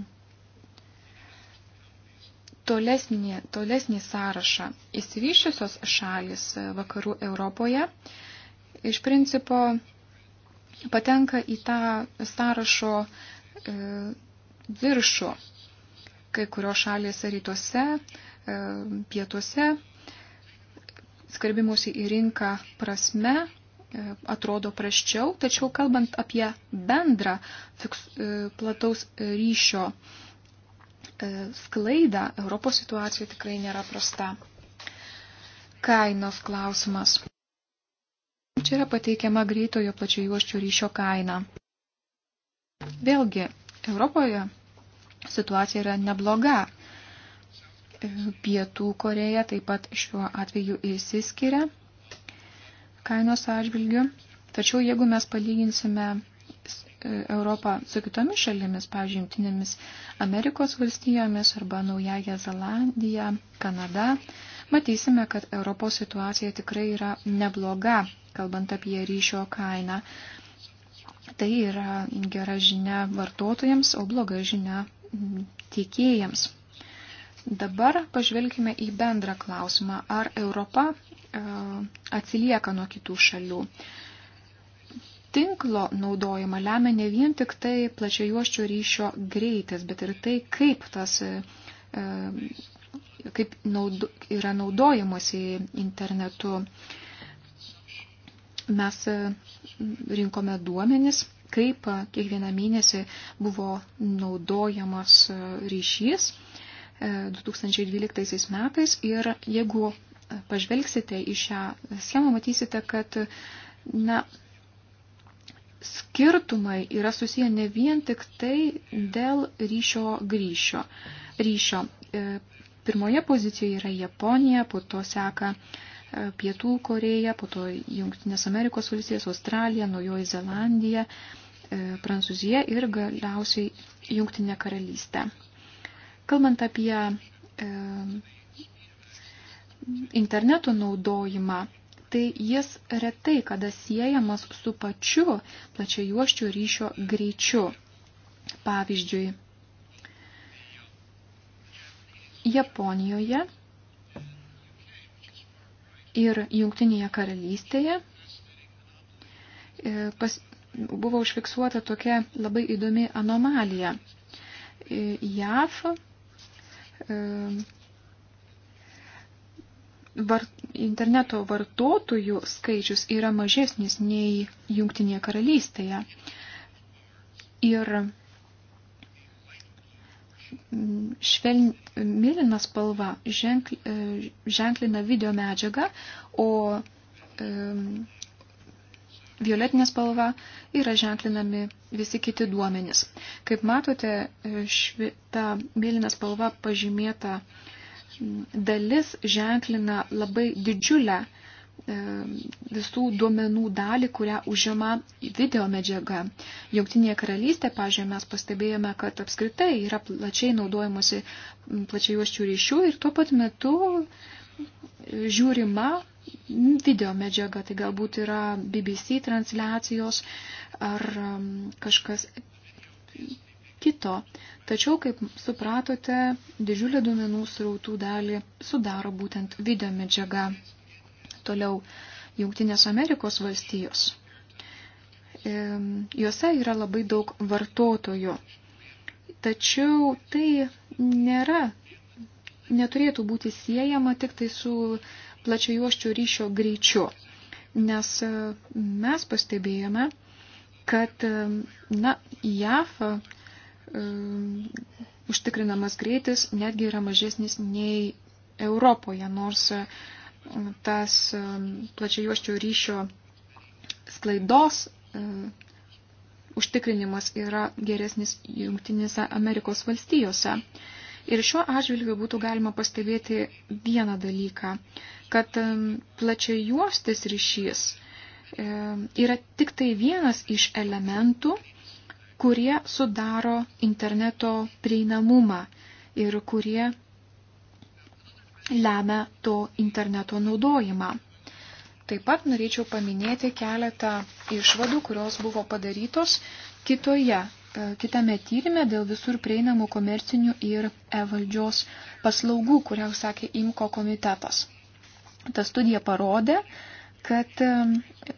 tolesnį, tolesnį sąrašą. Įsivyščiusios šalis vakarų Europoje iš principo patenka į tą sąrašo e, viršų. Kai kurios šalys rytuose, e, pietuose, skarbimusi į rinką prasme e, atrodo praščiau, tačiau kalbant apie bendrą fiks, e, plataus ryšio e, sklaidą, Europos situacija tikrai nėra prasta. Kainos klausimas. Čia yra pateikiama greitojo plačiajuoščio ryšio kaina. Vėlgi, Europoje situacija yra nebloga. Pietų Koreja taip pat šiuo atveju įsiskiria kainos atžvilgiu. Tačiau jeigu mes palyginsime e, Europą su kitomis šalimis, pavyzdžiui, Jungtinėmis Amerikos valstijomis arba Naujaja Zelandija, Kanada, matysime, kad Europos situacija tikrai yra nebloga kalbant apie ryšio kainą. Tai yra gera žinia vartotojams, o bloga žinia mm, tiekėjams. Dabar pažvelgime į bendrą klausimą, ar Europa e, atsilieka nuo kitų šalių. Tinklo naudojimą lemia ne vien tik tai plačiajuoščio ryšio greitis, bet ir tai, kaip tas e, e kaip naudo, yra naudojamasi internetu. E, mes e, rinkome duomenis, kaip e, kiekvieną mėnesį buvo naudojamas e, ryšys 2012 metais ir jeigu pažvelgsite į šią schemą, matysite, kad na, skirtumai yra susiję ne vien tik tai dėl ryšio grįšio. ryšio. Pirmoje pozicijoje yra Japonija, po to seka uh, Pietų Koreja, po to Junktinės Amerikos valstijos, Australija, Naujoji Zelandija, e, Prancūzija ir galiausiai Junktinė karalystė. Kalbant apie e, interneto naudojimą, tai jis retai kada siejamas su pačiu plačiajuoščių ryšio greičiu. Pavyzdžiui, Japonijoje ir Jungtinėje karalystėje e, pas, buvo užfiksuota tokia labai įdomi anomalija. E, JAF e, var, interneto vartotojų skaičius yra mažesnis nei Jungtinėje karalystėje. Ir šveln, mėlyna spalva ženkl, e, ženklina video medžiagą, o e, violetinė spalva yra ženklinami visi kiti duomenys. Kaip matote, e, švi, ta mėlyna spalva pažymėta dalis ženklina labai didžiulę e, E, visų duomenų dalį, kurią užima video medžiaga. Jungtinėje karalystė, pažiūrėjau, mes pastebėjome, kad apskritai yra plačiai naudojimuose plačiai juoščių ryšių ir tuo pat metu žiūrima video medžiaga, tai galbūt yra BBC transliacijos ar kažkas kito. Tačiau, kaip supratote, didžiulę duomenų srautų dalį sudaro būtent video medžiaga. Toliau Jungtinės Amerikos valstijos. Juose yra labai daug vartotojų. Tačiau tai nėra, neturėtų būti siejama tik tai su plačiajuoščio ryšio greičiu. Nes e, mes pastebėjome, kad e, na, JAF e, užtikrinamas greitis netgi yra mažesnis nei Europoje, nors e, tas e, plačiajuoščio ryšio sklaidos e, užtikrinimas yra geresnis Jungtinėse Amerikos valstijose. Ir šiuo atžvilgiu būtų galima pastebėti vieną dalyką, kad e, plačiai juostis ryšys yra tik tai vienas iš elementų, kurie sudaro interneto prieinamumą ir kurie lemia to interneto naudojimą. Taip pat norėčiau paminėti keletą išvadų, kurios buvo padarytos kitoje, e, kitame tyrimė dėl visur prieinamų komercinių ir e-valdžios paslaugų, kurią užsakė IMKO komitetas. Ta studija parodė, kad e,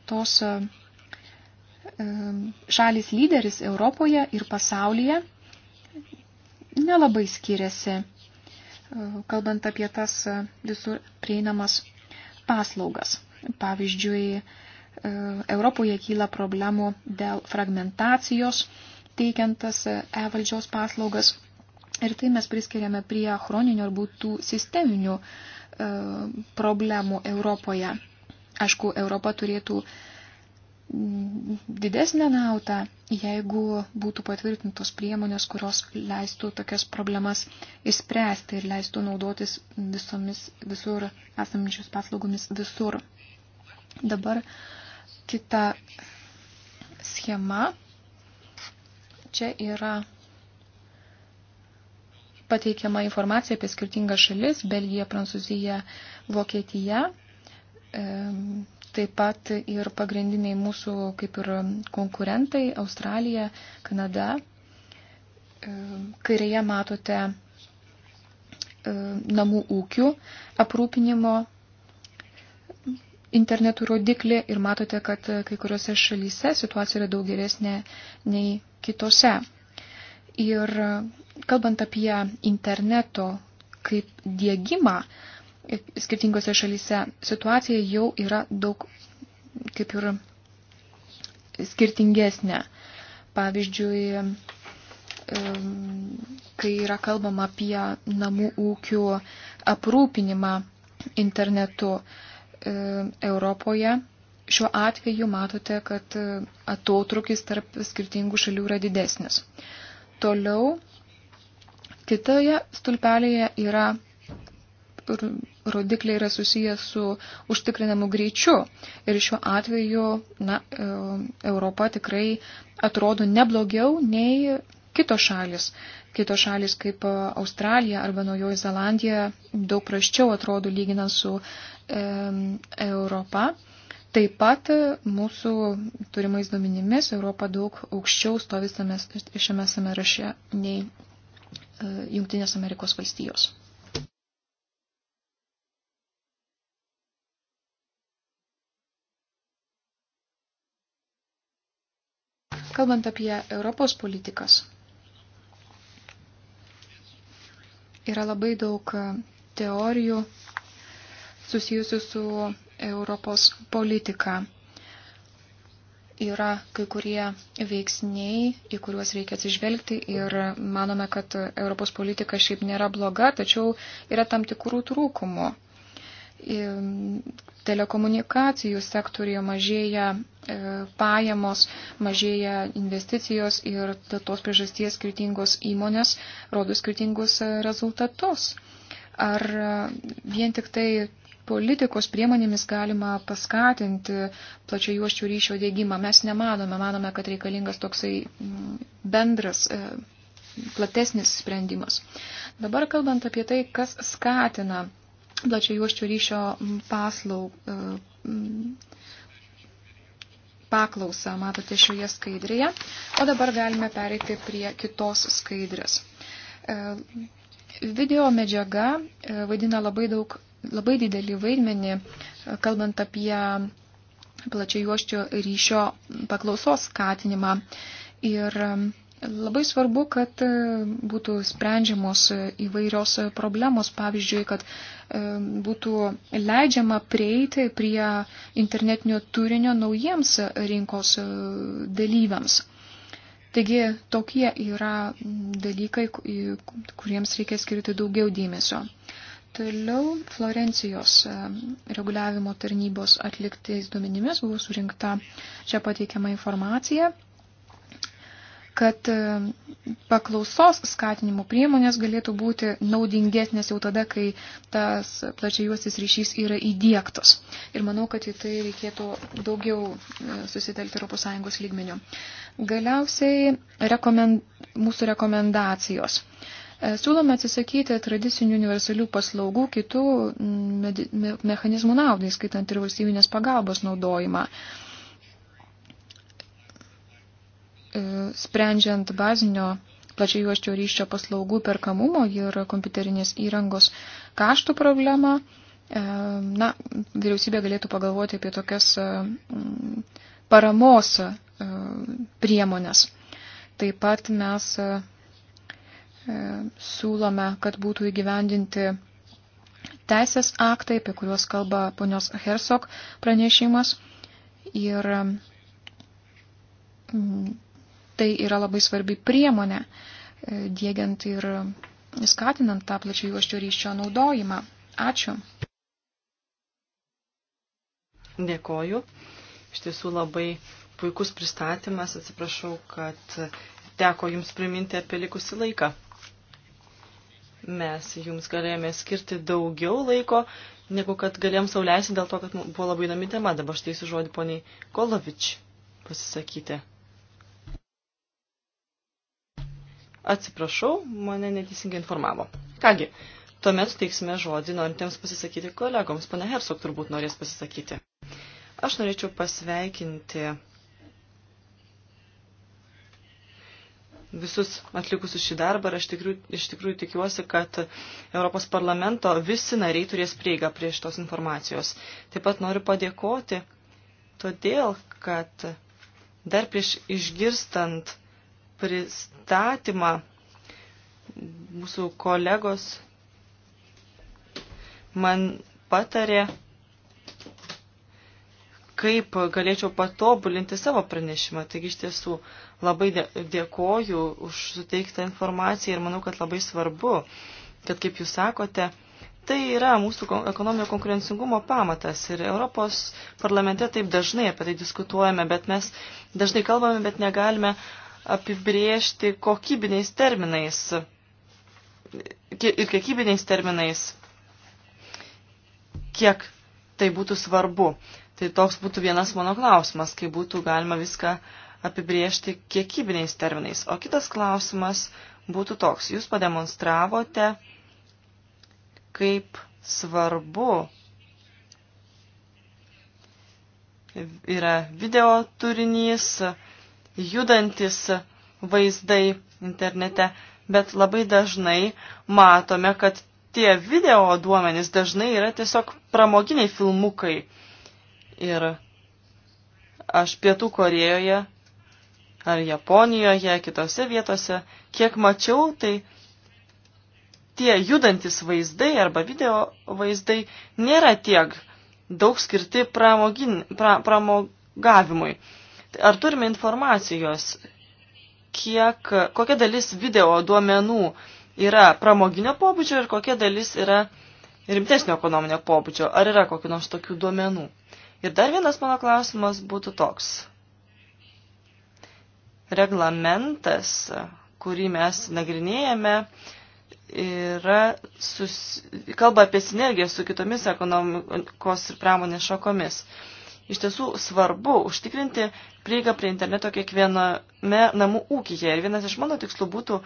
tos e, šalis lyderis Europoje ir pasaulyje nelabai skiriasi kalbant apie tas e, visur prieinamas paslaugas. Pavyzdžiui, e, Europoje kyla problemų dėl fragmentacijos, teikiantas e, e-valdžios paslaugas. Ir tai mes priskiriame prie chroninių ar būtų sisteminių problemų Europoje. Aišku, Europa turėtų uh, didesnę naudą, jeigu būtų patvirtintos priemonės, kurios leistų tokias problemas išspręsti ir leistų naudotis visomis visur esančios paslaugomis visur. Dabar kita schema. Čia yra pateikiama informacija apie skirtingas šalis – Belgija, Prancūzija, Vokietija – taip pat ir pagrindiniai mūsų kaip ir konkurentai - Australija, Kanada. E, kairėje matote e, namų ūkių aprūpinimo internetų rodiklį ir matote, kad kai kuriuose šalyse situacija yra daug geresnė nei kitose. Ir kalbant apie interneto kaip dėgymą, skirtingose šalyse situacija jau yra daug kaip ir skirtingesnė. Pavyzdžiui, kai yra kalbama apie namų ūkių aprūpinimą internetu Europoje, šiuo atveju matote, kad atotrukis tarp skirtingų šalių yra didesnis. Toliau kitoje stulpelėje yra rodikliai yra susiję su užtikrinamu greičiu. Ir šiuo atveju na, e, Europa tikrai atrodo neblogiau nei kitos šalis. Kitos šalis kaip Australija arba Naujoji Zelandija daug praščiau atrodo lyginant su e, Europa. Taip pat mūsų turimais duomenimis Europa daug aukščiau stovi šiame sameraše nei e, Junktinės Amerikos valstijos. Kalbant apie Europos politikas, yra labai daug e, teorijų susijusių su Europos politika. Yra kai kurie veiksniai, į kuriuos reikia atsižvelgti ir manome, kad Europos politika šiaip nėra bloga, tačiau yra tam tikrų trūkumų telekomunikacijų sektoriuje mažėja e, pajamos, mažėja investicijos ir tos priežasties skirtingos įmonės rodo skirtingus e, rezultatus. Ar e, vien tik tai politikos priemonėmis galima paskatinti plačiajuoščių ryšio dėgymą. Mes nemanome, manome, kad reikalingas toksai mm, bendras, platesnis sprendimas. Dabar kalbant apie tai, kas skatina plačio juoščio ryšio paslaug, e, paklausą matote šioje skaidrėje. O dabar galime pereiti prie kitos skaidrės. E, video medžiaga e, vaidina labai, daug, labai didelį vaidmenį, kalbant apie plačiai juoščio ryšio paklausos skatinimą. Ir Labai svarbu, kad e, būtų sprendžiamos įvairios problemos, pavyzdžiui, kad e, būtų leidžiama prieiti prie internetinio turinio naujiems rinkos e, dalyviams. Taigi tokie yra dalykai, kuriems reikia skirti daugiau dėmesio. Toliau Florencijos reguliavimo tarnybos atliktais duomenimis buvo surinkta čia pateikiama informacija kad e, paklausos skatinimo priemonės galėtų būti naudingesnės jau tada, kai tas plačiajuosis ryšys yra įdėktas. Ir manau, kad į tai reikėtų daugiau e, susitelti ES lygmeniu. Galiausiai rekomend, mūsų rekomendacijos. E, siūlome atsisakyti tradicinių universalių paslaugų kitų mechanizmų naudai, skaitant ir valstybinės pagalbos naudojimą. E, sprendžiant bazinio plačiai juoščio ryščio paslaugų perkamumo ir kompiuterinės įrangos kaštų problemą, e, na, vyriausybė galėtų pagalvoti apie tokias e, paramos priemonės. Taip pat mes siūlome, kad būtų įgyvendinti teisės aktai, apie kuriuos kalba ponios Hersok pranešimas. Ir tai yra labai svarbi priemonė, e, dėgiant ir skatinant tą plačių juoščio ryščio naudojimą. Ačiū. Dėkoju. Iš tiesų labai puikus pristatymas. Atsiprašau, kad teko jums priminti apie likusį laiką. Mes jums galėjome skirti daugiau laiko, negu kad galėjom sauliaisi dėl to, kad buvo labai įdomi tema. Dabar štai su žodį poniai Kolovič pasisakyti. Atsiprašau, mane neteisingai informavo. Kągi, tuomet teiksime žodį norintiems pasisakyti kolegoms. Pane Hersok turbūt norės pasisakyti. Aš norėčiau pasveikinti visus atlikusius šį darbą ir aš tikriu, iš tikrųjų tikiuosi, kad Europos parlamento visi nariai turės prieigą prie šitos informacijos. Taip pat noriu padėkoti, todėl, kad dar prieš išgirstant pristatymą mūsų kolegos man patarė, kaip galėčiau patobulinti savo pranešimą. Taigi iš tiesų labai dėkoju už suteiktą informaciją ir manau, kad labai svarbu, kad kaip jūs sakote, tai yra mūsų ekonominio konkurencingumo pamatas ir Europos parlamente taip dažnai apie tai diskutuojame, bet mes dažnai kalbame, bet negalime apibriežti kokybiniais terminais ir kiekybiniais terminais, kiek tai būtų svarbu. Tai toks būtų vienas mano klausimas, kai būtų galima viską apibriežti kiekybiniais terminais. O kitas klausimas būtų toks. Jūs pademonstravote, kaip svarbu yra video turinys, judantis vaizdai internete, bet labai dažnai matome, kad tie video duomenys dažnai yra tiesiog pramoginiai filmukai. Ir aš Pietų Korejoje ar Japonijoje, kitose vietose, kiek mačiau, tai tie judantis vaizdai arba video vaizdai nėra tiek daug skirti pramogin, pra, pramogavimui. Ar turime informacijos, kiek, kokia dalis video duomenų yra pramoginio pobūdžio ir kokia dalis yra rimtesnio ekonominio pobūdžio? Ar yra kokių nors tokių duomenų? Ir dar vienas mano klausimas būtų toks. Reglamentas, kurį mes nagrinėjame, yra sus... kalba apie sinergiją su kitomis ekonomikos ir pramonės šakomis iš tiesų svarbu užtikrinti prieigą prie interneto kiekviename namų ūkyje. Ir vienas iš mano tikslų būtų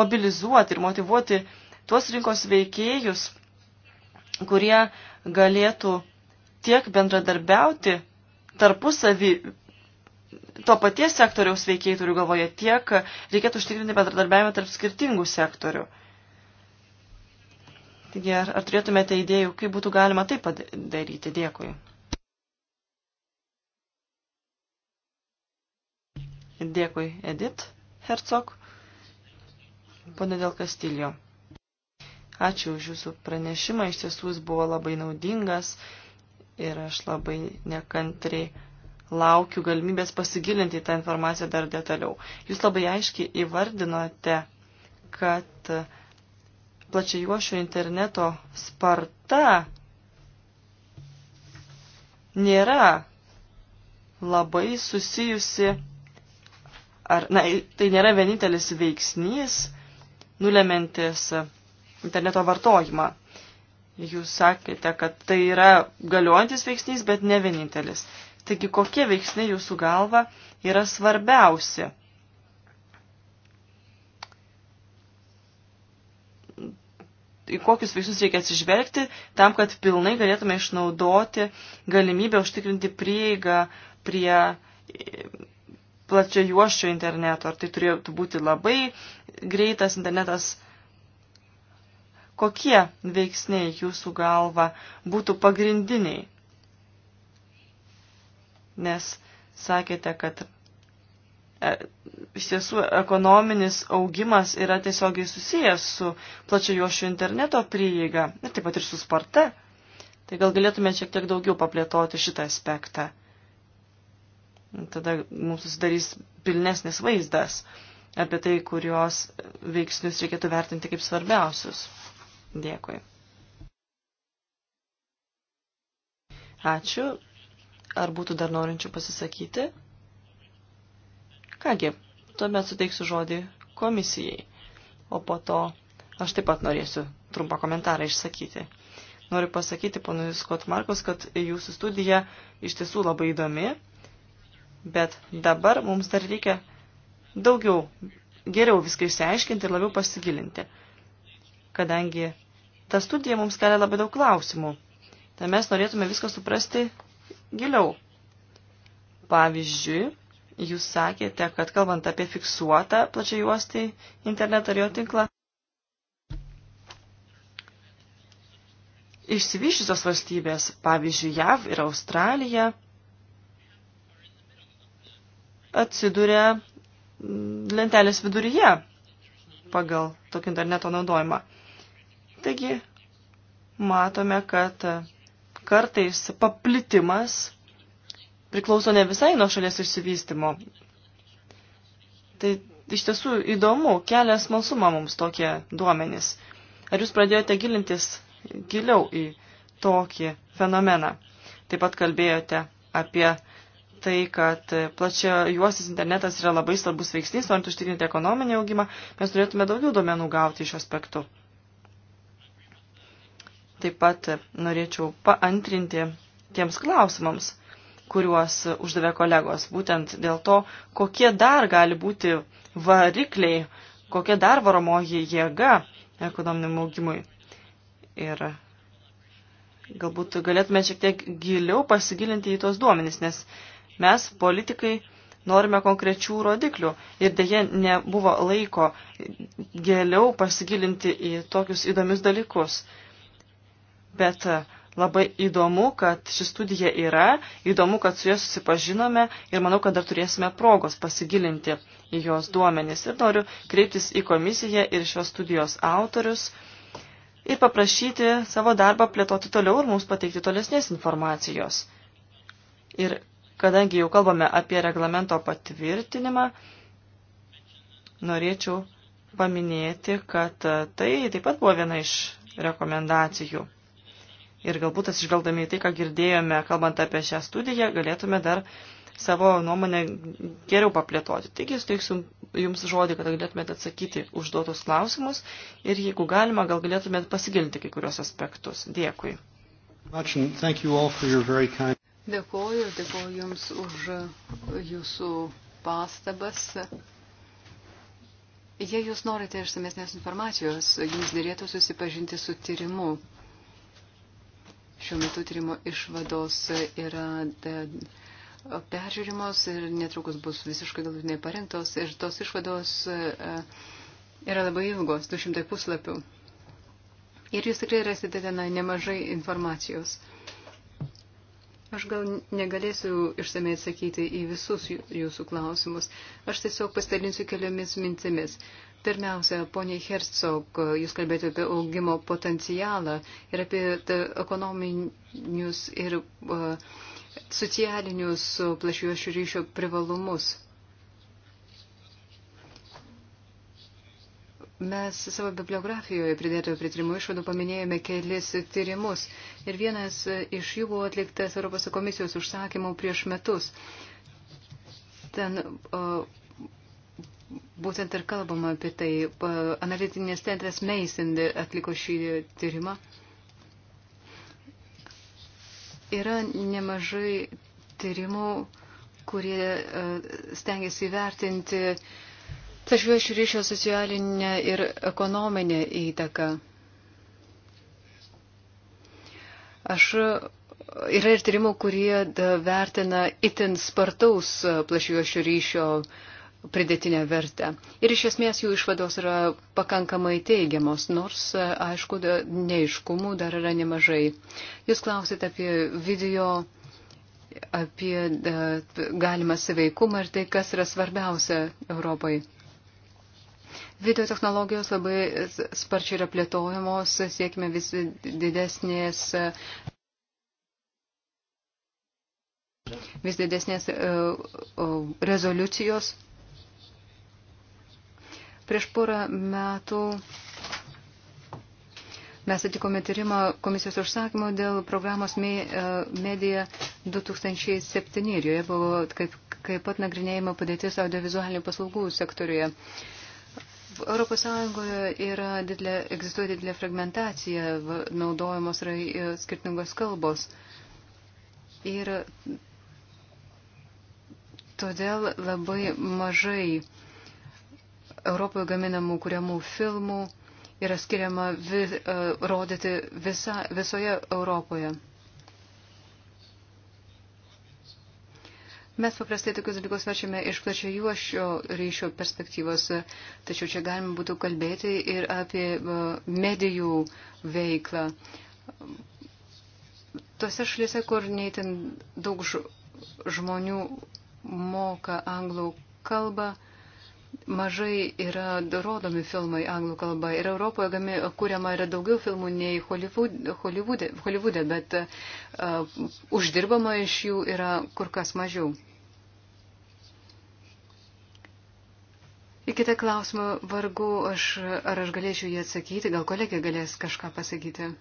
mobilizuoti ir motivuoti tuos rinkos veikėjus, kurie galėtų tiek bendradarbiauti tarpusavį to paties sektoriaus veikėjai turiu galvoje, tiek reikėtų užtikrinti bendradarbiavimą tarp skirtingų sektorių. Taigi, ar, ar turėtumėte idėjų, kaip būtų galima tai padaryti? Dėkui. Dėkui Edit Hercog, ponė dėl Kastilio. Ačiū už jūsų pranešimą, iš tiesų jis buvo labai naudingas ir aš labai nekantriai laukiu galimybės pasigilinti į tą informaciją dar detaliau. Jūs labai aiškiai įvardinote, kad plačiai juošio interneto sparta nėra labai susijusi ar, na, tai nėra vienintelis veiksnys nulemantis interneto vartojimą. Jūs sakėte, kad tai yra galiojantis veiksnys, bet ne vienintelis. Taigi, kokie veiksniai jūsų galva yra svarbiausi? Į kokius veiksnius reikia atsižvelgti tam, kad pilnai galėtume išnaudoti galimybę užtikrinti prieigą prie plačia juoščio interneto, ar tai turėtų būti labai greitas internetas. Kokie veiksniai jūsų galva būtų pagrindiniai? Nes sakėte, kad e, iš tiesų ekonominis augimas yra tiesiogiai susijęs su plačia juoščio interneto prieiga ir taip pat ir su sparta. Tai gal galėtume šiek tiek daugiau paplėtoti šitą aspektą. Tada mums susidarys pilnesnis vaizdas apie tai, kurios veiksnius reikėtų vertinti kaip svarbiausius. Dėkui. Ačiū. Ar būtų dar norinčių pasisakyti? Kągi, tuomet suteiksiu žodį komisijai, o po to aš taip pat norėsiu trumpą komentarą išsakyti. Noriu pasakyti, ponui Skot Markus, kad jūsų studija iš tiesų labai įdomi Bet dabar mums dar reikia daugiau, geriau viską išsiaiškinti ir labiau pasigilinti. Kadangi ta studija mums kelia labai daug klausimų, tai mes norėtume viską suprasti giliau. Pavyzdžiui, jūs sakėte, kad kalbant apie fiksuotą plačiai juostį internetą ir jo tinklą, išsivyščiusios valstybės, pavyzdžiui, JAV ir Australija, atsiduria lentelės viduryje pagal tokį interneto naudojimą. Taigi, matome, kad kartais paplitimas priklauso ne visai nuo šalies išsivystimo. Tai iš tiesų įdomu, kelia smalsumą mums tokie duomenys. Ar jūs pradėjote gilintis giliau į tokį fenomeną? Taip pat kalbėjote apie tai, kad plačia juostis internetas yra labai svarbus veiksnys, norint užtikrinti ekonominį augimą, mes turėtume daugiau duomenų gauti iš aspektų. Taip pat norėčiau paantrinti tiems klausimams, kuriuos uždavė kolegos, būtent dėl to, kokie dar gali būti varikliai, kokia dar varomoji jėga ekonominiam augimui. Ir galbūt galėtume šiek tiek giliau pasigilinti į tos duomenys, nes Mes, politikai, norime konkrečių rodiklių ir dėje nebuvo laiko gėliau pasigilinti į tokius įdomius dalykus. Bet e, labai įdomu, kad ši studija yra, įdomu, kad su ja susipažinome ir manau, kad dar turėsime progos pasigilinti į jos duomenis. Ir noriu kreiptis į komisiją ir šios studijos autorius ir paprašyti savo darbą plėtoti toliau ir mums pateikti tolesnės informacijos. Ir kadangi jau kalbame apie reglamento patvirtinimą, norėčiau paminėti, kad tai taip pat buvo viena iš rekomendacijų. Ir galbūt atsižvelgdami į tai, ką girdėjome, kalbant apie šią studiją, galėtume dar savo nuomonę geriau paplėtoti. Taigi, suteiksiu Jums žodį, kad galėtumėte atsakyti užduotus klausimus ir jeigu galima, gal galėtumėte pasigilinti kai kurios aspektus. Dėkui. Dėkoju, dėkoju Jums už Jūsų pastabas. Jei Jūs norite išsamesnės informacijos, Jums dėlėtų susipažinti su tyrimu. Šiuo metu tyrimo išvados yra peržiūrimos ir netrukus bus visiškai galutinai parengtos. Ir tos išvados e, yra labai ilgos, 200 puslapių. Ir jūs tikrai rasite ten nemažai informacijos. Aš gal negalėsiu išsamei atsakyti į visus jūsų klausimus. Aš tiesiog pasidalinsiu keliomis mintimis. Pirmiausia, ponė Herzog, jūs kalbėjote apie augimo potencialą ir apie ekonominius ir uh, socialinius uh, plašiuošių ryšio privalumus. Mes savo bibliografijoje pridėtojo prie tyrimų išvadų paminėjome kelis tyrimus ir vienas iš jų buvo atliktas Europos komisijos užsakymų prieš metus. Ten o, būtent ir kalbama apie tai. Analitinės centras Mason atliko šį tyrimą. Yra nemažai tyrimų, kurie e, stengiasi įvertinti uh, Tačiau iš ryšio socialinė ir ekonominė įtaka. Aš yra ir tyrimų, kurie vertina itin spartaus plašiuošių ryšio pridėtinę vertę. Ir iš esmės jų išvados yra pakankamai teigiamos, nors, aišku, neiškumų dar yra nemažai. Jūs klausit apie video apie galimas įveikumą ir tai, kas yra svarbiausia Europai. Video technologijos labai sparčiai yra plėtojamos, siekime vis didesnės vis didesnės e, rezoliucijos. Prieš porą metų mes atikome tyrimą komisijos užsakymo dėl programos e, Medija 2007 ir joje buvo kaip, kaip pat nagrinėjama padėtis audiovizualinių paslaugų sektoriuje. Europos Sąjungoje yra didelė, egzistuoja didelė fragmentacija, naudojamos yra e, skirtingos kalbos. Ir todėl labai mažai Europoje gaminamų kuriamų filmų yra skiriama vis, e, rodyti visa, visoje Europoje. Mes paprastai tokius dalykus verčiame iš plačio juošio ryšio perspektyvos, tačiau čia galima būtų kalbėti ir apie e, medijų veiklą. Tose šalyse, kur neįtin daug žmonių moka anglų kalbą, mažai yra rodomi filmai anglų kalba ir Europoje gami, kuriama yra daugiau filmų nei Hollywoode, Hollywoode bet uh, uždirbama iš jų yra kur kas mažiau. Į kitą klausimą vargu, aš, ar aš galėčiau jį atsakyti, gal kolegė galės kažką pasakyti.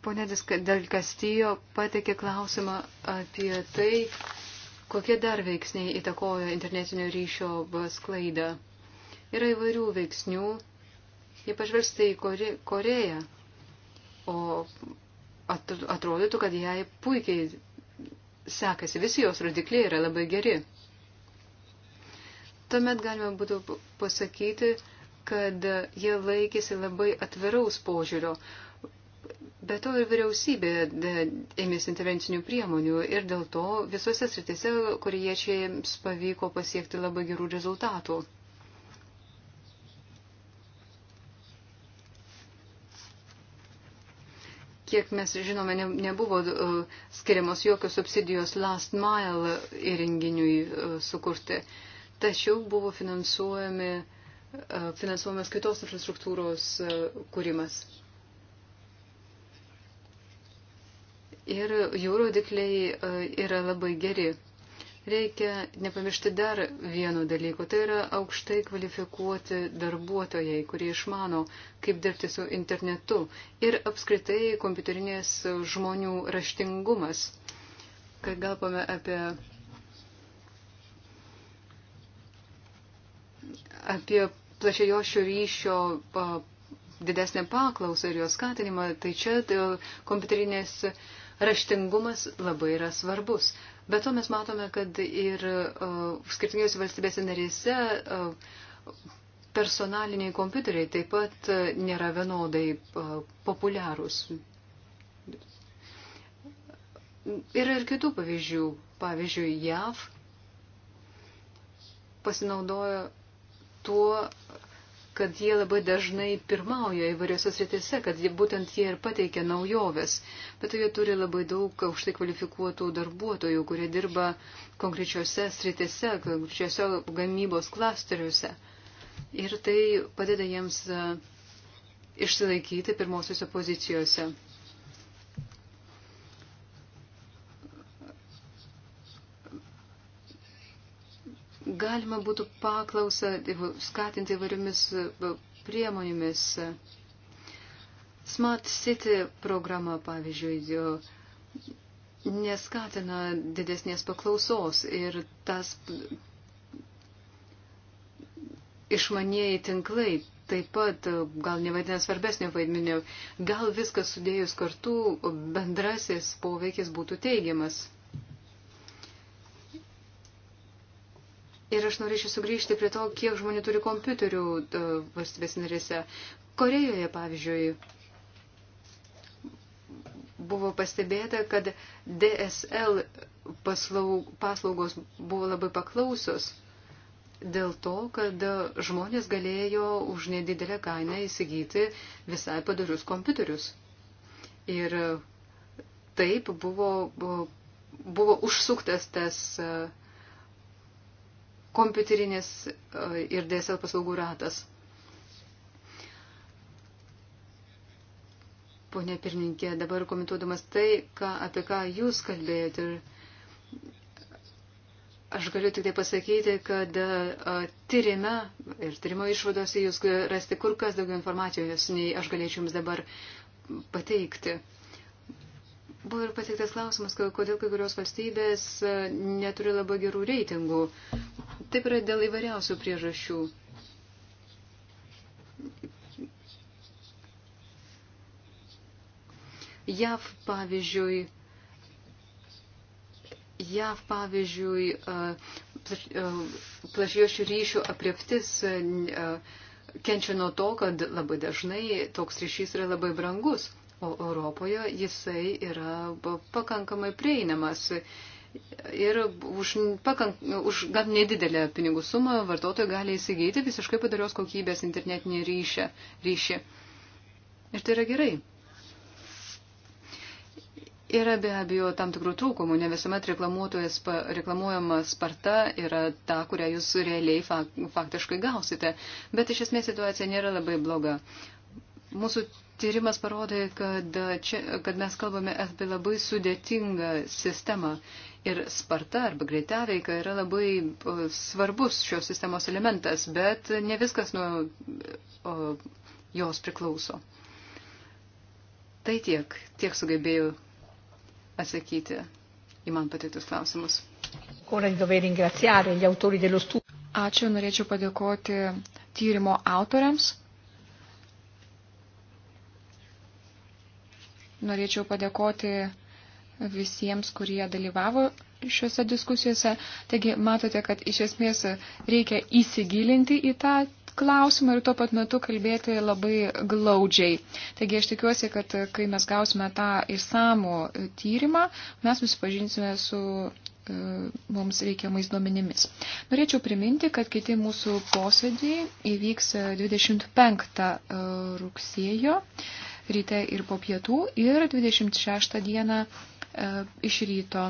Pone Del Castillo pateikė klausimą apie tai, Kokie dar veiksniai įtakojo internetinio ryšio sklaidą? Yra įvairių veiksnių. Jei pažvelgsite į Kore Koreją, o atrodytų, kad jai puikiai sekasi, visi jos rodikliai yra labai geri. Tuomet galima būtų pasakyti, kad jie laikėsi labai atviraus požiūrio, Be to ir vyriausybė e, ėmėsi intervencinių priemonių ir dėl to visose sritise koriečiams pavyko pasiekti labai gerų rezultatų. Kiek mes žinome, ne, nebuvo uh, skiriamos jokios subsidijos last mile įrenginiui uh, sukurti, tačiau buvo finansuojami, uh, finansuojamas kitos infrastruktūros uh, kūrimas. ir jų rodikliai e, yra labai geri. Reikia nepamiršti dar vieno dalyko, tai yra aukštai kvalifikuoti darbuotojai, kurie išmano, kaip dirbti su internetu ir apskritai kompiuterinės žmonių raštingumas. Kai galvome apie, apie plačiajošio ryšio didesnę paklausą ir jos skatinimą, tai čia e, kompiuterinės uh, raštingumas labai yra svarbus. Bet to mes matome, kad ir uh, skirtingose valstybėse narėse uh, personaliniai kompiuteriai taip pat uh, nėra vienodai uh, populiarūs. Yra ir kitų pavyzdžių. Pavyzdžiui, JAV pasinaudojo tuo, kad jie labai dažnai pirmauja įvairiose sritise, kad jie, būtent jie ir pateikia naujoves, bet jie turi labai daug aukštai kvalifikuotų darbuotojų, kurie dirba konkrečiose sritise, konkrečiose gamybos klasteriuose. Ir tai padeda jiems e, išsilaikyti pirmosiuose pozicijose. galima būtų paklausą skatinti įvairiomis e, priemonėmis. Smart City programa, pavyzdžiui, neskatina didesnės paklausos ir tas išmanieji tinklai taip pat e, gal nevadina svarbesnio vaidmenio. Gal viskas sudėjus kartu bendrasis poveikis būtų teigiamas. Ir aš norėčiau sugrįžti prie to, kiek žmonių turi kompiuterių e, valstybės narėse. Korejoje, pavyzdžiui, buvo pastebėta, kad DSL paslaugos buvo labai paklausios dėl to, kad žmonės galėjo už nedidelę kainą įsigyti visai padarius kompiuterius. Ir taip buvo, buvo, buvo užsuktas tas e, kompiuterinis e, ir DSL paslaugų ratas. Pone pirmininkė, dabar komentuodamas tai, ką, apie ką jūs kalbėjote, aš galiu tik tai pasakyti, kad e, tyrime ir tyrimo išvadose jūs rasti kur kas daugiau informacijos, nei aš galėčiau jums dabar pateikti. Buvo ir pateiktas klausimas, kodėl kai kurios valstybės e, neturi labai gerų reitingų. Taip yra dėl įvairiausių priežasčių. JAV pavyzdžiui, JAV pavyzdžiui, plašiošių ryšių apriptis kenčia nuo to, kad labai dažnai toks ryšys yra labai brangus, o Europoje jisai yra pakankamai prieinamas ir už, pakank, už gan nedidelę pinigų sumą vartotojai gali įsigyti visiškai padarios kokybės internetinį ryšį. ryšį. Ir tai yra gerai. Yra be abejo tam tikrų trūkumų, ne visuomet reklamuojama sparta yra ta, kurią jūs realiai faktiškai gausite, bet iš esmės situacija nėra labai bloga. Mūsų tyrimas parodė, kad, čia, kad mes kalbame apie labai sudėtingą sistemą Ir sparta arba greita veika yra labai svarbus šios sistemos elementas, bet ne viskas nuo o, jos priklauso. Tai tiek, tiek sugebėjau atsakyti į man patiktus klausimus. Ačiū, norėčiau padėkoti tyrimo autoriams. Norėčiau padėkoti visiems, kurie dalyvavo šiuose diskusijose. Taigi matote, kad iš esmės reikia įsigilinti į tą klausimą ir tuo pat metu kalbėti labai glaudžiai. Taigi aš tikiuosi, kad kai mes gausime tą įsamų tyrimą, mes susipažinsime su e, mums reikiamais duomenimis. Norėčiau priminti, kad kiti mūsų posėdžiai įvyks 25 e, rugsėjo. E, ryte ir po pietų ir 26 dieną e, iš ryto.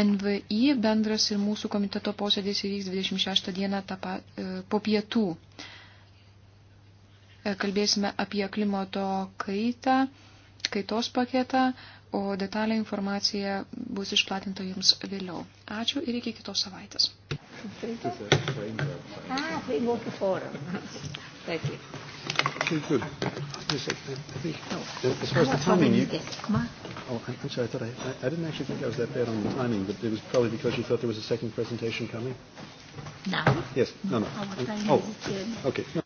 NVI bendras ir mūsų komiteto posėdės įvyks 26 dieną pa, e, po pietų. E, kalbėsime apie klimato kaitą, kaitos paketą, o detalę informaciją bus išplatinta jums vėliau. Ačiū ir iki kitos savaitės. Ah, framework forum. Thank you. Very good. Yes, I think, oh, as far as the timing, you, oh, I'm, I'm sorry, I thought I, I, I didn't actually think I was that bad on the timing, but it was probably because you thought there was a second presentation coming. Now? Yes, no, no. Oh, oh okay. No.